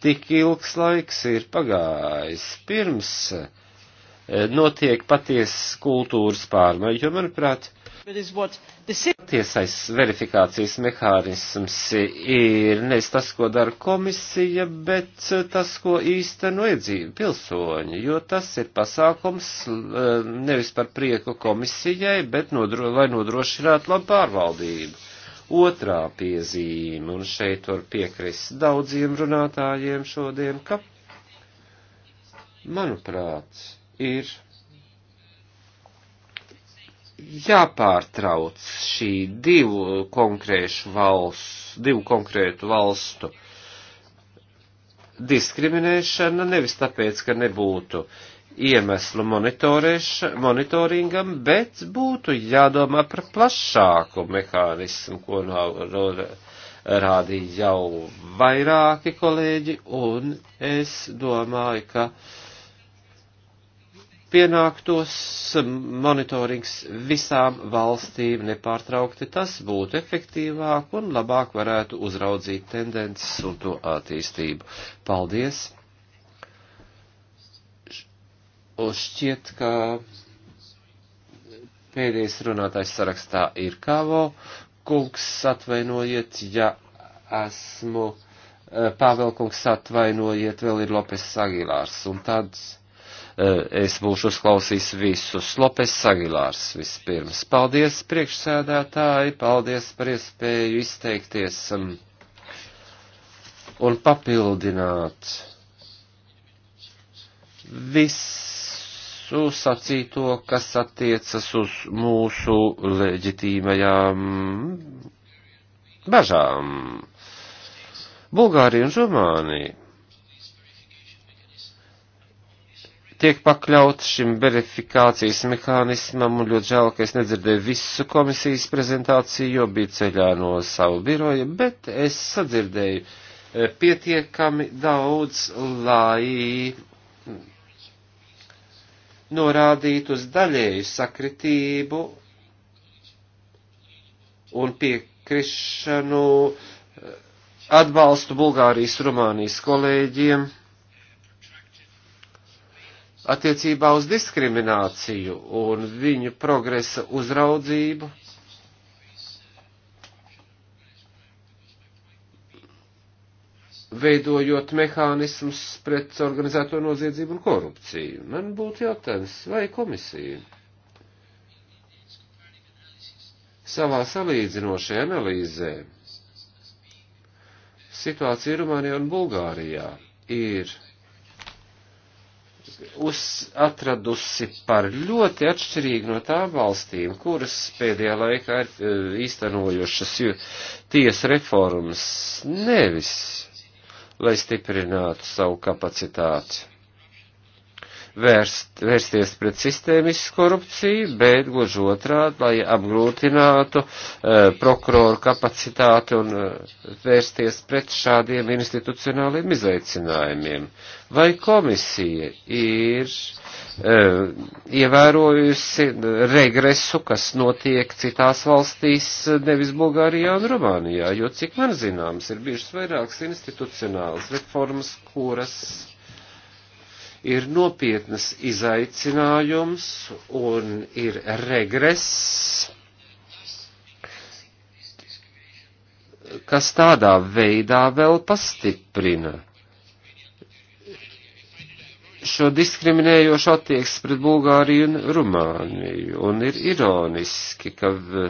tik ilgs laiks ir pagājis pirms eh, notiek paties kultūras pārmaiņa? Jo, manuprāt, Tiesais verifikācijas mehānisms ir nevis tas, ko dara komisija, bet tas, ko īsteno iedzīvi pilsoņi, jo tas ir pasākums eh, nevis par prieku komisijai, bet nodro, lai nodrošinātu labu pārvaldību. Otrā piezīme, un šeit var piekrist daudziem runātājiem šodien, ka, manuprāt, ir jāpārtrauc šī divu konkrētu valstu, divu konkrētu valstu diskriminēšana nevis tāpēc, ka nebūtu iemeslu monitoringam, bet būtu jādomā par plašāku mehānismu, ko nav rādīja jau vairāki kolēģi, un es domāju, ka uh, pienāktos monitorings visām valstīm nepārtraukti, tas būtu efektīvāk un labāk varētu uzraudzīt tendences un to attīstību. Paldies! Un šķiet, ka pēdējais runātājs sarakstā ir Kavo. Kungs, atvainojiet, ja esmu. Eh, Pāvēl kungs, atvainojiet, vēl ir Lopes Agilārs. Un tāds. Tad Eh, es būšu uzklausījis visus. Lopes Sagilārs vispirms. Paldies, priekšsēdētāji, paldies par iespēju izteikties um, un papildināt visu sacīto, kas attiecas uz mūsu leģitīmajām bažām. Bulgārija un Rumānija tiek pakļauts šim verifikācijas mehānismam, un ļoti žēl, ka es nedzirdēju visu komisijas prezentāciju, jo biju ceļā no savu biroju, bet es sadzirdēju e, pietiekami daudz, lai norādītu uz daļēju sakritību un piekrišanu e, atbalstu Bulgārijas, Rumānijas kolēģiem attiecībā uz diskrimināciju un viņu progresa uzraudzību. veidojot mehānismus pret organizēto noziedzību un korupciju. Man būtu jautājums, vai komisija savā salīdzinošajā analīzē situācija Rumānijā un Bulgārijā ir uz, atradusi par ļoti atšķirīgu no tām valstīm, kuras pēdējā laikā ir e, īstenojušas tiesa reformas nevis, lai stiprinātu savu kapacitāti vērst, vērsties pret sistēmisku korupciju, bet gluži otrādi, lai apgrūtinātu uh, prokuroru kapacitāti un uh, vērsties pret šādiem institucionāliem izaicinājumiem. Vai komisija ir uh, ievērojusi regresu, kas notiek citās valstīs, nevis Bulgārijā un Rumānijā, jo cik man zināms, ir bijušas vairākas institucionālas reformas, kuras ir nopietnas izaicinājums un ir regress, kas tādā veidā vēl pastiprina šo diskriminējošu attieksmi pret Bulgāriju un Rumāniju. Un ir ironiski, ka. V,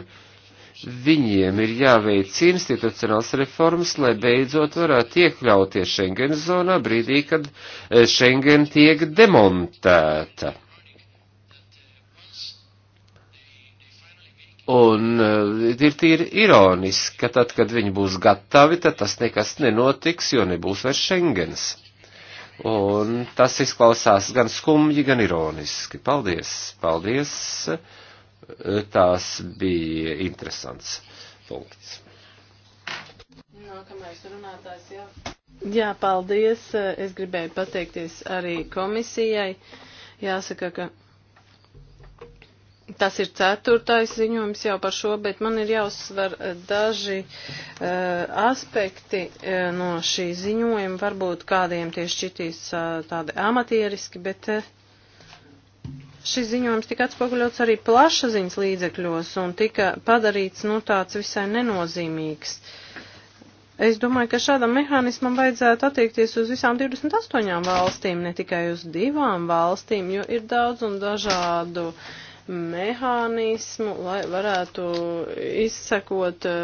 viņiem ir jāveic institucionāls reformas, lai beidzot varētu iekļauties Schengen zonā brīdī, kad eh, Schengen tiek demontēta. Un eh, ir tīri ironiski, ka tad, kad viņi būs gatavi, tad tas nekas nenotiks, jo nebūs vairs Schengens. Un tas izklausās gan skumji, gan ironiski. Paldies, paldies tās bija interesants punkts. Nākamais runātājs, jā. Jā, paldies. Es gribēju pateikties arī komisijai. Jāsaka, ka Tas ir ceturtais ziņojums jau par šo, bet man ir jāuzsver eh, daži uh, aspekti uh, no šī ziņojuma, varbūt kādiem tie šķitīs uh, tādi amatieriski, bet uh, šis ziņojums tika atspoguļots arī plašsaziņas līdzekļos un tika padarīts, nu, tāds visai nenozīmīgs. Es domāju, ka šādam mehānismam vajadzētu attiekties uz visām 28 valstīm, ne tikai uz divām valstīm, jo ir daudz un dažādu uh, mehānismu, lai varētu izsekot eh,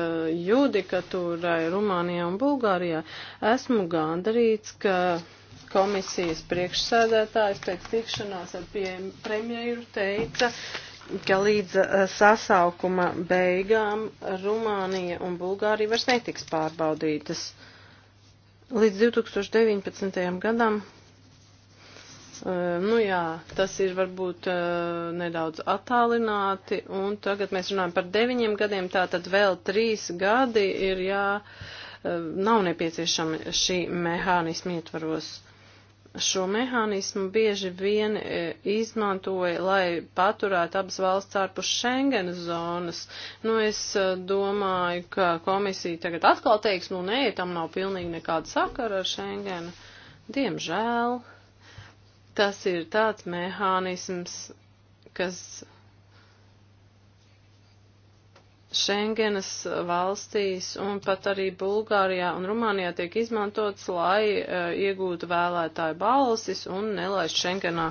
judikatūrai Rumānijā un Bulgārijā. Esmu gandarīts, ka komisijas priekšsēdētājs pēc tikšanās ar premjeru teica, ka līdz eh, sasaukuma beigām Rumānija un Bulgārija vairs netiks pārbaudītas. Līdz 2019. gadam, eh, nu jā, tas ir varbūt eh, nedaudz attālināti, un tagad mēs runājam par deviņiem gadiem, tātad vēl trīs gadi ir jā, nav nepieciešami šī mehānismi ietvaros šo mehānismu bieži vien e, izmantoja, lai paturētu abas valsts ārpus Schengenas zonas. Nu, es e, domāju, ka komisija tagad atkal teiks, nu, nē, tam nav pilnīgi nekāda sakara ar Schengenu. Diemžēl tas ir tāds mehānisms, kas Šengenas valstīs un pat arī Bulgārijā un Rumānijā tiek izmantots, lai uh, iegūtu vēlētāju balsis un nelaist Šengenā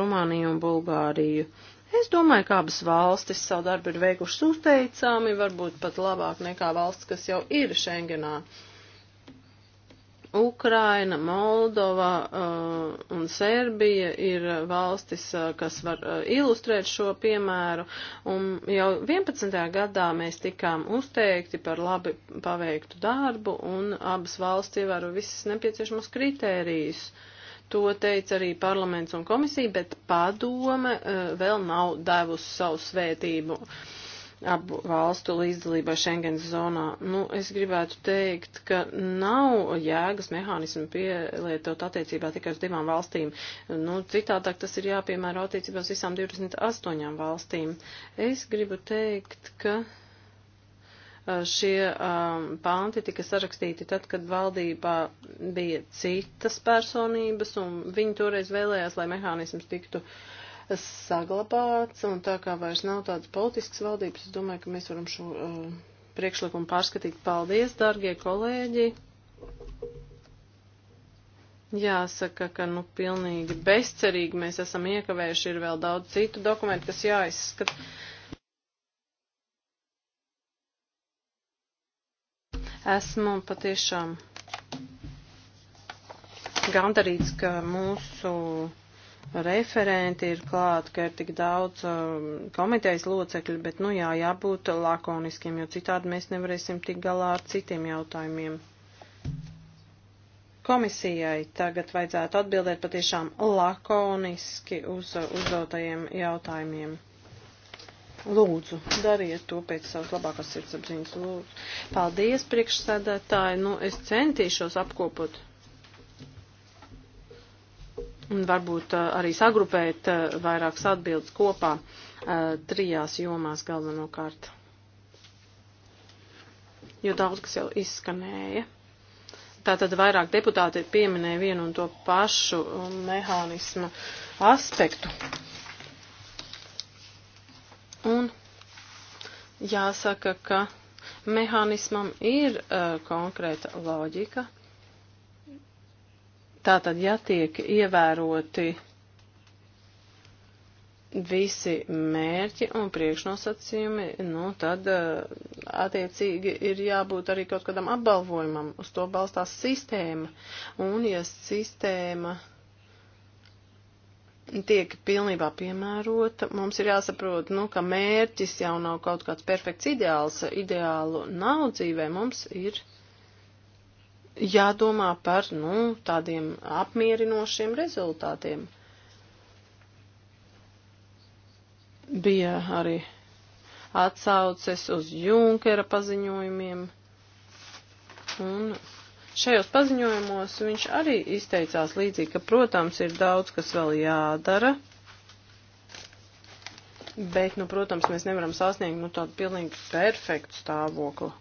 Rumāniju un Bulgāriju. Es domāju, ka abas valstis savu darbu ir veikušas uzteicami, varbūt pat labāk nekā valsts, kas jau ir Šengenā. Uh, Ukraina, Moldova uh, un Serbija ir valstis, uh, kas var uh, ilustrēt šo piemēru, un jau 11. gadā mēs tikām uzteikti par labi paveiktu darbu, un abas valsts ievēro visas nepieciešamos kritērijus. To teica arī parlaments un komisija, bet padome uh, vēl nav devusi savu svētību. Uh, abu valstu līdzdalībai Schengens zonā. Nu, es gribētu teikt, ka nav jēgas mehānismu pielietot attiecībā tikai uz divām valstīm. Nu, citādāk tas ir jāpiemēro attiecībā uz visām 28 valstīm. Es gribu teikt, ka šie um, panti tika sarakstīti tad, kad valdībā bija citas personības, un viņi toreiz vēlējās, lai mehānisms tiktu uh, saglabāts, un tā kā vairs nav tādas politiskas valdības, es domāju, ka mēs varam šo uh, priekšlikumu pārskatīt. Paldies, dārgie kolēģi! Jāsaka, ka nu pilnīgi bezcerīgi mēs esam iekavējuši, ir vēl daudz citu dokumentu, kas jāizskata. Esmu patiešām gandarīts, ka mūsu referenti ir klāt, ka ir tik daudz um, komitejas locekļu, bet, nu jā, jābūt lakoniskiem, jo citādi mēs nevarēsim tik galā ar citiem jautājumiem. Komisijai tagad vajadzētu atbildēt patiešām lakoniski uz uzdotajiem jautājumiem. Lūdzu, dariet to pēc savas labākās sirdsapziņas. Lūdzu. Paldies, priekšsēdētāji. Nu, es centīšos apkopot un varbūt eh, arī sagrupēt eh, vairākas atbildes kopā eh, trijās jomās galvenokārt. Jo daudz kas jau izskanēja. Tātad vairāk deputāti pieminēja vienu un to pašu um, mehānismu aspektu. Un jāsaka, ka mehānismam ir uh, konkrēta loģika, Tātad, ja tiek ievēroti visi mērķi un priekšnosacījumi, nu, tad eh, attiecīgi ir jābūt arī kaut kādam apbalvojumam. Uz to balstās sistēma. Un, ja sistēma tiek pilnībā piemērota, mums ir jāsaprot, nu, ka mērķis jau nav kaut kāds perfekts ideāls, ideālu nav dzīvē, mums ir jādomā par, nu, tādiem apmierinošiem rezultātiem. Bija arī atsauces uz Junkera paziņojumiem, un šajos paziņojumos viņš arī izteicās līdzīgi, ka, protams, ir daudz, kas vēl jādara, bet, nu, protams, mēs nevaram sasniegt, nu, tādu pilnīgi perfektu stāvokli.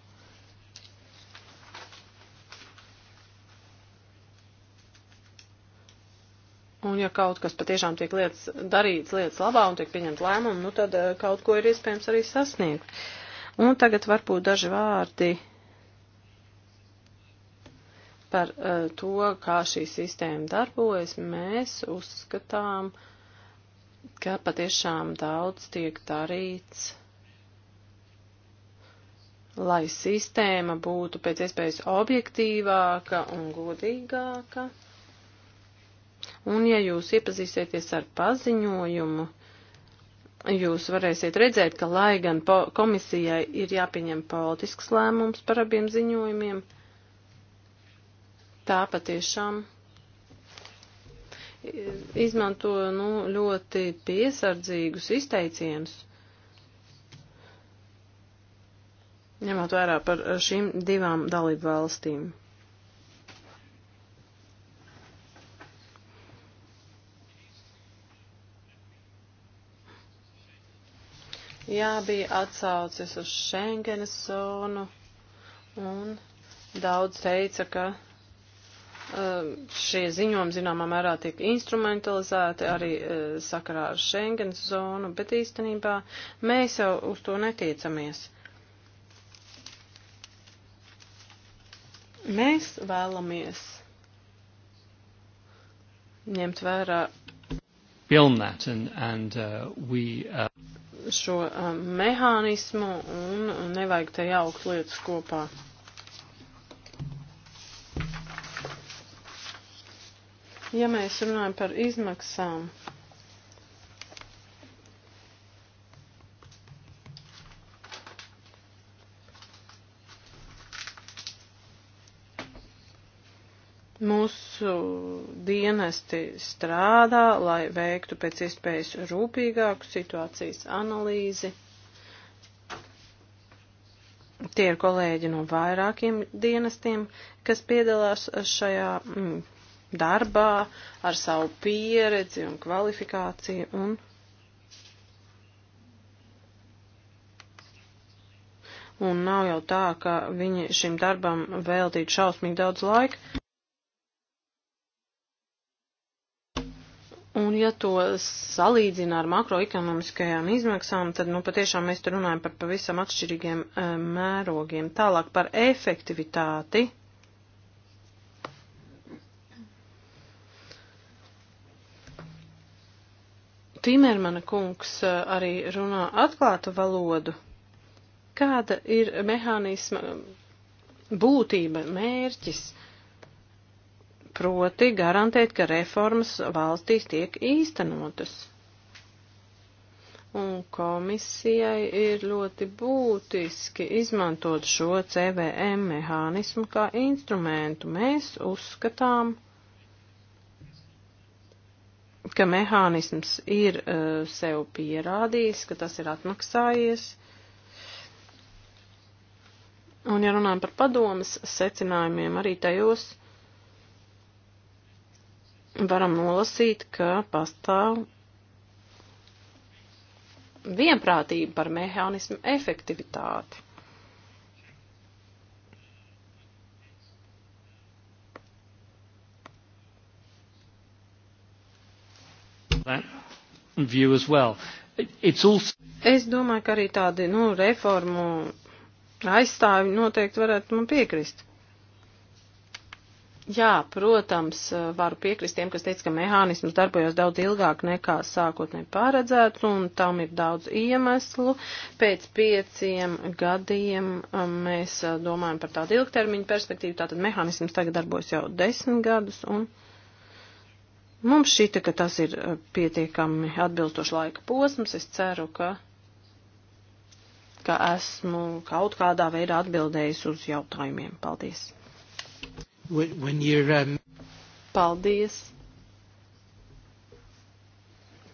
Un ja kaut kas patiešām tiek lietas, darīts lietas labā un tiek pieņemt lēmumu, nu tad eh, kaut ko ir iespējams arī sasniegt. Un tagad varbūt daži vārdi par uh, to, kā šī sistēma darbojas. Mēs uzskatām, ka patiešām daudz tiek darīts lai sistēma būtu pēc iespējas objektīvāka un godīgāka. Un ja jūs iepazīsieties ar paziņojumu, jūs varēsiet redzēt, ka lai gan komisijai ir jāpieņem politisks lēmums par abiem ziņojumiem, tā patiešām izmanto nu, ļoti piesardzīgus izteicienus. Ņemot vērā par šīm divām dalību valstīm. Jā, bija atsaucis uz Schengenes zonu un daudz teica, ka um, šie ziņojumi zināmā mērā tiek instrumentalizēti arī uh, sakarā ar Schengens zonu, bet īstenībā mēs jau uz to netiecamies. Mēs vēlamies ņemt vērā. Bilnet and, and uh, we, uh šo um, mehānismu un nevajag te jaukt lietas kopā. Ja mēs runājam par izmaksām, Mūsu dienesti strādā, lai veiktu pēc iespējas rūpīgāku situācijas analīzi. Tie ir kolēģi no vairākiem dienestiem, kas piedalās šajā mm, darbā ar savu pieredzi un kvalifikāciju un Un nav jau tā, ka viņi šim darbam veltītu šausmīgi daudz laika. Un, ja to salīdzina ar makroekonomiskajām izmaksām, tad, nu, patiešām mēs tur runājam par pavisam atšķirīgiem eh, mērogiem. Tālāk par efektivitāti. Timermana kungs eh, arī runā atklātu valodu. Kāda ir mehānisma eh, būtība, mērķis? Uh, proti garantēt, ka reformas valstīs tiek īstenotas. Un komisijai ir ļoti būtiski izmantot šo CVM mehānismu kā instrumentu. Mēs uzskatām, ka mehānisms ir uh, sev pierādījis, ka tas ir atmaksājies. Un, ja runājam par padomas secinājumiem, arī tajos varam nolasīt, ka pastāv vienprātība par mehānismu efektivitāti. Well. Also... Es domāju, ka arī tādi nu, reformu aizstāvi noteikti varētu man piekrist. Jā, protams, varu piekrist tiem, kas teica, ka mehānisms darbojas daudz ilgāk nekā sākotnēji paredzēts, un tam ir daudz iemeslu. Pēc pieciem gadiem um, mēs uh, domājam par tādu ilgtermiņu perspektīvu, tātad mehānisms tagad darbojas jau desmit gadus, un mums šita, ka tas ir uh, pietiekami atbilstoši laika posms, es ceru, ka ka esmu kaut kādā veidā atbildējis uz jautājumiem. Paldies! when you're, um... Paldies.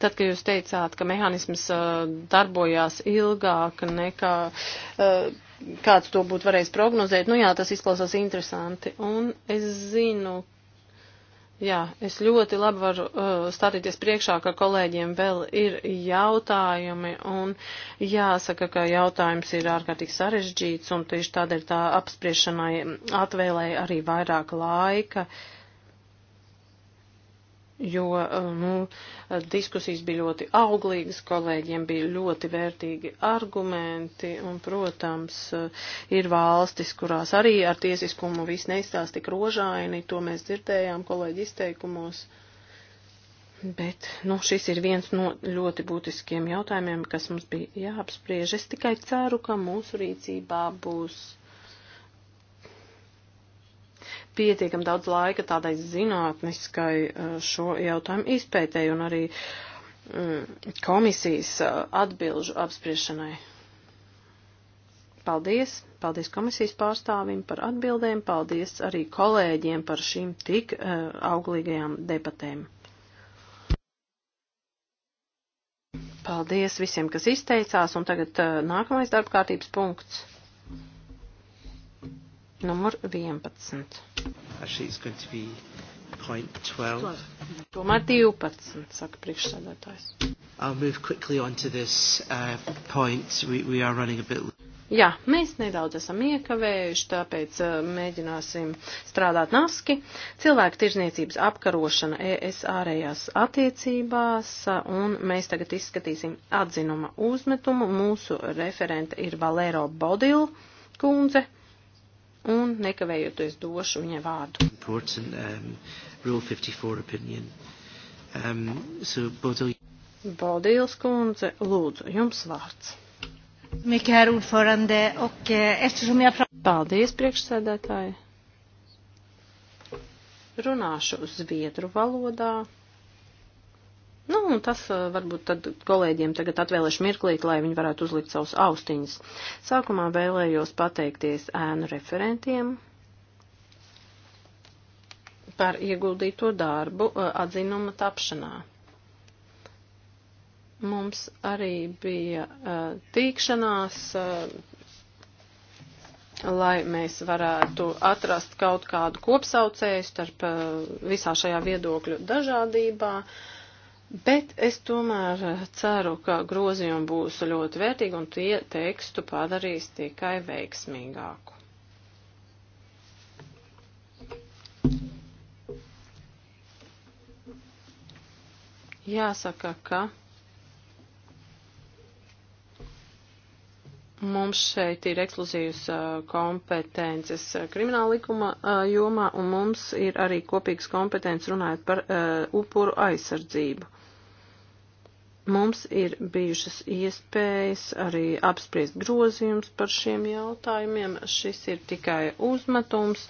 Tad, kad jūs teicāt, ka mehānisms uh, darbojās ilgāk nekā uh, kāds to būtu varējis prognozēt, nu jā, tas izklausās interesanti. Un es zinu, Jā, es ļoti labi varu uh, statīties priekšā, ka kolēģiem vēl ir jautājumi, un jāsaka, ka jautājums ir ārkārtīgi sarežģīts, un tieši tādēļ tā apspriešanai atvēlēja arī vairāk laika. Uh, jo eh, nu, diskusijas bija ļoti auglīgas, kolēģiem bija ļoti vērtīgi argumenti, un, protams, eh, ir valstis, kurās arī ar tiesiskumu viss neizstās tik rožaini, to mēs dzirdējām kolēģi izteikumos. Bet nu, šis ir viens no ļoti būtiskiem jautājumiem, kas mums bija jāapspriež. Es tikai ceru, ka mūsu rīcībā būs pietiekam daudz laika tādai zinātniskai eh, šo jautājumu izpētēju un arī mm, komisijas eh, atbilžu apspriešanai. Paldies! Paldies komisijas pārstāvim par atbildēm, paldies arī kolēģiem par šīm tik uh, auglīgajām debatēm. Paldies visiem, kas izteicās, un tagad uh, nākamais darbkārtības punkts numur 11. Actually, it's going to be point 12. Tomēr 12, saka priekšsēdētājs. I'll move quickly on to this uh, point. We, we are running a bit. Jā, mēs nedaudz esam iekavējuši, tāpēc uh, mēģināsim strādāt naski. Cilvēku tirzniecības apkarošana ES ārējās attiecībās, uh, un mēs tagad izskatīsim atzinuma uzmetumu. Mūsu referente ir Valero Bodil kundze un nekavējoties došu viņai vārdu. Important, um, Rule 54 opinion. Um, so, Bodil... Bodils kundze, lūdzu, jums vārds. Mikēr ordförande, ok, eh, eftersom jag pratar... Paldies, priekšsēdētāji. Runāšu zviedru valodā. Nu, un tas varbūt tad kolēģiem tagad atvēlēšu mirklīt, lai viņi varētu uzlikt savus austiņus. Sākumā vēlējos pateikties ēnu referentiem par ieguldīto darbu atzinuma tapšanā. Mums arī bija uh, tīkšanās uh, lai mēs varētu atrast kaut kādu kopsaucēju starp visā šajā viedokļu dažādībā. Uh, Bet es tomēr ceru, ka grozījumi būs ļoti vērtīgi un tie tekstu padarīs tikai veiksmīgāku. Jāsaka, ka Mums šeit ir ekskluzīvas kompetences krimināla likuma jomā, un mums ir arī kopīgas kompetences runājot par upuru aizsardzību. Mums ir bijušas iespējas arī apspriest grozījums par šiem jautājumiem. Šis ir tikai uzmetums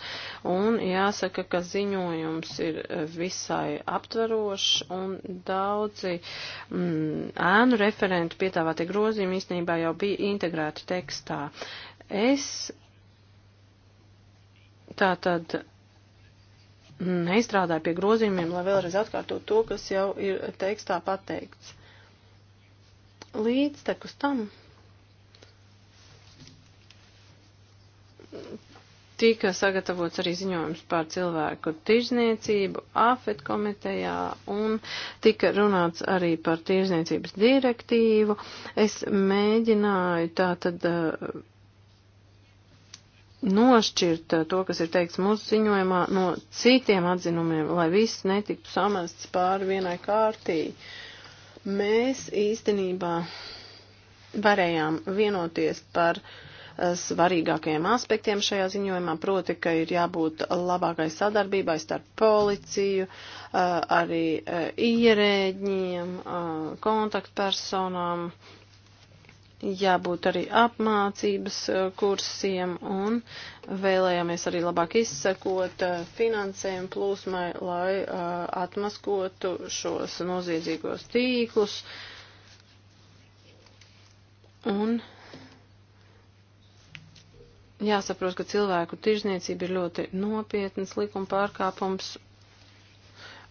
un jāsaka, ka ziņojums ir visai aptverošs un daudzi mm, ēnu referentu piedāvātie grozījumi īstenībā jau bija integrēti tekstā. Es tātad neizstrādāju pie grozījumiem, lai vēlreiz atkārtotu to, kas jau ir tekstā pateikts līdztekus tam tika sagatavots arī ziņojums par cilvēku tirzniecību AFET komitejā un tika runāts arī par tirzniecības direktīvu. Es mēģināju tā tad uh, nošķirt uh, to, kas ir teikts mūsu ziņojumā, no citiem atzinumiem, lai viss netiktu samests pāri vienai kārtībai. Mēs īstenībā varējām vienoties par eh, svarīgākajiem aspektiem šajā ziņojumā, proti, ka ir jābūt labākai sadarbībai starp policiju, eh, arī eh, ierēģiem, kontaktpersonām, jābūt arī apmācības uh, kursiem un vēlējāmies arī labāk izsekot uh, finansējumu plūsmai, lai uh, atmaskotu šos noziedzīgos tīklus. Un jāsaprot, ka cilvēku tirzniecība ir ļoti nopietnas likuma pārkāpums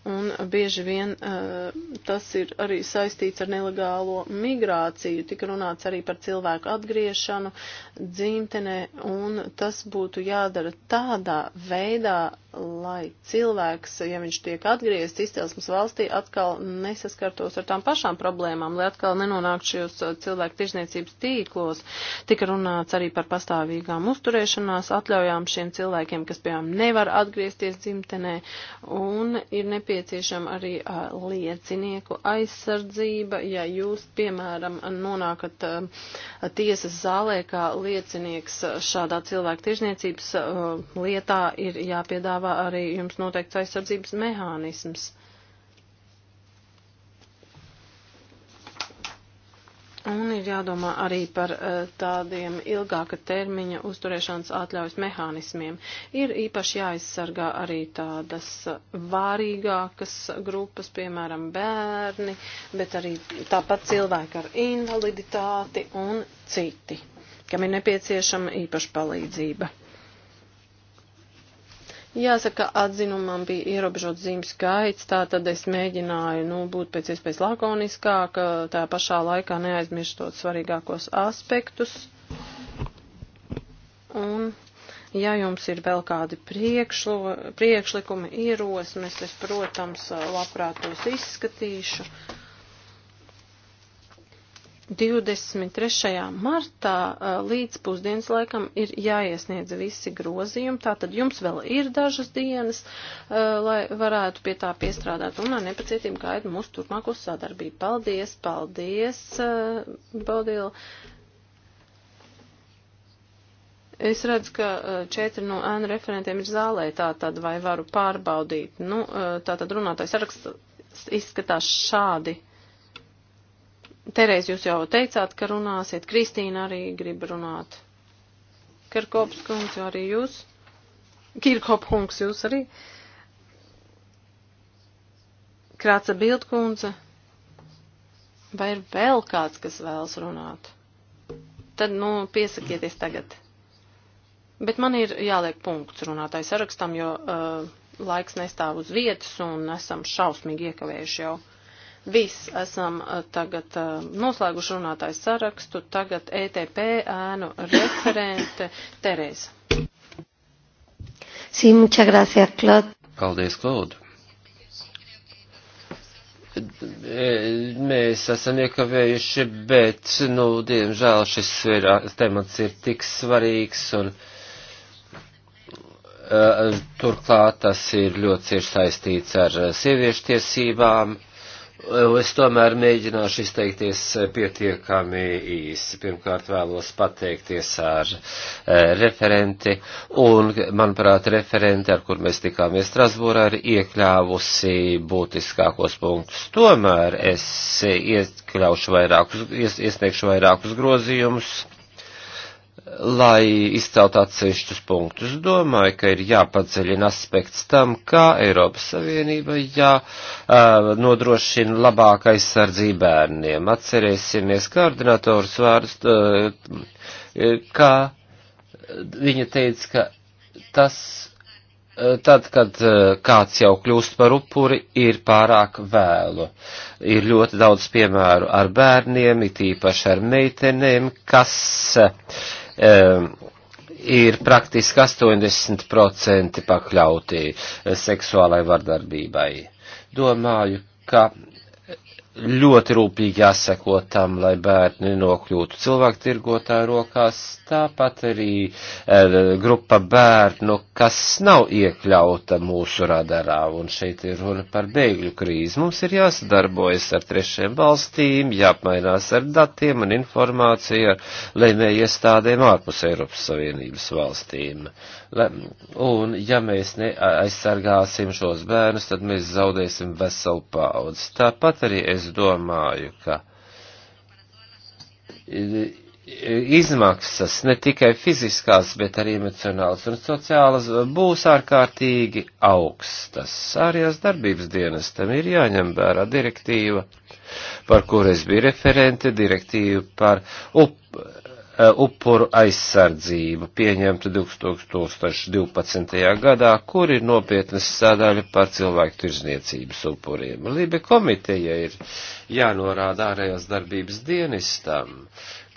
un bieži vien uh, tas ir arī saistīts ar nelegālo migrāciju. Tik runāts arī par cilvēku atgriešanu dzimtenē, un tas būtu jādara tādā veidā, lai cilvēks, ja viņš tiek atgriezts izcelsmes valstī, atkal nesaskartos ar tām pašām problēmām, lai atkal nenonāktu šajos uh, cilvēku tirzniecības tīklos. Tika runāts arī par pastāvīgām uzturēšanās atļaujām šiem cilvēkiem, kas, piemēram, nevar atgriezties dzimtenē, un ir nepieciešama arī uh, liecinieku aizsardzība, ja jūs, piemēram, nonākat uh, tiesas zālē, kā liecinieks šādā cilvēku tirzniecības lietā ir jāpiedāvā piedāvā arī jums noteikts aizsardzības mehānisms. Un ir jādomā arī par eh, tādiem ilgāka termiņa uzturēšanas atļaujas mehānismiem. Ir īpaši jāaizsargā arī tādas vārīgākas grupas, piemēram, bērni, bet arī tāpat cilvēki ar invaliditāti un citi, kam ir nepieciešama īpaša palīdzība. Jāsaka, atzinumam bija ierobežots zīmju skaits, tā tad es mēģināju nu, būt pēc iespējas lakoniskāk, tā pašā laikā neaizmirstot svarīgākos aspektus. Un, ja jums ir vēl kādi priekšlo, priekšlikumi, ierosmes, es, protams, labprāt tos izskatīšu. 23. martā eh, līdz pusdienas laikam ir jāiesniedz visi grozījumi, tātad jums vēl ir dažas dienas, eh, lai varētu pie tā piestrādāt un ar nepacietību gaidu mūsu turpmāko sadarbību. Paldies, paldies, eh, Baudīla. Es redzu, ka četri no ēnu referentiem ir zālē, tātad vai varu pārbaudīt. Nu, tātad runātais saraksts izskatās šādi. Terēz, jūs jau teicāt, ka runāsiet. Kristīna arī grib runāt. Kirkops kungs, jo arī jūs. Kirkop kungs, jūs arī. Krāca Bildkundze. Vai ir vēl kāds, kas vēlas runāt? Tad, nu, piesakieties tagad. Bet man ir jāliek punkts runātāju sarakstam, jo uh, laiks nestāv uz vietas un esam šausmīgi iekavējuši jau. Viss esam eh, tagad eh, noslēguši runātājs sarakstu, tagad ETP ēnu referente <coughs> Tereza. Sí, muchas gracias, Claude. Paldies, Claude. E, mēs esam iekavējuši, bet, nu, diemžēl šis ir, temats ir tik svarīgs un uh, turklāt tas ir ļoti cieši saistīts ar e, sieviešu tiesībām Es tomēr mēģināšu izteikties pietiekami īsi. Pirmkārt vēlos pateikties ar eh, referenti, un, manuprāt, referenti, ar kur mēs tikāmies Strasbūrā, ir iekļāvusi būtiskākos punktus. Tomēr es iekļaušu vairākus, ies, iesniegšu vairākus grozījumus lai izcelt atsevišķus punktus. Domāju, ka ir jāpadziļina aspekts tam, kā Eiropas Savienība jānodrošina uh, labāka aizsardzība bērniem. Atcerēsimies koordinators vārdus, uh, kā viņa teica, ka tas, uh, tad, kad uh, kāds jau kļūst par upuri, ir pārāk vēlu. Ir ļoti daudz piemēru ar bērniem, it īpaši ar meitenēm, kas uh, ir praktiski 80% pakļauti eh, seksuālai vardarbībai. Domāju, ka ļoti rūpīgi jāseko tam, lai bērni nokļūtu cilvēku tirgotāju rokās, tāpat arī e, grupa bērnu, kas nav iekļauta mūsu radarā, un šeit ir runa par bēgļu krīzi. Mums ir jāsadarbojas ar trešiem valstīm, jāapmainās ar datiem un informāciju ar lēmēju iestādēm ārpus Eiropas Savienības valstīm. Un ja mēs neaizsargāsim šos bērnus, tad mēs zaudēsim veselu paudzi. Tāpat arī es domāju, ka izmaksas ne tikai fiziskās, bet arī emocionālas un sociālas būs ārkārtīgi augstas. Ārējās darbības dienestam ir jāņem vērā direktīva, par kur es biju referente, direktīva par up, Eh, upuru aizsardzību pieņemtu 2012. gadā, kur ir nopietnas sadaļa par cilvēku tirzniecības upuriem. Lībe komiteja ir jānorāda ārējās darbības dienestam,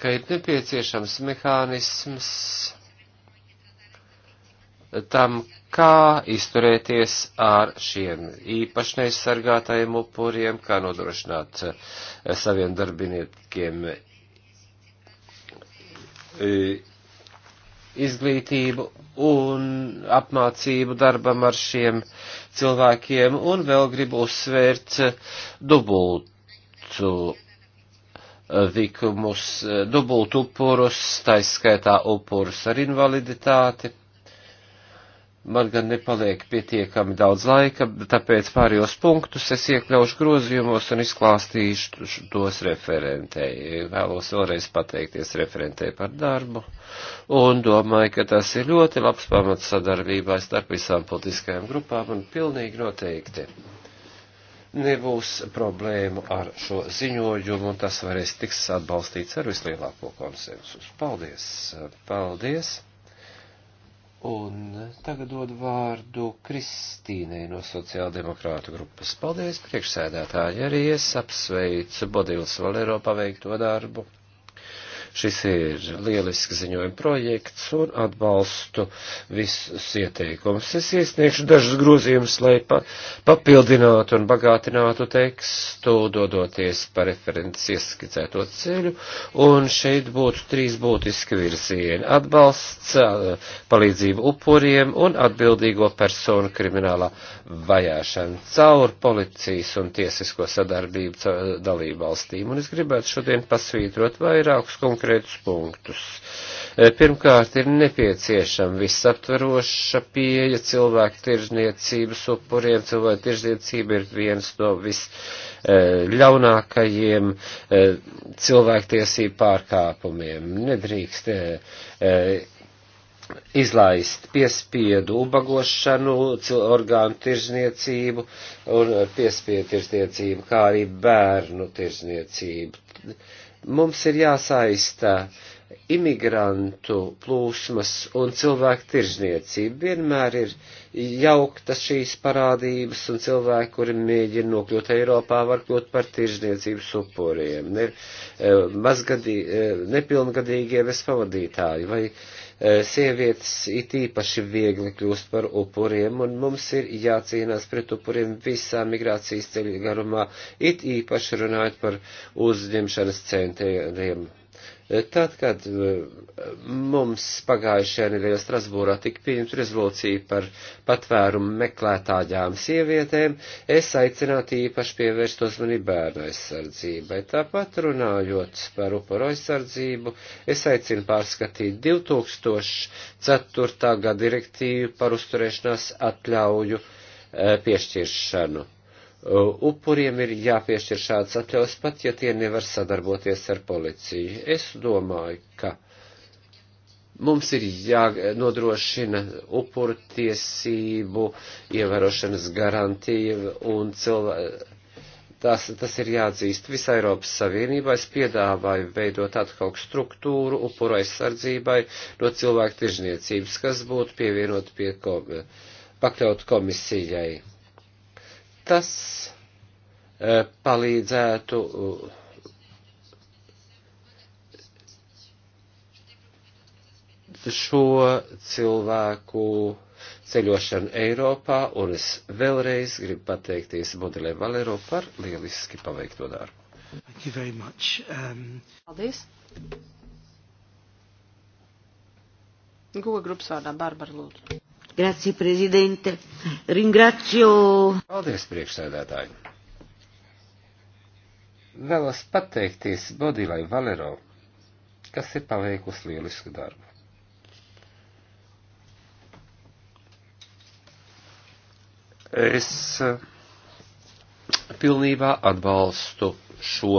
ka ir nepieciešams mehānisms tam, kā izturēties ar šiem īpašneizsargātajiem upuriem, kā nodrošināt eh, saviem darbiniekiem E, izglītību un apmācību darbam ar šiem cilvēkiem, un vēl gribu uzsvērt dubultu likumus, e, e, dubultu upurus, taiskaitā upurus ar invaliditāti. Man gan nepaliek pietiekami daudz laika, tāpēc pārējos punktus es iekļaušu grozījumos un izklāstīšu tos referentei. Vēlos vēlreiz pateikties referentei par darbu un domāju, ka tas ir ļoti labs pamats sadarbībai starp visām politiskajām grupām un pilnīgi noteikti nebūs problēmu ar šo ziņojumu un tas varēs tiks atbalstīts ar vislielāko konsensus. Paldies! Paldies! Un tagad dod vārdu Kristīnei no sociāldemokrātu grupas. Paldies, priekšsēdētāji, arī es apsveicu Bodils Valero paveikto darbu. Šis ir lielisks ziņojuma projekts un atbalstu visus ieteikumus. Es iesniegšu dažus grozījumus, lai pa, papildinātu un bagātinātu tekstu, dodoties pa referents ieskicēto ceļu, un šeit būtu trīs būtiski virzieni - atbalsts, palīdzību upuriem un atbildīgo personu kriminālā vajāšana caur policijas un tiesisko sadarbību dalību valstīm. Un es gribētu šodien pasvītrot vairākus konkrētus konkrētus punktus. E, pirmkārt, ir nepieciešama visaptveroša pieeja cilvēku tirzniecības upuriem. Cilvēku tirzniecība ir viens no visļaunākajiem e, e, cilvēktiesību pārkāpumiem. Nedrīkst izlaist piespiedu ubagošanu, orgānu tirzniecību un piespiedu tirzniecību, kā arī bērnu tirzniecību Mums ir jāsaista imigrantu plūsmas un cilvēku tirzniecība. Vienmēr ir jauktas šīs parādības, un cilvēki, kuri mēģina nokļūt Eiropā, var kļūt par tirzniecības upuriem. Ne, eh, mazgadī, eh, nepilngadīgie bezpavadītāji vai E, sievietes it īpaši viegli kļūst par upuriem, un mums ir jācīnās pret upuriem visā migrācijas ceļa garumā, it īpaši runājot par uzņemšanas centriem. Tad, kad eh, mums pagājušajā nedēļā Strasbūrā tika pieņemta rezolūcija par patvērumu meklētājām sievietēm, es aicinātu īpaši pievērst uzmanību bērnu aizsardzībai. Tāpat runājot par upuru aizsardzību, es aicinu pārskatīt 2004. gada direktīvu par uzturēšanās atļauju eh, piešķiršanu Uh, upuriem ir jāpiešķir šāds atļaus, pat ja tie nevar sadarboties ar policiju. Es domāju, ka mums ir jānodrošina upuru tiesību ievērošanas garantija un cilvēku. Tas, tas ir jāatzīst visā Eiropas Savienībā. Es piedāvāju veidot atkal struktūru upuru aizsardzībai no cilvēku tirzniecības, kas būtu pievienot pie kom pakļaut komisijai Tas e, palīdzētu e, šo cilvēku ceļošanu Eiropā, un es vēlreiz gribu pateikties modelē Valero par lieliski paveikto darbu. Thank you very much. Um... Paldies. Goga grupas vārdā Barbara Lūdzu. Grazie, prezidente. Ringrazio. Paldies, priekšsēdētāji. Vēlos pateikties Bodilai Valero, kas ir paveikusi lielisku darbu. Es eh, pilnībā atbalstu šo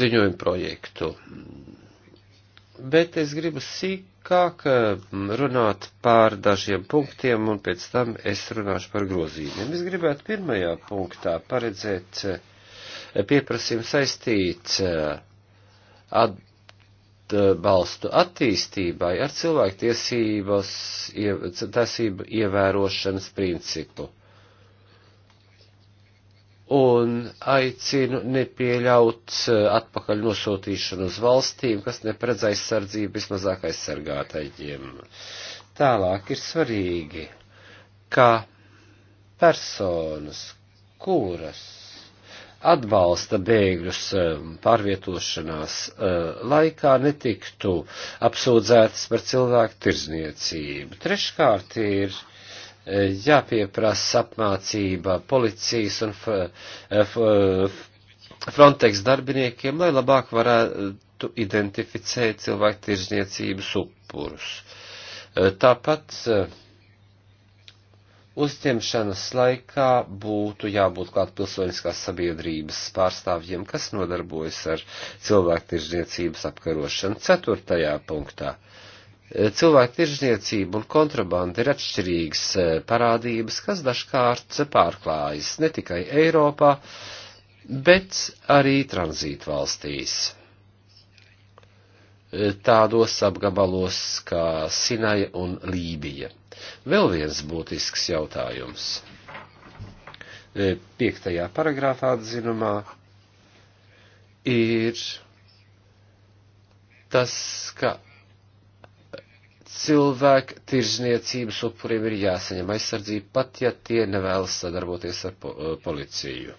ziņojumu projektu bet es gribu sīkāk mm, runāt pār dažiem punktiem, un pēc tam es runāšu par grozījumiem. Es gribētu pirmajā punktā paredzēt eh, pieprasījumu saistīt eh, atbalstu attīstībai ar cilvēktiesības, tiesību ievērošanas principu un aicinu nepieļaut eh, atpakaļ nosūtīšanu uz valstīm, kas neparedz aizsardzību vismazāk aizsargātajiem. Tālāk ir svarīgi, ka personas, kuras atbalsta bēgļus eh, pārvietošanās eh, laikā, netiktu apsūdzētas par cilvēku tirzniecību. Treškārt ir jāpieprasa apmācība policijas un Frontex darbiniekiem, lai labāk varētu identificēt cilvēku tirzniecības upurus. Tāpat eh, uzņemšanas laikā būtu jābūt klāt pilsoniskās sabiedrības pārstāvjiem, kas nodarbojas ar cilvēku tirzniecības apkarošanu. Ceturtajā punktā cilvēku tirzniecība un kontrabanda ir atšķirīgas e, parādības, kas dažkārt pārklājas ne tikai Eiropā, bet arī tranzītu valstīs. E, tādos apgabalos kā Sinaja un Lībija. Vēl viens būtisks jautājums. E, piektajā paragrāfā atzinumā ir tas, ka cilvēku tirzniecības upuriem ir jāsaņem aizsardzība, pat ja tie nevēlas sadarboties ar po eh, policiju.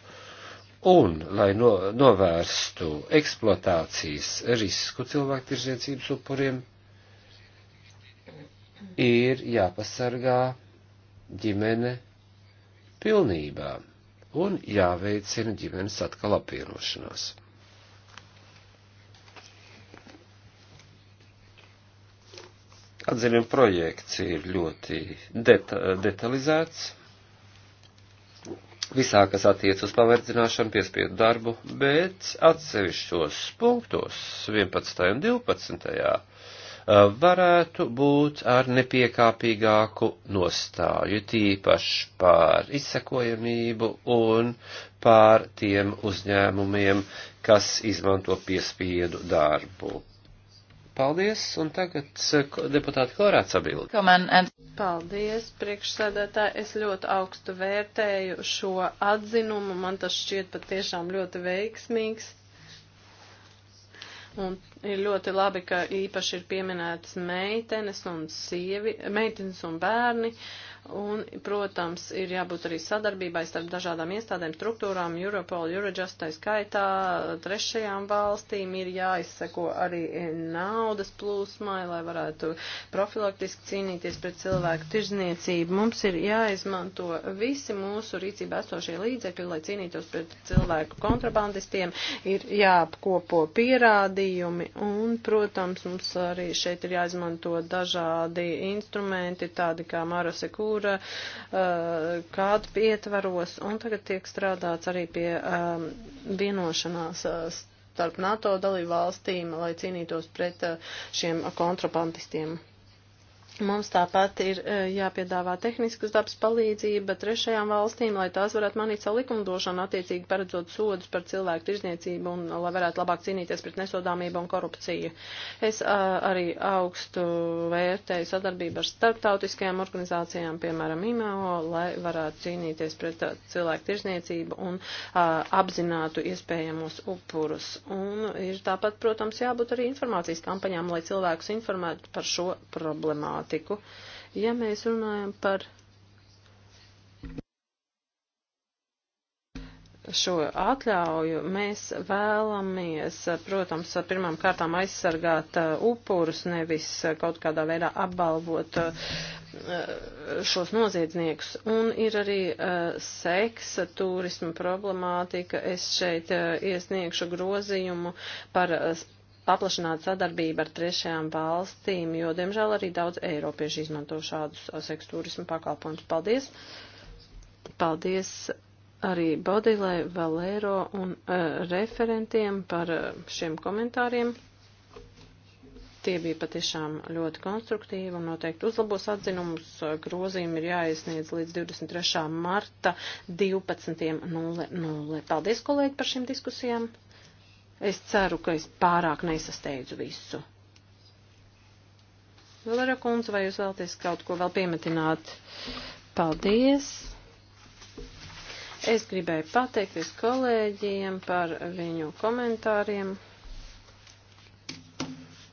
Un, lai no, novērstu eksploatācijas risku cilvēku tirzniecības upuriem, ir jāpasargā ģimene pilnībā un jāveicina ģimenes atkal apvienošanās. Atzinuma projekts ir ļoti deta detalizēts. Visā, kas attiec uz paverdzināšanu, piespiedu darbu, bet atsevišķos punktos 11. un 12. Eh, varētu būt ar nepiekāpīgāku nostāju, tīpaši pār izsekojamību un pār tiem uzņēmumiem, kas izmanto piespiedu darbu Paldies, un tagad eh, deputāti Klorāts atbild. Paldies, priekšsēdētāji, es ļoti augstu vērtēju šo atzinumu, man tas šķiet patiešām ļoti veiksmīgs. Un ir ļoti labi, ka īpaši ir pieminētas meitenes un sievi, meitenes un bērni. Uh, Un, protams, ir jābūt arī sadarbībai starp dažādām iestādēm, struktūrām, Europol, Eurojust, tā skaitā, trešajām valstīm ir jāizseko arī naudas plūsmai, lai varētu profilaktiski cīnīties pret cilvēku tirzniecību. Mums ir jāizmanto visi mūsu rīcība esošie līdzekļi, lai cīnītos pret cilvēku kontrabandistiem, ir jāapkopo pierādījumi un, protams, mums arī šeit ir jāizmanto dažādi instrumenti, tādi kā Mara Sekūra, kultūra, kādu pietvaros, un tagad tiek strādāts arī pie vienošanās starp NATO dalību valstīm, lai cīnītos pret šiem kontrabandistiem. Mums tāpat ir eh, jāpiedāvā tehniskas dabas palīdzība trešajām valstīm, lai tās varētu manīt savu likumdošanu, attiecīgi paredzot sodus par cilvēku tirzniecību un lai varētu labāk cīnīties pret nesodāmību un korupciju. Es a, arī augstu vērtēju sadarbību ar starptautiskajām organizācijām, piemēram, IMO, lai varētu cīnīties pret a, cilvēku tirzniecību un a, apzinātu iespējamos upurus. Un ir tāpat, protams, jābūt arī informācijas kampaņām, lai cilvēkus informētu par šo problemātu problemātiku. Ja mēs runājam par šo atļauju, mēs vēlamies, protams, pirmām kārtām aizsargāt uh, upurus, nevis uh, kaut kādā veidā apbalvot uh, šos noziedzniekus. Un ir arī uh, seksa turisma problemātika. Es šeit uh, iesniegšu grozījumu par uh, paplašināt sadarbību ar trešajām valstīm, jo, diemžēl, arī daudz eiropiešu izmanto šādus uh, seksturismu pakalpojumus. Paldies! Paldies arī Bodilai, Valēro un uh, referentiem par uh, šiem komentāriem. Tie bija patiešām ļoti konstruktīvi un noteikti uzlabos atzinumus. Uh, grozījumi ir jāiesniedz līdz 23. marta 12.00. Paldies, kolēģi, par šīm diskusijām! Es ceru, ka es pārāk nesasteidzu visu. Lora kundze, vai jūs vēlties kaut ko vēl piemetināt? Paldies! Es gribēju pateikties kolēģiem par viņu komentāriem.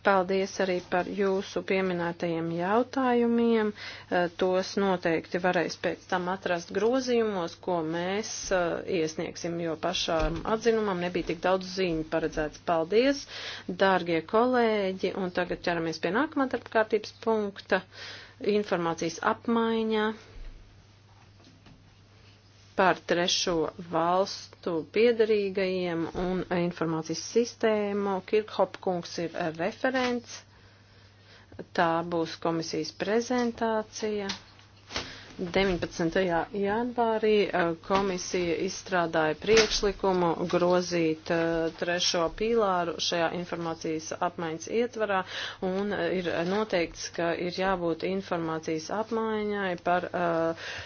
Paldies arī par jūsu pieminētajiem jautājumiem. Eh, tos noteikti varēs pēc tam atrast grozījumos, ko mēs eh, iesniegsim, jo pašām atzinumam nebija tik daudz ziņu paredzēts. Paldies, dārgie kolēģi, un tagad ķeramies pie nākamā darbkārtības punkta - informācijas apmaiņā par trešo valstu piedarīgajiem un informācijas sistēmu. Kirkhopkungs ir eh, referents. Tā būs komisijas prezentācija. 19. janvārī e, komisija izstrādāja priekšlikumu grozīt e, trešo pīlāru šajā informācijas apmaiņas ietvarā un e, ir noteikts, ka ir jābūt informācijas apmaiņai par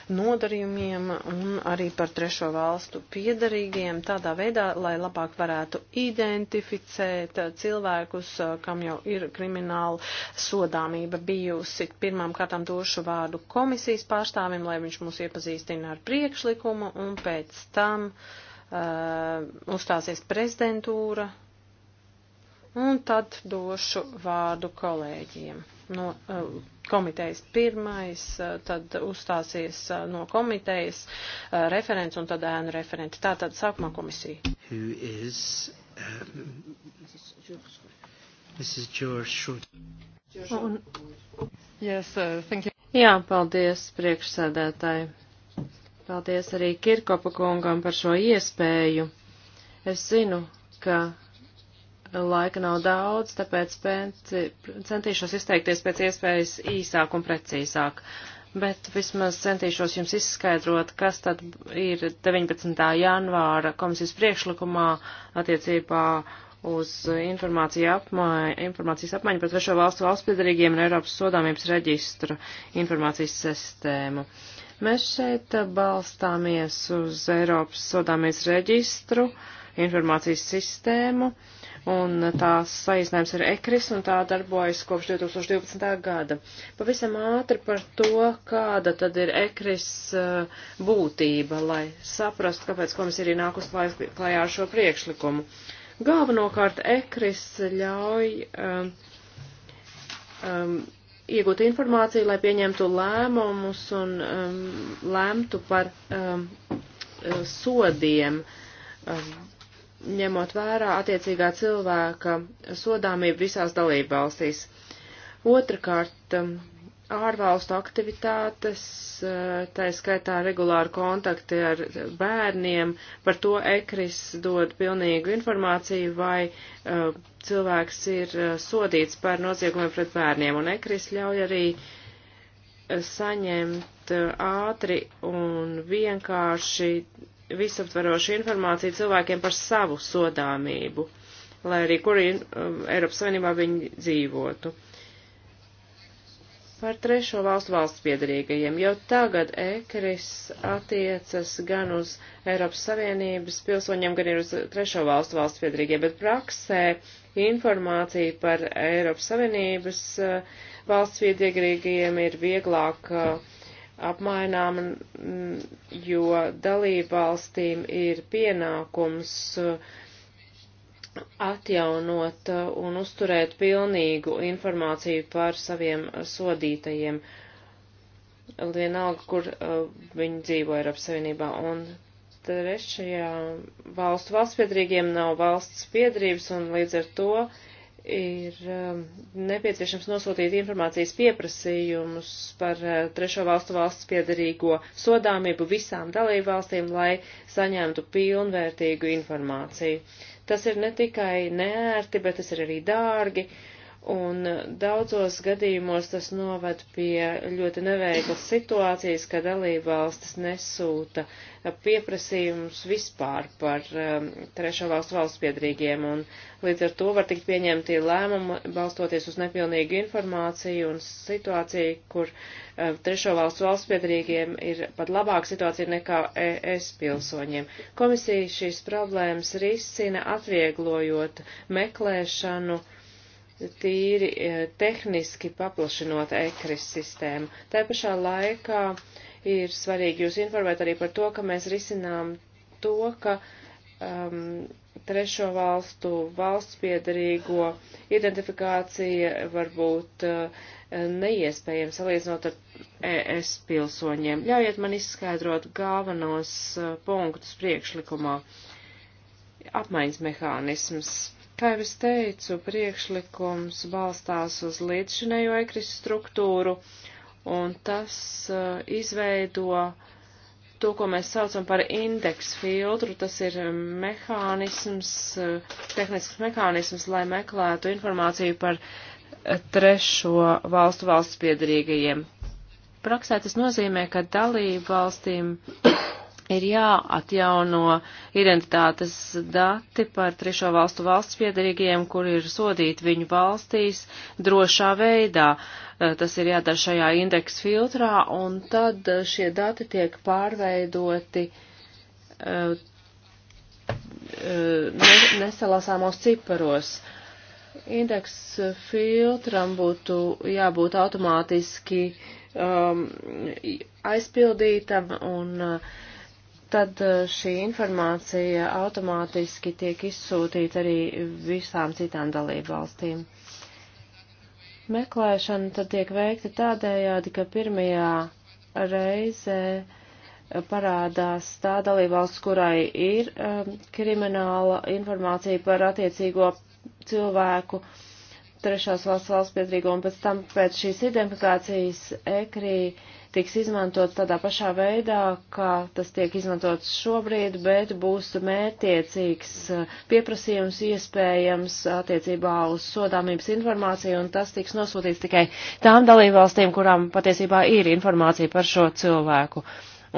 nodarījumiem un arī par trešo valstu piedarīgiem tādā veidā, lai labāk varētu identificēt cilvēkus, kam jau ir krimināla sodāmība bijusi. Pirmām kārtām došu vārdu komisijas pārstāvjiem pārstāvim, lai viņš mūs iepazīstina ar priekšlikumu, un pēc tam uh, uzstāsies prezidentūra, un tad došu vārdu kolēģiem. No, uh, komitejas pirmais, uh, tad uzstāsies uh, no komitejas uh, referents un tad ēnu referenti. Tā tad sākumā komisija. Is, um, Mrs. George Schroeder. Un, yes, uh, thank you. Jā, paldies priekšsēdētāji. Paldies arī Kirkopa kungam par šo iespēju. Es zinu, ka laika nav daudz, tāpēc pēnci, centīšos izteikties pēc iespējas īsāk un precīzāk. Bet vismaz centīšos jums izskaidrot, kas tad ir 19. janvāra komisijas priekšlikumā attiecībā uz informāciju apmai, informācijas apmaiņu par trešo valstu valstspiedarīgiem un Eiropas sodāmības reģistra informācijas sistēmu. Mēs šeit balstāmies uz Eiropas sodāmības reģistru informācijas sistēmu, un tās saīsinājums ir ECRIS, un tā darbojas kopš 2012. gada. Pavisam ātri par to, kāda tad ir ECRIS eh, būtība, lai saprastu, kāpēc komisija ir nākus klājā ar šo priekšlikumu. Uh, Galvenokārt ekris ļauj um, um, iegūt informāciju, lai pieņemtu lēmumus un um, lemtu par um, sodiem. Um, ņemot vērā attiecīgā cilvēka sodāmību visās dalībvalstīs. Otrakārt, um, ārvalstu aktivitātes, eh, tā skaitā regulāri kontakti ar bērniem, par to ekris dod pilnīgu informāciju, vai uh, cilvēks ir eh, sodīts par noziegumiem pret bērniem, un ekris ļauj arī saņemt ātri un vienkārši visaptvarošu informāciju cilvēkiem par savu sodāmību, lai arī kur um, Eiropas Savienībā viņi dzīvotu. Par trešo valstu valsts piedarīgajiem jau tagad ekris attiecas gan uz Eiropas Savienības pilsoņiem, gan ir uz trešo valstu valsts piedarīgajiem, bet praksē informācija par Eiropas Savienības eh, valsts piedarīgajiem ir vieglāk eh, apmaināma, jo dalībvalstīm ir pienākums uh, atjaunot uh, un uzturēt pilnīgu informāciju par saviem sodītajiem, vienalga, kur uh, viņi dzīvo Eiropas Savienībā. Un trešajā valstu valsts piedrīgiem nav valsts piedrības, un līdz ar to ir um, nepieciešams nosūtīt informācijas pieprasījumus par uh, trešo valstu valsts piedarīgo sodāmību visām dalībvalstīm, lai saņemtu pilnvērtīgu informāciju. Tas ir ne tikai neērti, bet tas ir arī dārgi. Uh, un daudzos gadījumos tas noved pie ļoti neveiklas situācijas, ka dalībvalstis nesūta pieprasījumus vispār par um, trešo valstu valstspiedrīgiem, un līdz ar to var tikt pieņemti lēmumi balstoties uz nepilnīgu informāciju un situāciju, kur um, trešo valstu valstspiedrīgiem ir pat labāka situācija nekā ES pilsoņiem. Komisija šīs problēmas risina atvieglojot meklēšanu, uh, tīri e, tehniski paplašinot ekris sistēmu. Tā pašā laikā ir svarīgi jūs informēt arī par to, ka mēs risinām to, ka um, trešo valstu valsts piedarīgo identifikācija var būt uh, neiespējama salīdzinot ar ES pilsoņiem. Ļaujiet man izskaidrot galvenos uh, punktus priekšlikumā. Apmaiņas mehānisms Kā jau es teicu, priekšlikums balstās uz līdzšinējo ekris struktūru, un tas uh, izveido to, ko mēs saucam par indeks filtru. Tas ir mehānisms, uh, tehnisks mehānisms, lai meklētu informāciju par uh, trešo valstu valsts piedarīgajiem. Praksē tas nozīmē, ka dalību valstīm ir jāatjauno identitātes dati par trešo valstu valsts piedarīgajiem, kur ir sodīti viņu valstīs drošā veidā. Eh, tas ir jādara šajā indeksa filtrā, un tad eh, šie dati tiek pārveidoti eh, nesalasāmos ciparos. Indeks filtram būtu jābūt automātiski um, aizpildītam un uh, tad e, šī informācija automātiski tiek izsūtīta arī visām citām dalību valstīm. Meklēšana tad tiek veikta tādējādi, ka pirmajā reizē parādās tā dalībvalsts, kurai ir um, krimināla informācija par attiecīgo cilvēku trešās valsts valsts piedrīgo, un pēc tam pēc šīs identifikācijas ekrī uh, tiks izmantots tādā pašā veidā, kā tas tiek izmantots šobrīd, bet būs mērtiecīgs eh, pieprasījums iespējams attiecībā uz sodāmības informāciju, un tas tiks nosūtīts tikai tām dalībvalstīm, kurām patiesībā ir informācija par šo cilvēku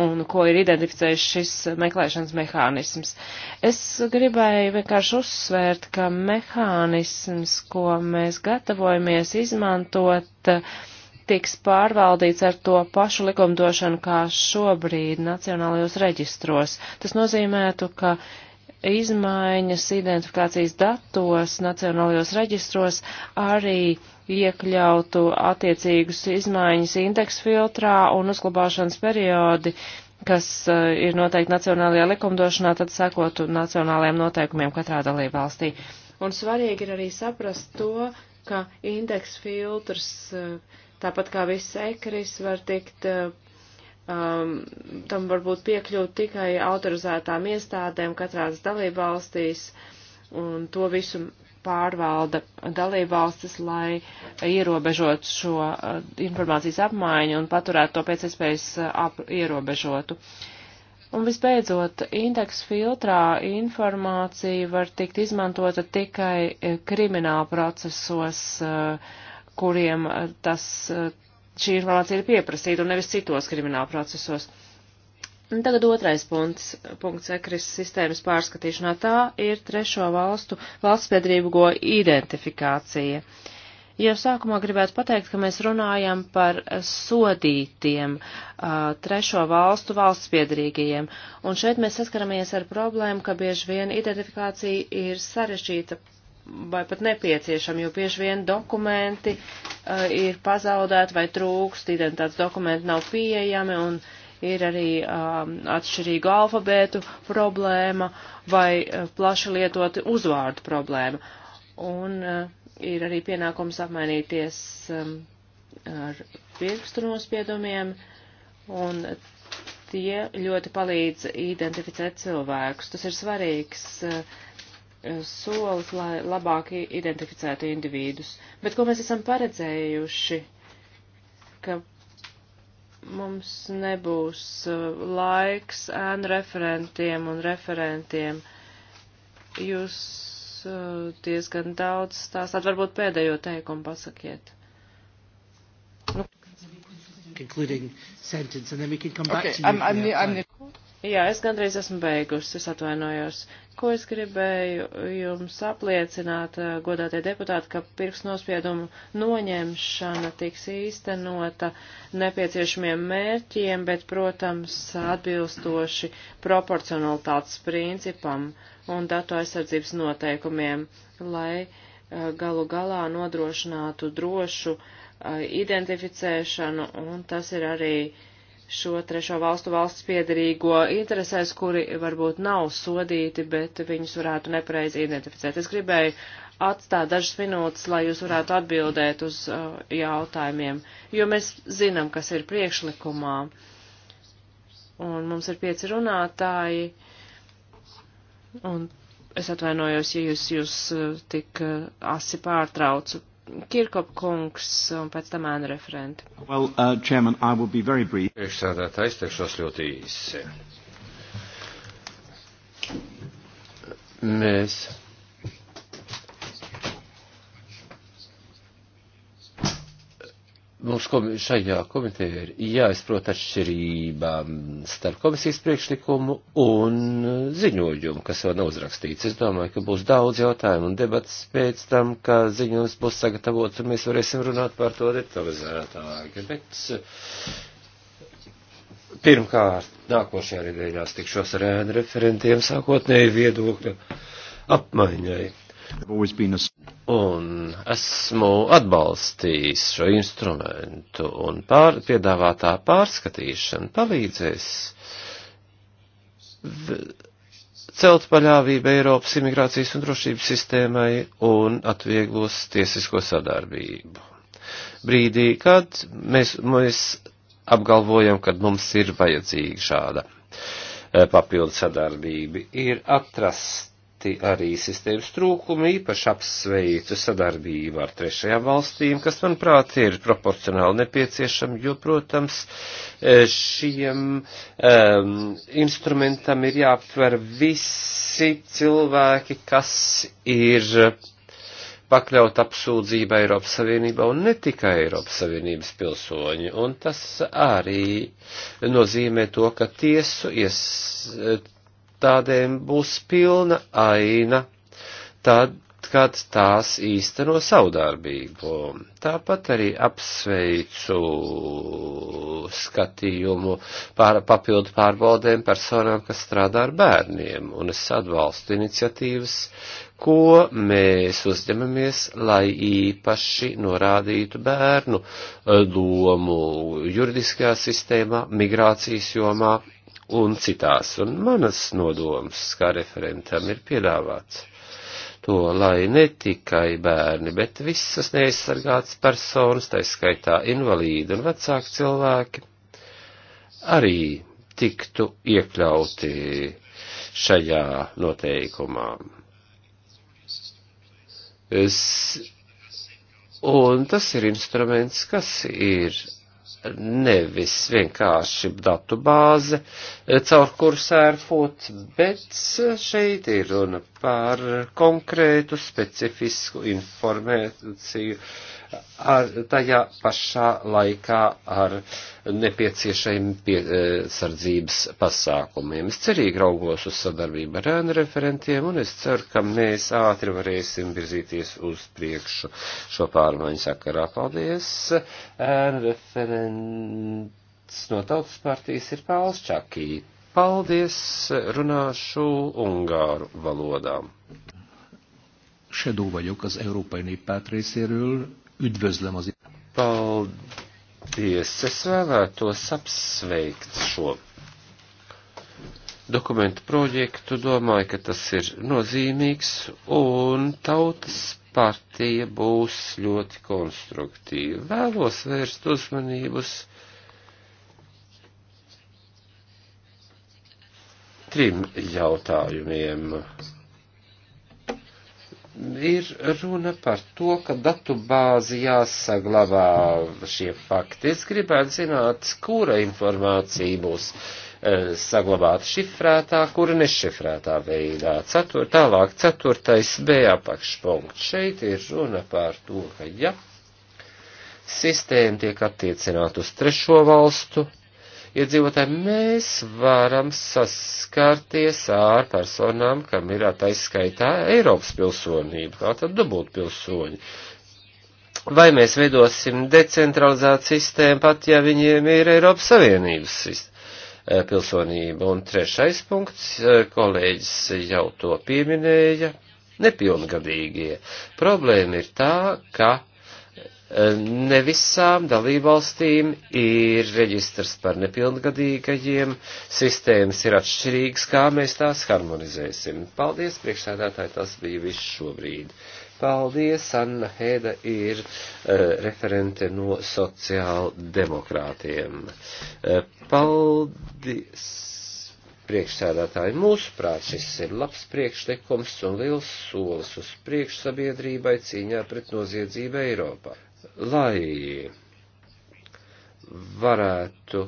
un ko ir identificējis šis meklēšanas mehānisms. Es gribēju vienkārši uzsvērt, ka mehānisms, ko mēs gatavojamies izmantot, uh, tiks pārvaldīts ar to pašu likumdošanu kā šobrīd nacionālajos reģistros. Tas nozīmētu, ka izmaiņas identifikācijas datos nacionālajos reģistros arī iekļautu attiecīgus izmaiņas indeksu filtrā un uzglabāšanas periodi, kas uh, ir noteikti nacionālajā likumdošanā, tad sekotu nacionālajiem noteikumiem katrā dalība valstī. Un svarīgi ir arī saprast to, ka indeksu filtrs uh, eh, Tāpat kā viss ekris var tikt, eh, um, tam var būt piekļūt tikai autorizētām iestādēm katrās dalībvalstīs, un to visu pārvalda dalībvalstis, lai ierobežotu šo uh, informācijas apmaiņu un paturētu to pēc iespējas eh, ap, ierobežotu. Un visbeidzot, indeksu filtrā informācija var tikt izmantota tikai krimināla procesos, uh, kuriem eh, tas, eh, šī informācija ir pieprasīta un nevis citos krimināla procesos. Un tagad otrais punkts, punkts ekris sistēmas pārskatīšanā. Tā ir trešo valstu valsts piedrībugo identifikācija. Jau sākumā gribētu pateikt, ka mēs runājam par sodītiem uh, trešo valstu valsts piedrīgajiem, un šeit mēs saskaramies ar problēmu, ka bieži vien identifikācija ir sarežģīta vai pat nepieciešami, jo bieži vien dokumenti uh, ir pazaudēti vai trūkst, identitātes dokumenti nav pieejami un ir arī um, atšķirīgu alfabētu problēma vai uh, plaši lietoti uzvārdu problēma. Un uh, ir arī pienākums apmainīties um, ar pirkstu nospiedumiem un tie ļoti palīdz identificēt cilvēkus. Tas ir svarīgs. Uh, solis, lai labāk identificētu individus. Bet ko mēs esam paredzējuši, ka mums nebūs uh, laiks ēnu referentiem un referentiem. Jūs uh, diezgan daudz stāstāt, varbūt pēdējo teikumu pasakiet. Nu. Concluding sentence, and then we can come okay, back to you. I'm, I'm, I'm, I'm, Jā, es gandrīz esmu beigusi, es atvainojos. Ko es gribēju jums apliecināt, eh, godātie deputāti, ka pirks nospiedumu noņemšana tiks īstenota nepieciešamiem mērķiem, bet, protams, atbilstoši proporcionalitātes principam un datu aizsardzības noteikumiem, lai eh, galu galā nodrošinātu drošu eh, identificēšanu, un tas ir arī uh, šo trešo valstu valsts piedarīgo interesēs, kuri varbūt nav sodīti, bet viņus varētu nepareizi identificēt. Es gribēju atstāt dažas minūtes, lai jūs varētu atbildēt uz uh, jautājumiem, jo mēs zinām, kas ir priekšlikumā. Un mums ir pieci runātāji, un es atvainojos, ja jūs, jūs uh, tik uh, asi pārtraucu. Kirkop kungs un pēc tam ēnu referenti. Well, uh, chairman, I will be very brief. Priekšsēdētājs teikšos ļoti īsi. Mēs mums komi šajā komitejā ir jāizprot atšķirībā starp komisijas priekšlikumu un ziņojumu, kas vēl nav uzrakstīts. Es domāju, ka būs daudz jautājumu un debatas pēc tam, ka ziņojums būs sagatavots un mēs varēsim runāt par to detalizētāk. Bet pirmkārt, nākošajā nedēļā tikšos ar ēnu referentiem sākotnēji viedokļu apmaiņai Un esmu atbalstījis šo instrumentu, un pār, piedāvātā pārskatīšana palīdzēs celt paļāvību Eiropas imigrācijas un drošības sistēmai un atvieglos tiesisko sadarbību. Brīdī, kad mēs, mēs apgalvojam, ka mums ir vajadzīga šāda eh, papildu sadarbība, ir atrast citi arī sistēmas trūkumi, īpaši apsveicu sadarbību ar trešajām valstīm, kas, manuprāt, ir proporcionāli nepieciešama, jo, protams, e, šiem um, instrumentam ir jāaptver visi cilvēki, kas ir pakļaut apsūdzību Eiropas Savienībā un ne tikai Eiropas Savienības pilsoņi. Un tas arī nozīmē to, ka tiesu ies, iestādēm būs pilna aina, tad, kad tās īsteno savu darbību. Tāpat arī apsveicu skatījumu pār, papildu pārbaudēm personām, kas strādā ar bērniem, un es atbalstu iniciatīvas, ko mēs uzņemamies, lai īpaši norādītu bērnu eh, lomu juridiskajā sistēmā, migrācijas jomā un citās. Un manas nodoms kā referentam ir piedāvāts to, lai ne tikai bērni, bet visas neaizsargātas personas, tā skaitā invalīdi un vecāki cilvēki, arī tiktu iekļauti šajā noteikumā. Es, un tas ir instruments, kas ir nevis vienkārši datu bāze, e, caur kuru sērfot, bet šeit ir runa par konkrētu specifisku informāciju ar tajā pašā laikā ar nepieciešajiem piesardzības e, pasākumiem. Es cerīgi raugos uz sadarbību ar ēnu referentiem, un es ceru, ka mēs ātri varēsim virzīties uz priekšu šo pārmaiņu sakarā. Paldies! Ēnu referents no Tautas partijas ir Pāls Čakī. Paldies! Runāšu ungāru valodām. Shadow vagyok az Európai Néppárt részéről, Üdvözlöm az... Paldies! Es vēlētos apsveikt šo dokumentu projektu. Domāju, ka tas ir nozīmīgs un tautas partija būs ļoti konstruktīva. Vēlos vērst uzmanības trim jautājumiem ir runa par to, ka datu bāzi jāsaglabā šie fakti. Es gribētu zināt, kura informācija būs e, saglabāta šifrētā, kura nešifrētā veidā. Cetur, tālāk, ceturtais B apakšpunkts. Šeit ir runa par to, ka ja sistēma tiek attiecināta uz trešo valstu iedzīvotāji, mēs varam saskarties ar personām, kam ir ataiskaitā Eiropas pilsonība, kā tad dabūt pilsoņi. Vai mēs veidosim decentralizētu sistēmu, pat ja viņiem ir Eiropas Savienības sistēma? E, pilsonība. Un trešais punkts, e, kolēģis jau to pieminēja, nepilngadīgie. Problēma ir tā, ka Ne visām dalībvalstīm ir reģistrs par nepilngadīgajiem, sistēmas ir atšķirīgas, kā mēs tās harmonizēsim. Paldies, priekšsēdētāji, tas bija viss šobrīd. Paldies, Anna Hēda ir uh, referente no sociāldemokrātiem. Uh, paldies, priekšsēdētāji, mūsuprāt šis ir labs priekšlikums un liels solis uz priekšsabiedrībai cīņā pret noziedzību Eiropā lai varētu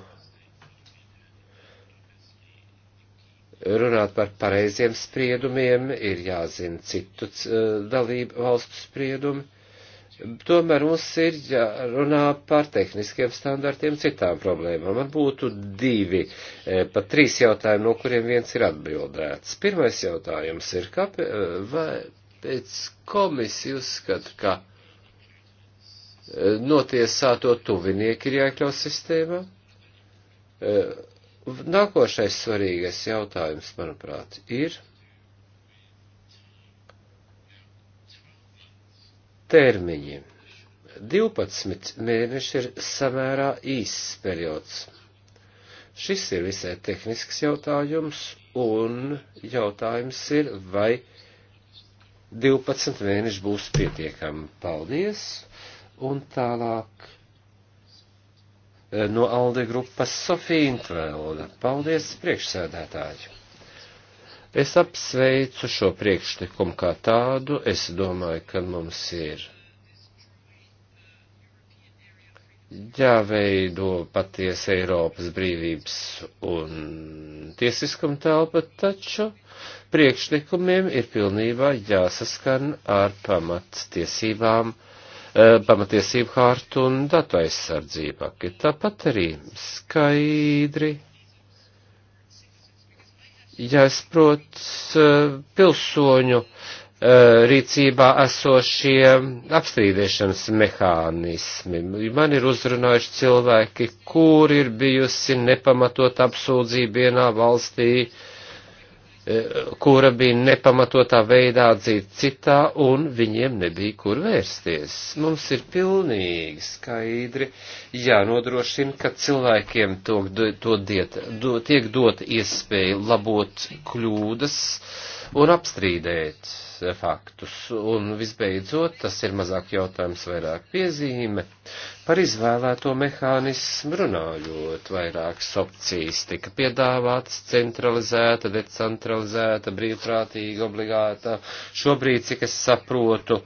runāt par pareiziem spriedumiem, ir jāzina citu dalību valstu spriedumi. Tomēr mums ir jārunā par tehniskiem standartiem citām problēmām. Man būtu divi, e, pat trīs jautājumi, no kuriem viens ir atbildēts. Pirmais jautājums ir, kāpēc komisija uzskata, ka notiesāto tuvinieki ir jāiekļaut sistēmā. Eh, nākošais svarīgais jautājums, manuprāt, ir termiņi. 12 mēneši ir samērā īss periods. Šis ir visai tehnisks jautājums, un jautājums ir, vai 12 mēneši būs pietiekami. Paldies! Un tālāk eh, no Alde grupas Sofija Intvelda. Paldies, priekšsēdētāji! Es apsveicu šo priekšlikumu kā tādu, es domāju, ka mums ir jāveido paties Eiropas brīvības un tiesiskuma telpa, taču priekšlikumiem ir pilnībā jāsaskan ar pamat tiesībām Eh, pamatiesību hārtu un datu aizsardzību akti. Tāpat arī skaidri jāizprot eh, pilsoņu eh, rīcībā esošie apstrīdēšanas mehānismi. Man ir uzrunājuši cilvēki, kur ir bijusi nepamatot apsūdzība vienā valstī, uh, Eh, kura bija nepamatotā veidā atzīta citā, un viņiem nebija kur vērsties. Mums ir pilnīgi skaidri jānodrošina, ka cilvēkiem to, to diet, do, tiek dot iespēja labot kļūdas, uh, un apstrīdēt faktus. Un visbeidzot, tas ir mazāk jautājums, vairāk piezīme, par izvēlēto mehānismu runājot, vairākas opcijas tika piedāvātas, centralizēta, decentralizēta, brīvprātīga, obligāta. Šobrīd, cik es saprotu,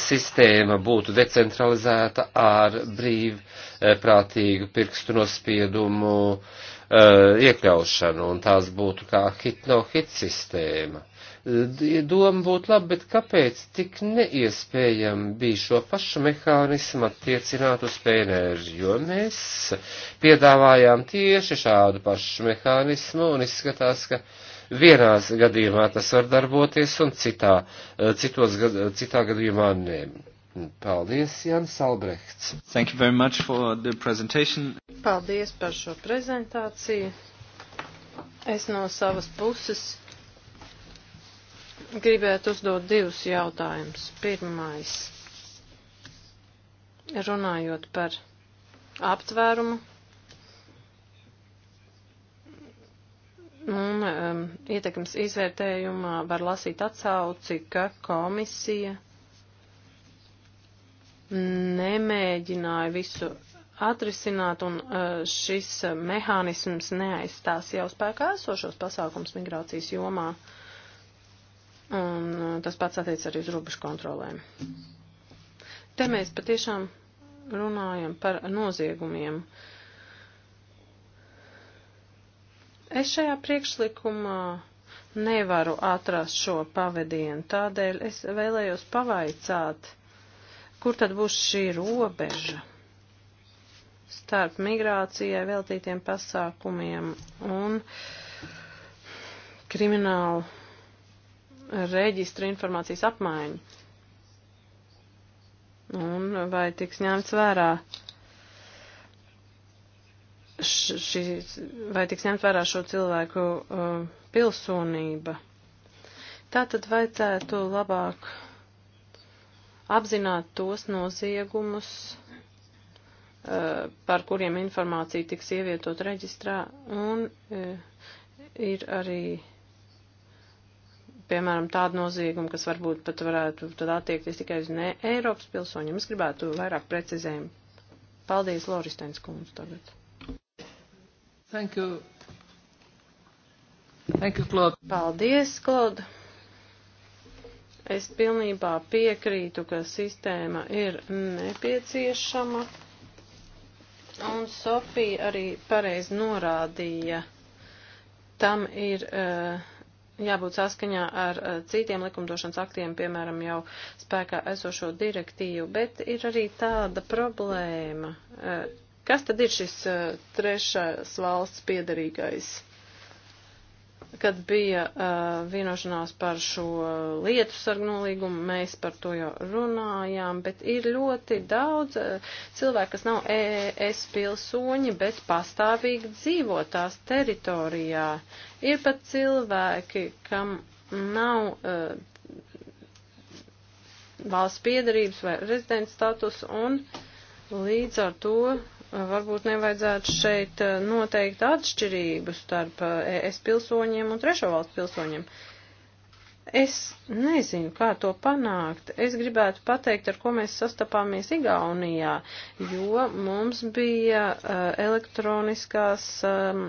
sistēma būtu decentralizēta ar brīvprātīgu pirkstu nospiedumu uh, Uh, iekļaušanu, un tās būtu kā hit no hit sistēma. Doma būtu laba, bet kāpēc tik neiespējami bija šo pašu mehānismu attiecināt uz PNR, jo mēs piedāvājām tieši šādu pašu mehānismu, un izskatās, ka vienās gadījumā tas var darboties, un citā, uh, citos, citā gadījumā nē. Paldies, Jans Albrechts. Thank you very much for the presentation. Paldies par šo prezentāciju. Es no savas puses gribētu uzdot divus jautājumus. Pirmais, runājot par aptvērumu un um, ietekmes izvērtējumā var lasīt atsauci, ka komisija nemēģināja visu atrisināt, un uh, šis mehānisms neaizstās jau spēkā esošos pasākums migrācijas jomā. Un uh, tas pats attiec arī uz robežu kontrolēm. Te mēs patiešām runājam par noziegumiem. Es šajā priekšlikumā nevaru atrast šo pavadienu, tādēļ es vēlējos pavaicāt, uh, Kur tad būs šī robeža starp migrācijai veltītiem pasākumiem un kriminālu reģistra informācijas apmaiņu? Un vai tiks ņemts vērā šī, vai tiks ņemt vērā šo cilvēku uh, pilsonība? Tā tad vajadzētu labāk apzināt tos noziegumus, eh, par kuriem informācija tiks ievietot reģistrā, un eh, ir arī, piemēram, tāda nozieguma, kas varbūt pat varētu tad attiekties tikai uz ne Eiropas pilsoņiem. Es gribētu vairāk precizējumu. Paldies, Loristens kundze, tagad. Thank you. Thank you, Claude. Paldies, Claude. Es pilnībā piekrītu, ka sistēma ir nepieciešama. Un Sofija arī pareizi norādīja, tam ir uh, jābūt saskaņā ar uh, citiem likumdošanas aktiem, piemēram, jau spēkā esošo direktīvu, bet ir arī tāda problēma. Uh, kas tad ir šis trešais valsts piedarīgais? Kad bija uh, vienošanās par šo lietu sargnolīgumu, mēs par to jau runājām, bet ir ļoti daudz uh, cilvēku, kas nav EES pilsoņi, bet pastāvīgi dzīvo tās teritorijā. Ir pat cilvēki, kam nav uh, valsts piedarības vai rezidents status un līdz ar to varbūt nevajadzētu šeit eh, noteikt atšķirību starp ES eh, e pilsoņiem un trešo valstu pilsoņiem. Uh, Es nezinu, kā to panākt. Es gribētu pateikt, ar ko mēs sastapāmies Igaunijā, jo mums bija uh, elektroniskās um,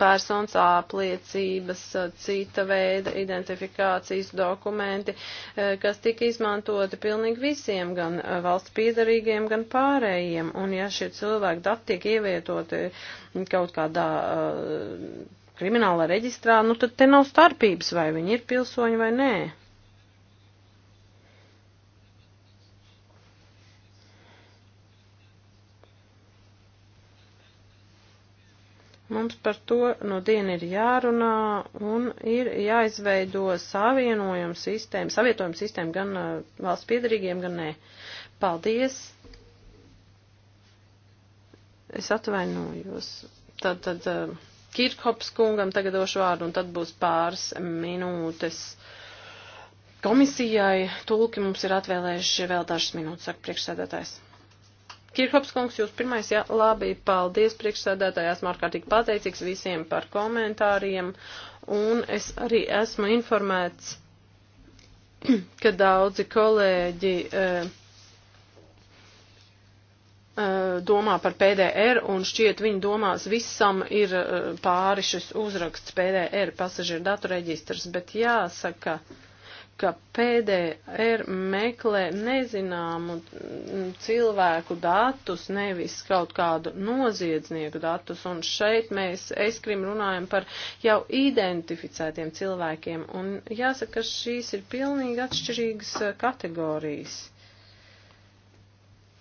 personas apliecības, uh, cita veida identifikācijas dokumenti, uh, kas tika izmantoti pilnīgi visiem, gan uh, valsts piedarīgiem, gan pārējiem. Un ja šie cilvēki dati tiek ievietoti kaut kādā. Uh, krimināla reģistrā, nu tad te nav starpības, vai viņi ir pilsoņi vai nē. Mums par to no diena ir jārunā un ir jāizveido savienojuma sistēma, savietojuma sistēma gan uh, valsts piedarīgiem, gan nē. Paldies! Es atvainojos. Tad, tad. Uh, Kirkhops kungam tagad došu vārdu, un tad būs pāris minūtes komisijai. Tulki mums ir atvēlējuši vēl dažas minūtes, saka priekšsēdētājs. Kirkhops kungs, jūs pirmais, jā, labi, paldies priekšsēdētāji, esmu ārkārtīgi pateicīgs visiem par komentāriem, un es arī esmu informēts, <clears throat> ka daudzi kolēģi. Uh, Uh, domā par PDR un šķiet viņa domās visam ir uh, pāri šis uzraksts PDR pasažieru datu reģistrs, bet jāsaka, ka PDR meklē nezināmu mm, cilvēku datus, nevis kaut kādu noziedznieku datus, un šeit mēs eskrim runājam par jau identificētiem cilvēkiem, un jāsaka, ka šīs ir pilnīgi atšķirīgas uh, kategorijas.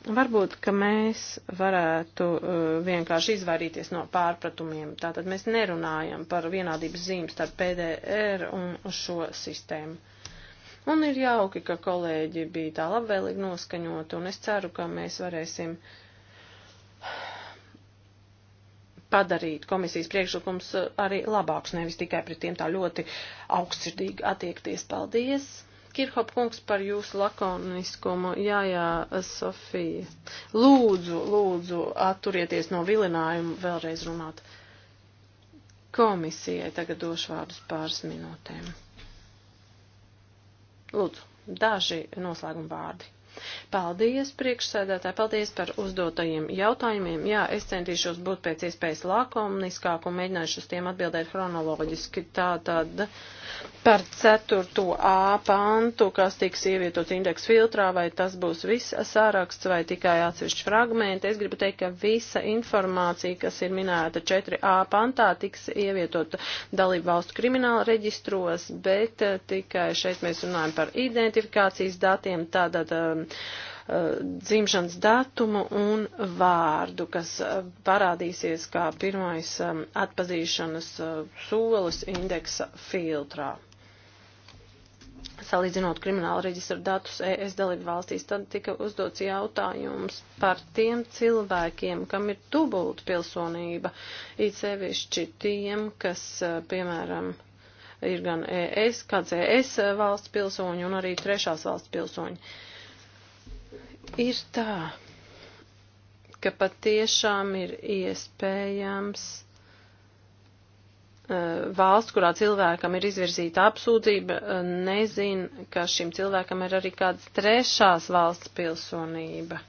Varbūt, ka mēs varētu uh, vienkārši izvairīties no pārpratumiem. Tātad mēs nerunājam par vienādības zīmes starp PDR un šo sistēmu. Un ir jauki, ka kolēģi bija tā labvēlīgi noskaņoti, un es ceru, ka mēs varēsim padarīt komisijas priekšlikums eh, arī labāks, nevis tikai pret tiem tā ļoti augstsirdīgi attiekties. Paldies! Kirhop kungs par jūsu lakoniskumu. Jā, jā, Sofija. Lūdzu, lūdzu, atturieties no vilinājuma vēlreiz runāt. Komisijai tagad došu vārdus pāris minūtēm. Lūdzu, daži noslēguma vārdi. Paldies, priekšsēdētāji, paldies par uzdotajiem jautājumiem. Jā, es centīšos būt pēc iespējas lakoniskāk un mēģināšu uz tiem atbildēt chronoloģiski. Tā tad par 4. A pantu, kas tiks ievietots indeksu filtrā, vai tas būs viss sāraksts vai tikai atsevišķi fragmenti. Es gribu teikt, ka visa informācija, kas ir minēta 4. A pantā, tiks ievietota dalību valstu krimināla reģistros, bet eh, tikai šeit mēs runājam par identifikācijas datiem. Tātad, um, Uh, dzimšanas datumu un vārdu, kas uh, parādīsies kā pirmais um, atpazīšanas uh, solis indeksa filtrā. Salīdzinot kriminālu reģistru datus ES dalību valstīs, tad tika uzdots jautājums par tiem cilvēkiem, kam ir dubult pilsonība, it sevišķi tiem, kas, piemēram, ir gan ES, kāds ES valsts pilsoņi un arī trešās valsts pilsoņi. Uh, Ir tā, ka patiešām ir iespējams eh, valsts, kurā cilvēkam ir izvirzīta apsūdzība, eh, nezin, ka šim cilvēkam ir arī kāds trešās valsts pilsonība.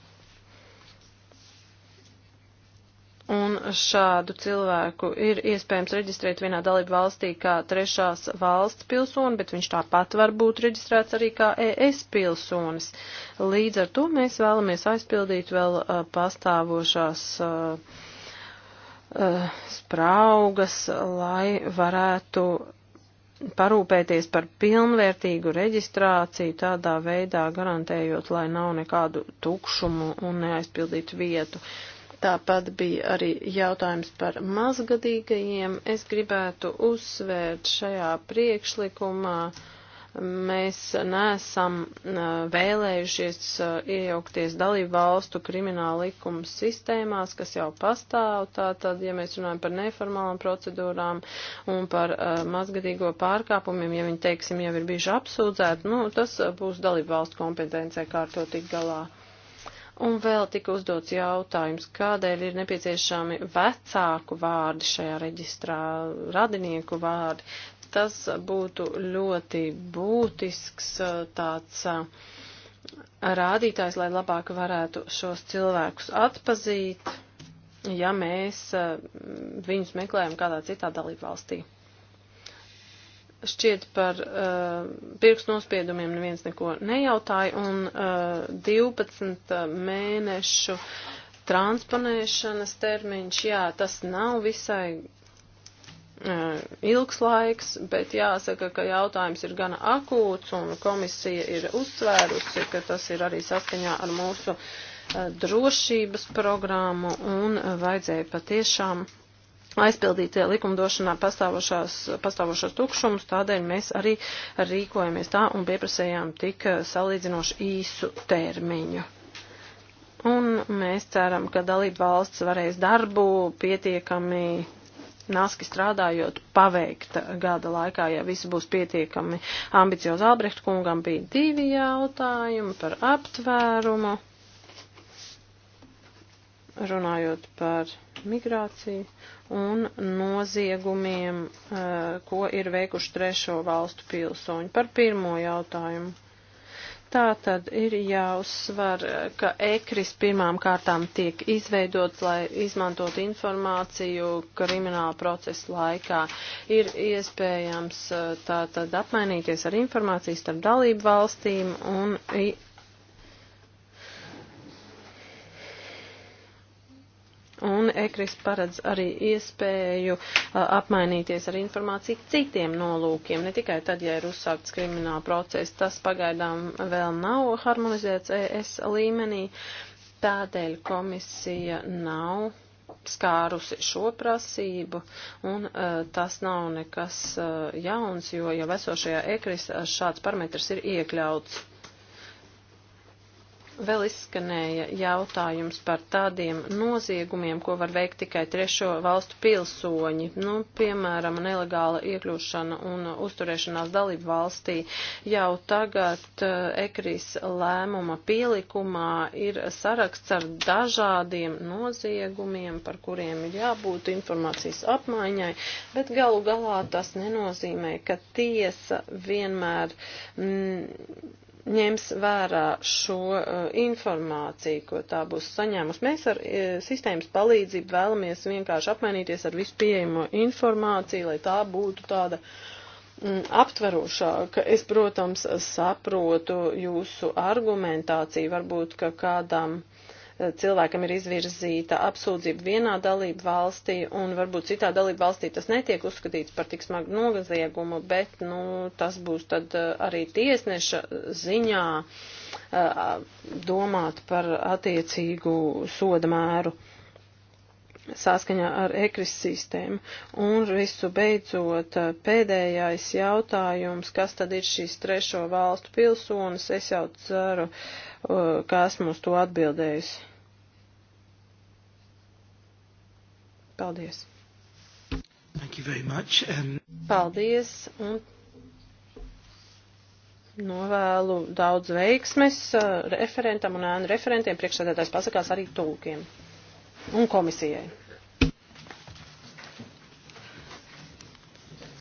Un šādu cilvēku ir iespējams reģistrēt vienā dalību valstī kā trešās valsts pilsoni, bet viņš tāpat var būt reģistrēts arī kā ES pilsonis. Līdz ar to mēs vēlamies aizpildīt vēl uh, pastāvošās uh, uh, spraugas, lai varētu parūpēties par pilnvērtīgu reģistrāciju tādā veidā, garantējot, lai nav nekādu tukšumu un neaizpildītu vietu. Uh, Tāpat bija arī jautājums par mazgadīgajiem. Es gribētu uzsvērt šajā priekšlikumā, mēs neesam vēlējušies iejaukties dalību valstu krimināla likuma sistēmās, kas jau pastāv. Tātad, ja mēs runājam par neformālām procedūrām un par mazgadīgo pārkāpumiem, ja viņi, teiksim, jau ir bijuši apsūdzēti, nu, tas būs dalību valstu kompetencija kārtot tik galā. Un vēl tika uzdots jautājums, kādēļ ir nepieciešami vecāku vārdi šajā reģistrā, radinieku vārdi. Tas būtu ļoti būtisks uh, tāds uh, rādītājs, lai labāk varētu šos cilvēkus atpazīt, ja mēs uh, viņus meklējam kādā citā dalībvalstī šķiet par uh, pirkstu nospiedumiem neviens neko nejautāja, un uh, eh, 12 eh, mēnešu transponēšanas termiņš, jā, tas nav visai uh, ilgs laiks, bet jāsaka, ka jautājums ir gana akūts, un komisija ir uzsvērusi, ka tas ir arī saskaņā ar mūsu uh, drošības programmu, un vajadzēja patiešām. Uh, aizpildīt eh, likumdošanā pastāvošos tukšumus, tādēļ mēs arī rīkojamies tā un pieprasējām tik eh, salīdzinoši īsu termiņu. Un mēs ceram, ka dalība valsts varēs darbu pietiekami naski strādājot, paveikt gada laikā, ja visi būs pietiekami ambiciozi. Albrecht kungam bija divi jautājumi par aptvērumu runājot par migrāciju un noziegumiem, eh, ko ir veikuši trešo valstu pilsoņi. Par pirmo jautājumu. Tā tad ir jāuzsver, ka ekris pirmām kārtām tiek izveidots, lai izmantot informāciju krimināla procesa laikā. Ir iespējams eh, tā tad apmainīties ar informāciju starp dalību valstīm un un ekris paredz arī iespēju apmainīties ar informāciju citiem nolūkiem, ne tikai tad, ja ir uzsākts krimināla process. Tas pagaidām vēl nav harmonizēts ES līmenī, tādēļ komisija nav skārusi šo prasību, un uh, tas nav nekas uh, jauns, jo jau esošajā ekris šāds parametrs ir iekļauts. Vēl izskanēja jautājums par tādiem noziegumiem, ko var veikt tikai trešo valstu pilsoņi, nu, piemēram, nelegāla iekļūšana un uzturēšanās dalību valstī. Jau tagad uh, eh, ekrīs lēmuma pielikumā ir saraksts ar dažādiem noziegumiem, par kuriem ir jābūt informācijas apmaiņai, bet galu galā tas nenozīmē, ka tiesa vienmēr. Mm, ņems vērā šo uh, informāciju, ko tā būs saņēmusi. Mēs ar uh, sistēmas palīdzību vēlamies vienkārši apmainīties ar vispieejamo informāciju, lai tā būtu tāda um, aptverošāka. Es, protams, saprotu jūsu argumentāciju, varbūt, ka kādam cilvēkam ir izvirzīta apsūdzība vienā dalību valstī, un varbūt citā dalību valstī tas netiek uzskatīts par tik smagu nogaziegumu, bet, nu, tas būs tad eh, arī tiesneša ziņā eh, domāt par attiecīgu soda mēru saskaņā ar ekris sistēmu. Un visu beidzot, eh, pēdējais jautājums, kas tad ir šīs trešo valstu pilsonis, es jau ceru, uh, kā esmu uz to atbildējusi. Paldies! Thank you very much. Um... Paldies un novēlu daudz veiksmes uh, referentam un ēnu referentiem, priekšsēdētājs pasakās arī tūkiem un komisijai.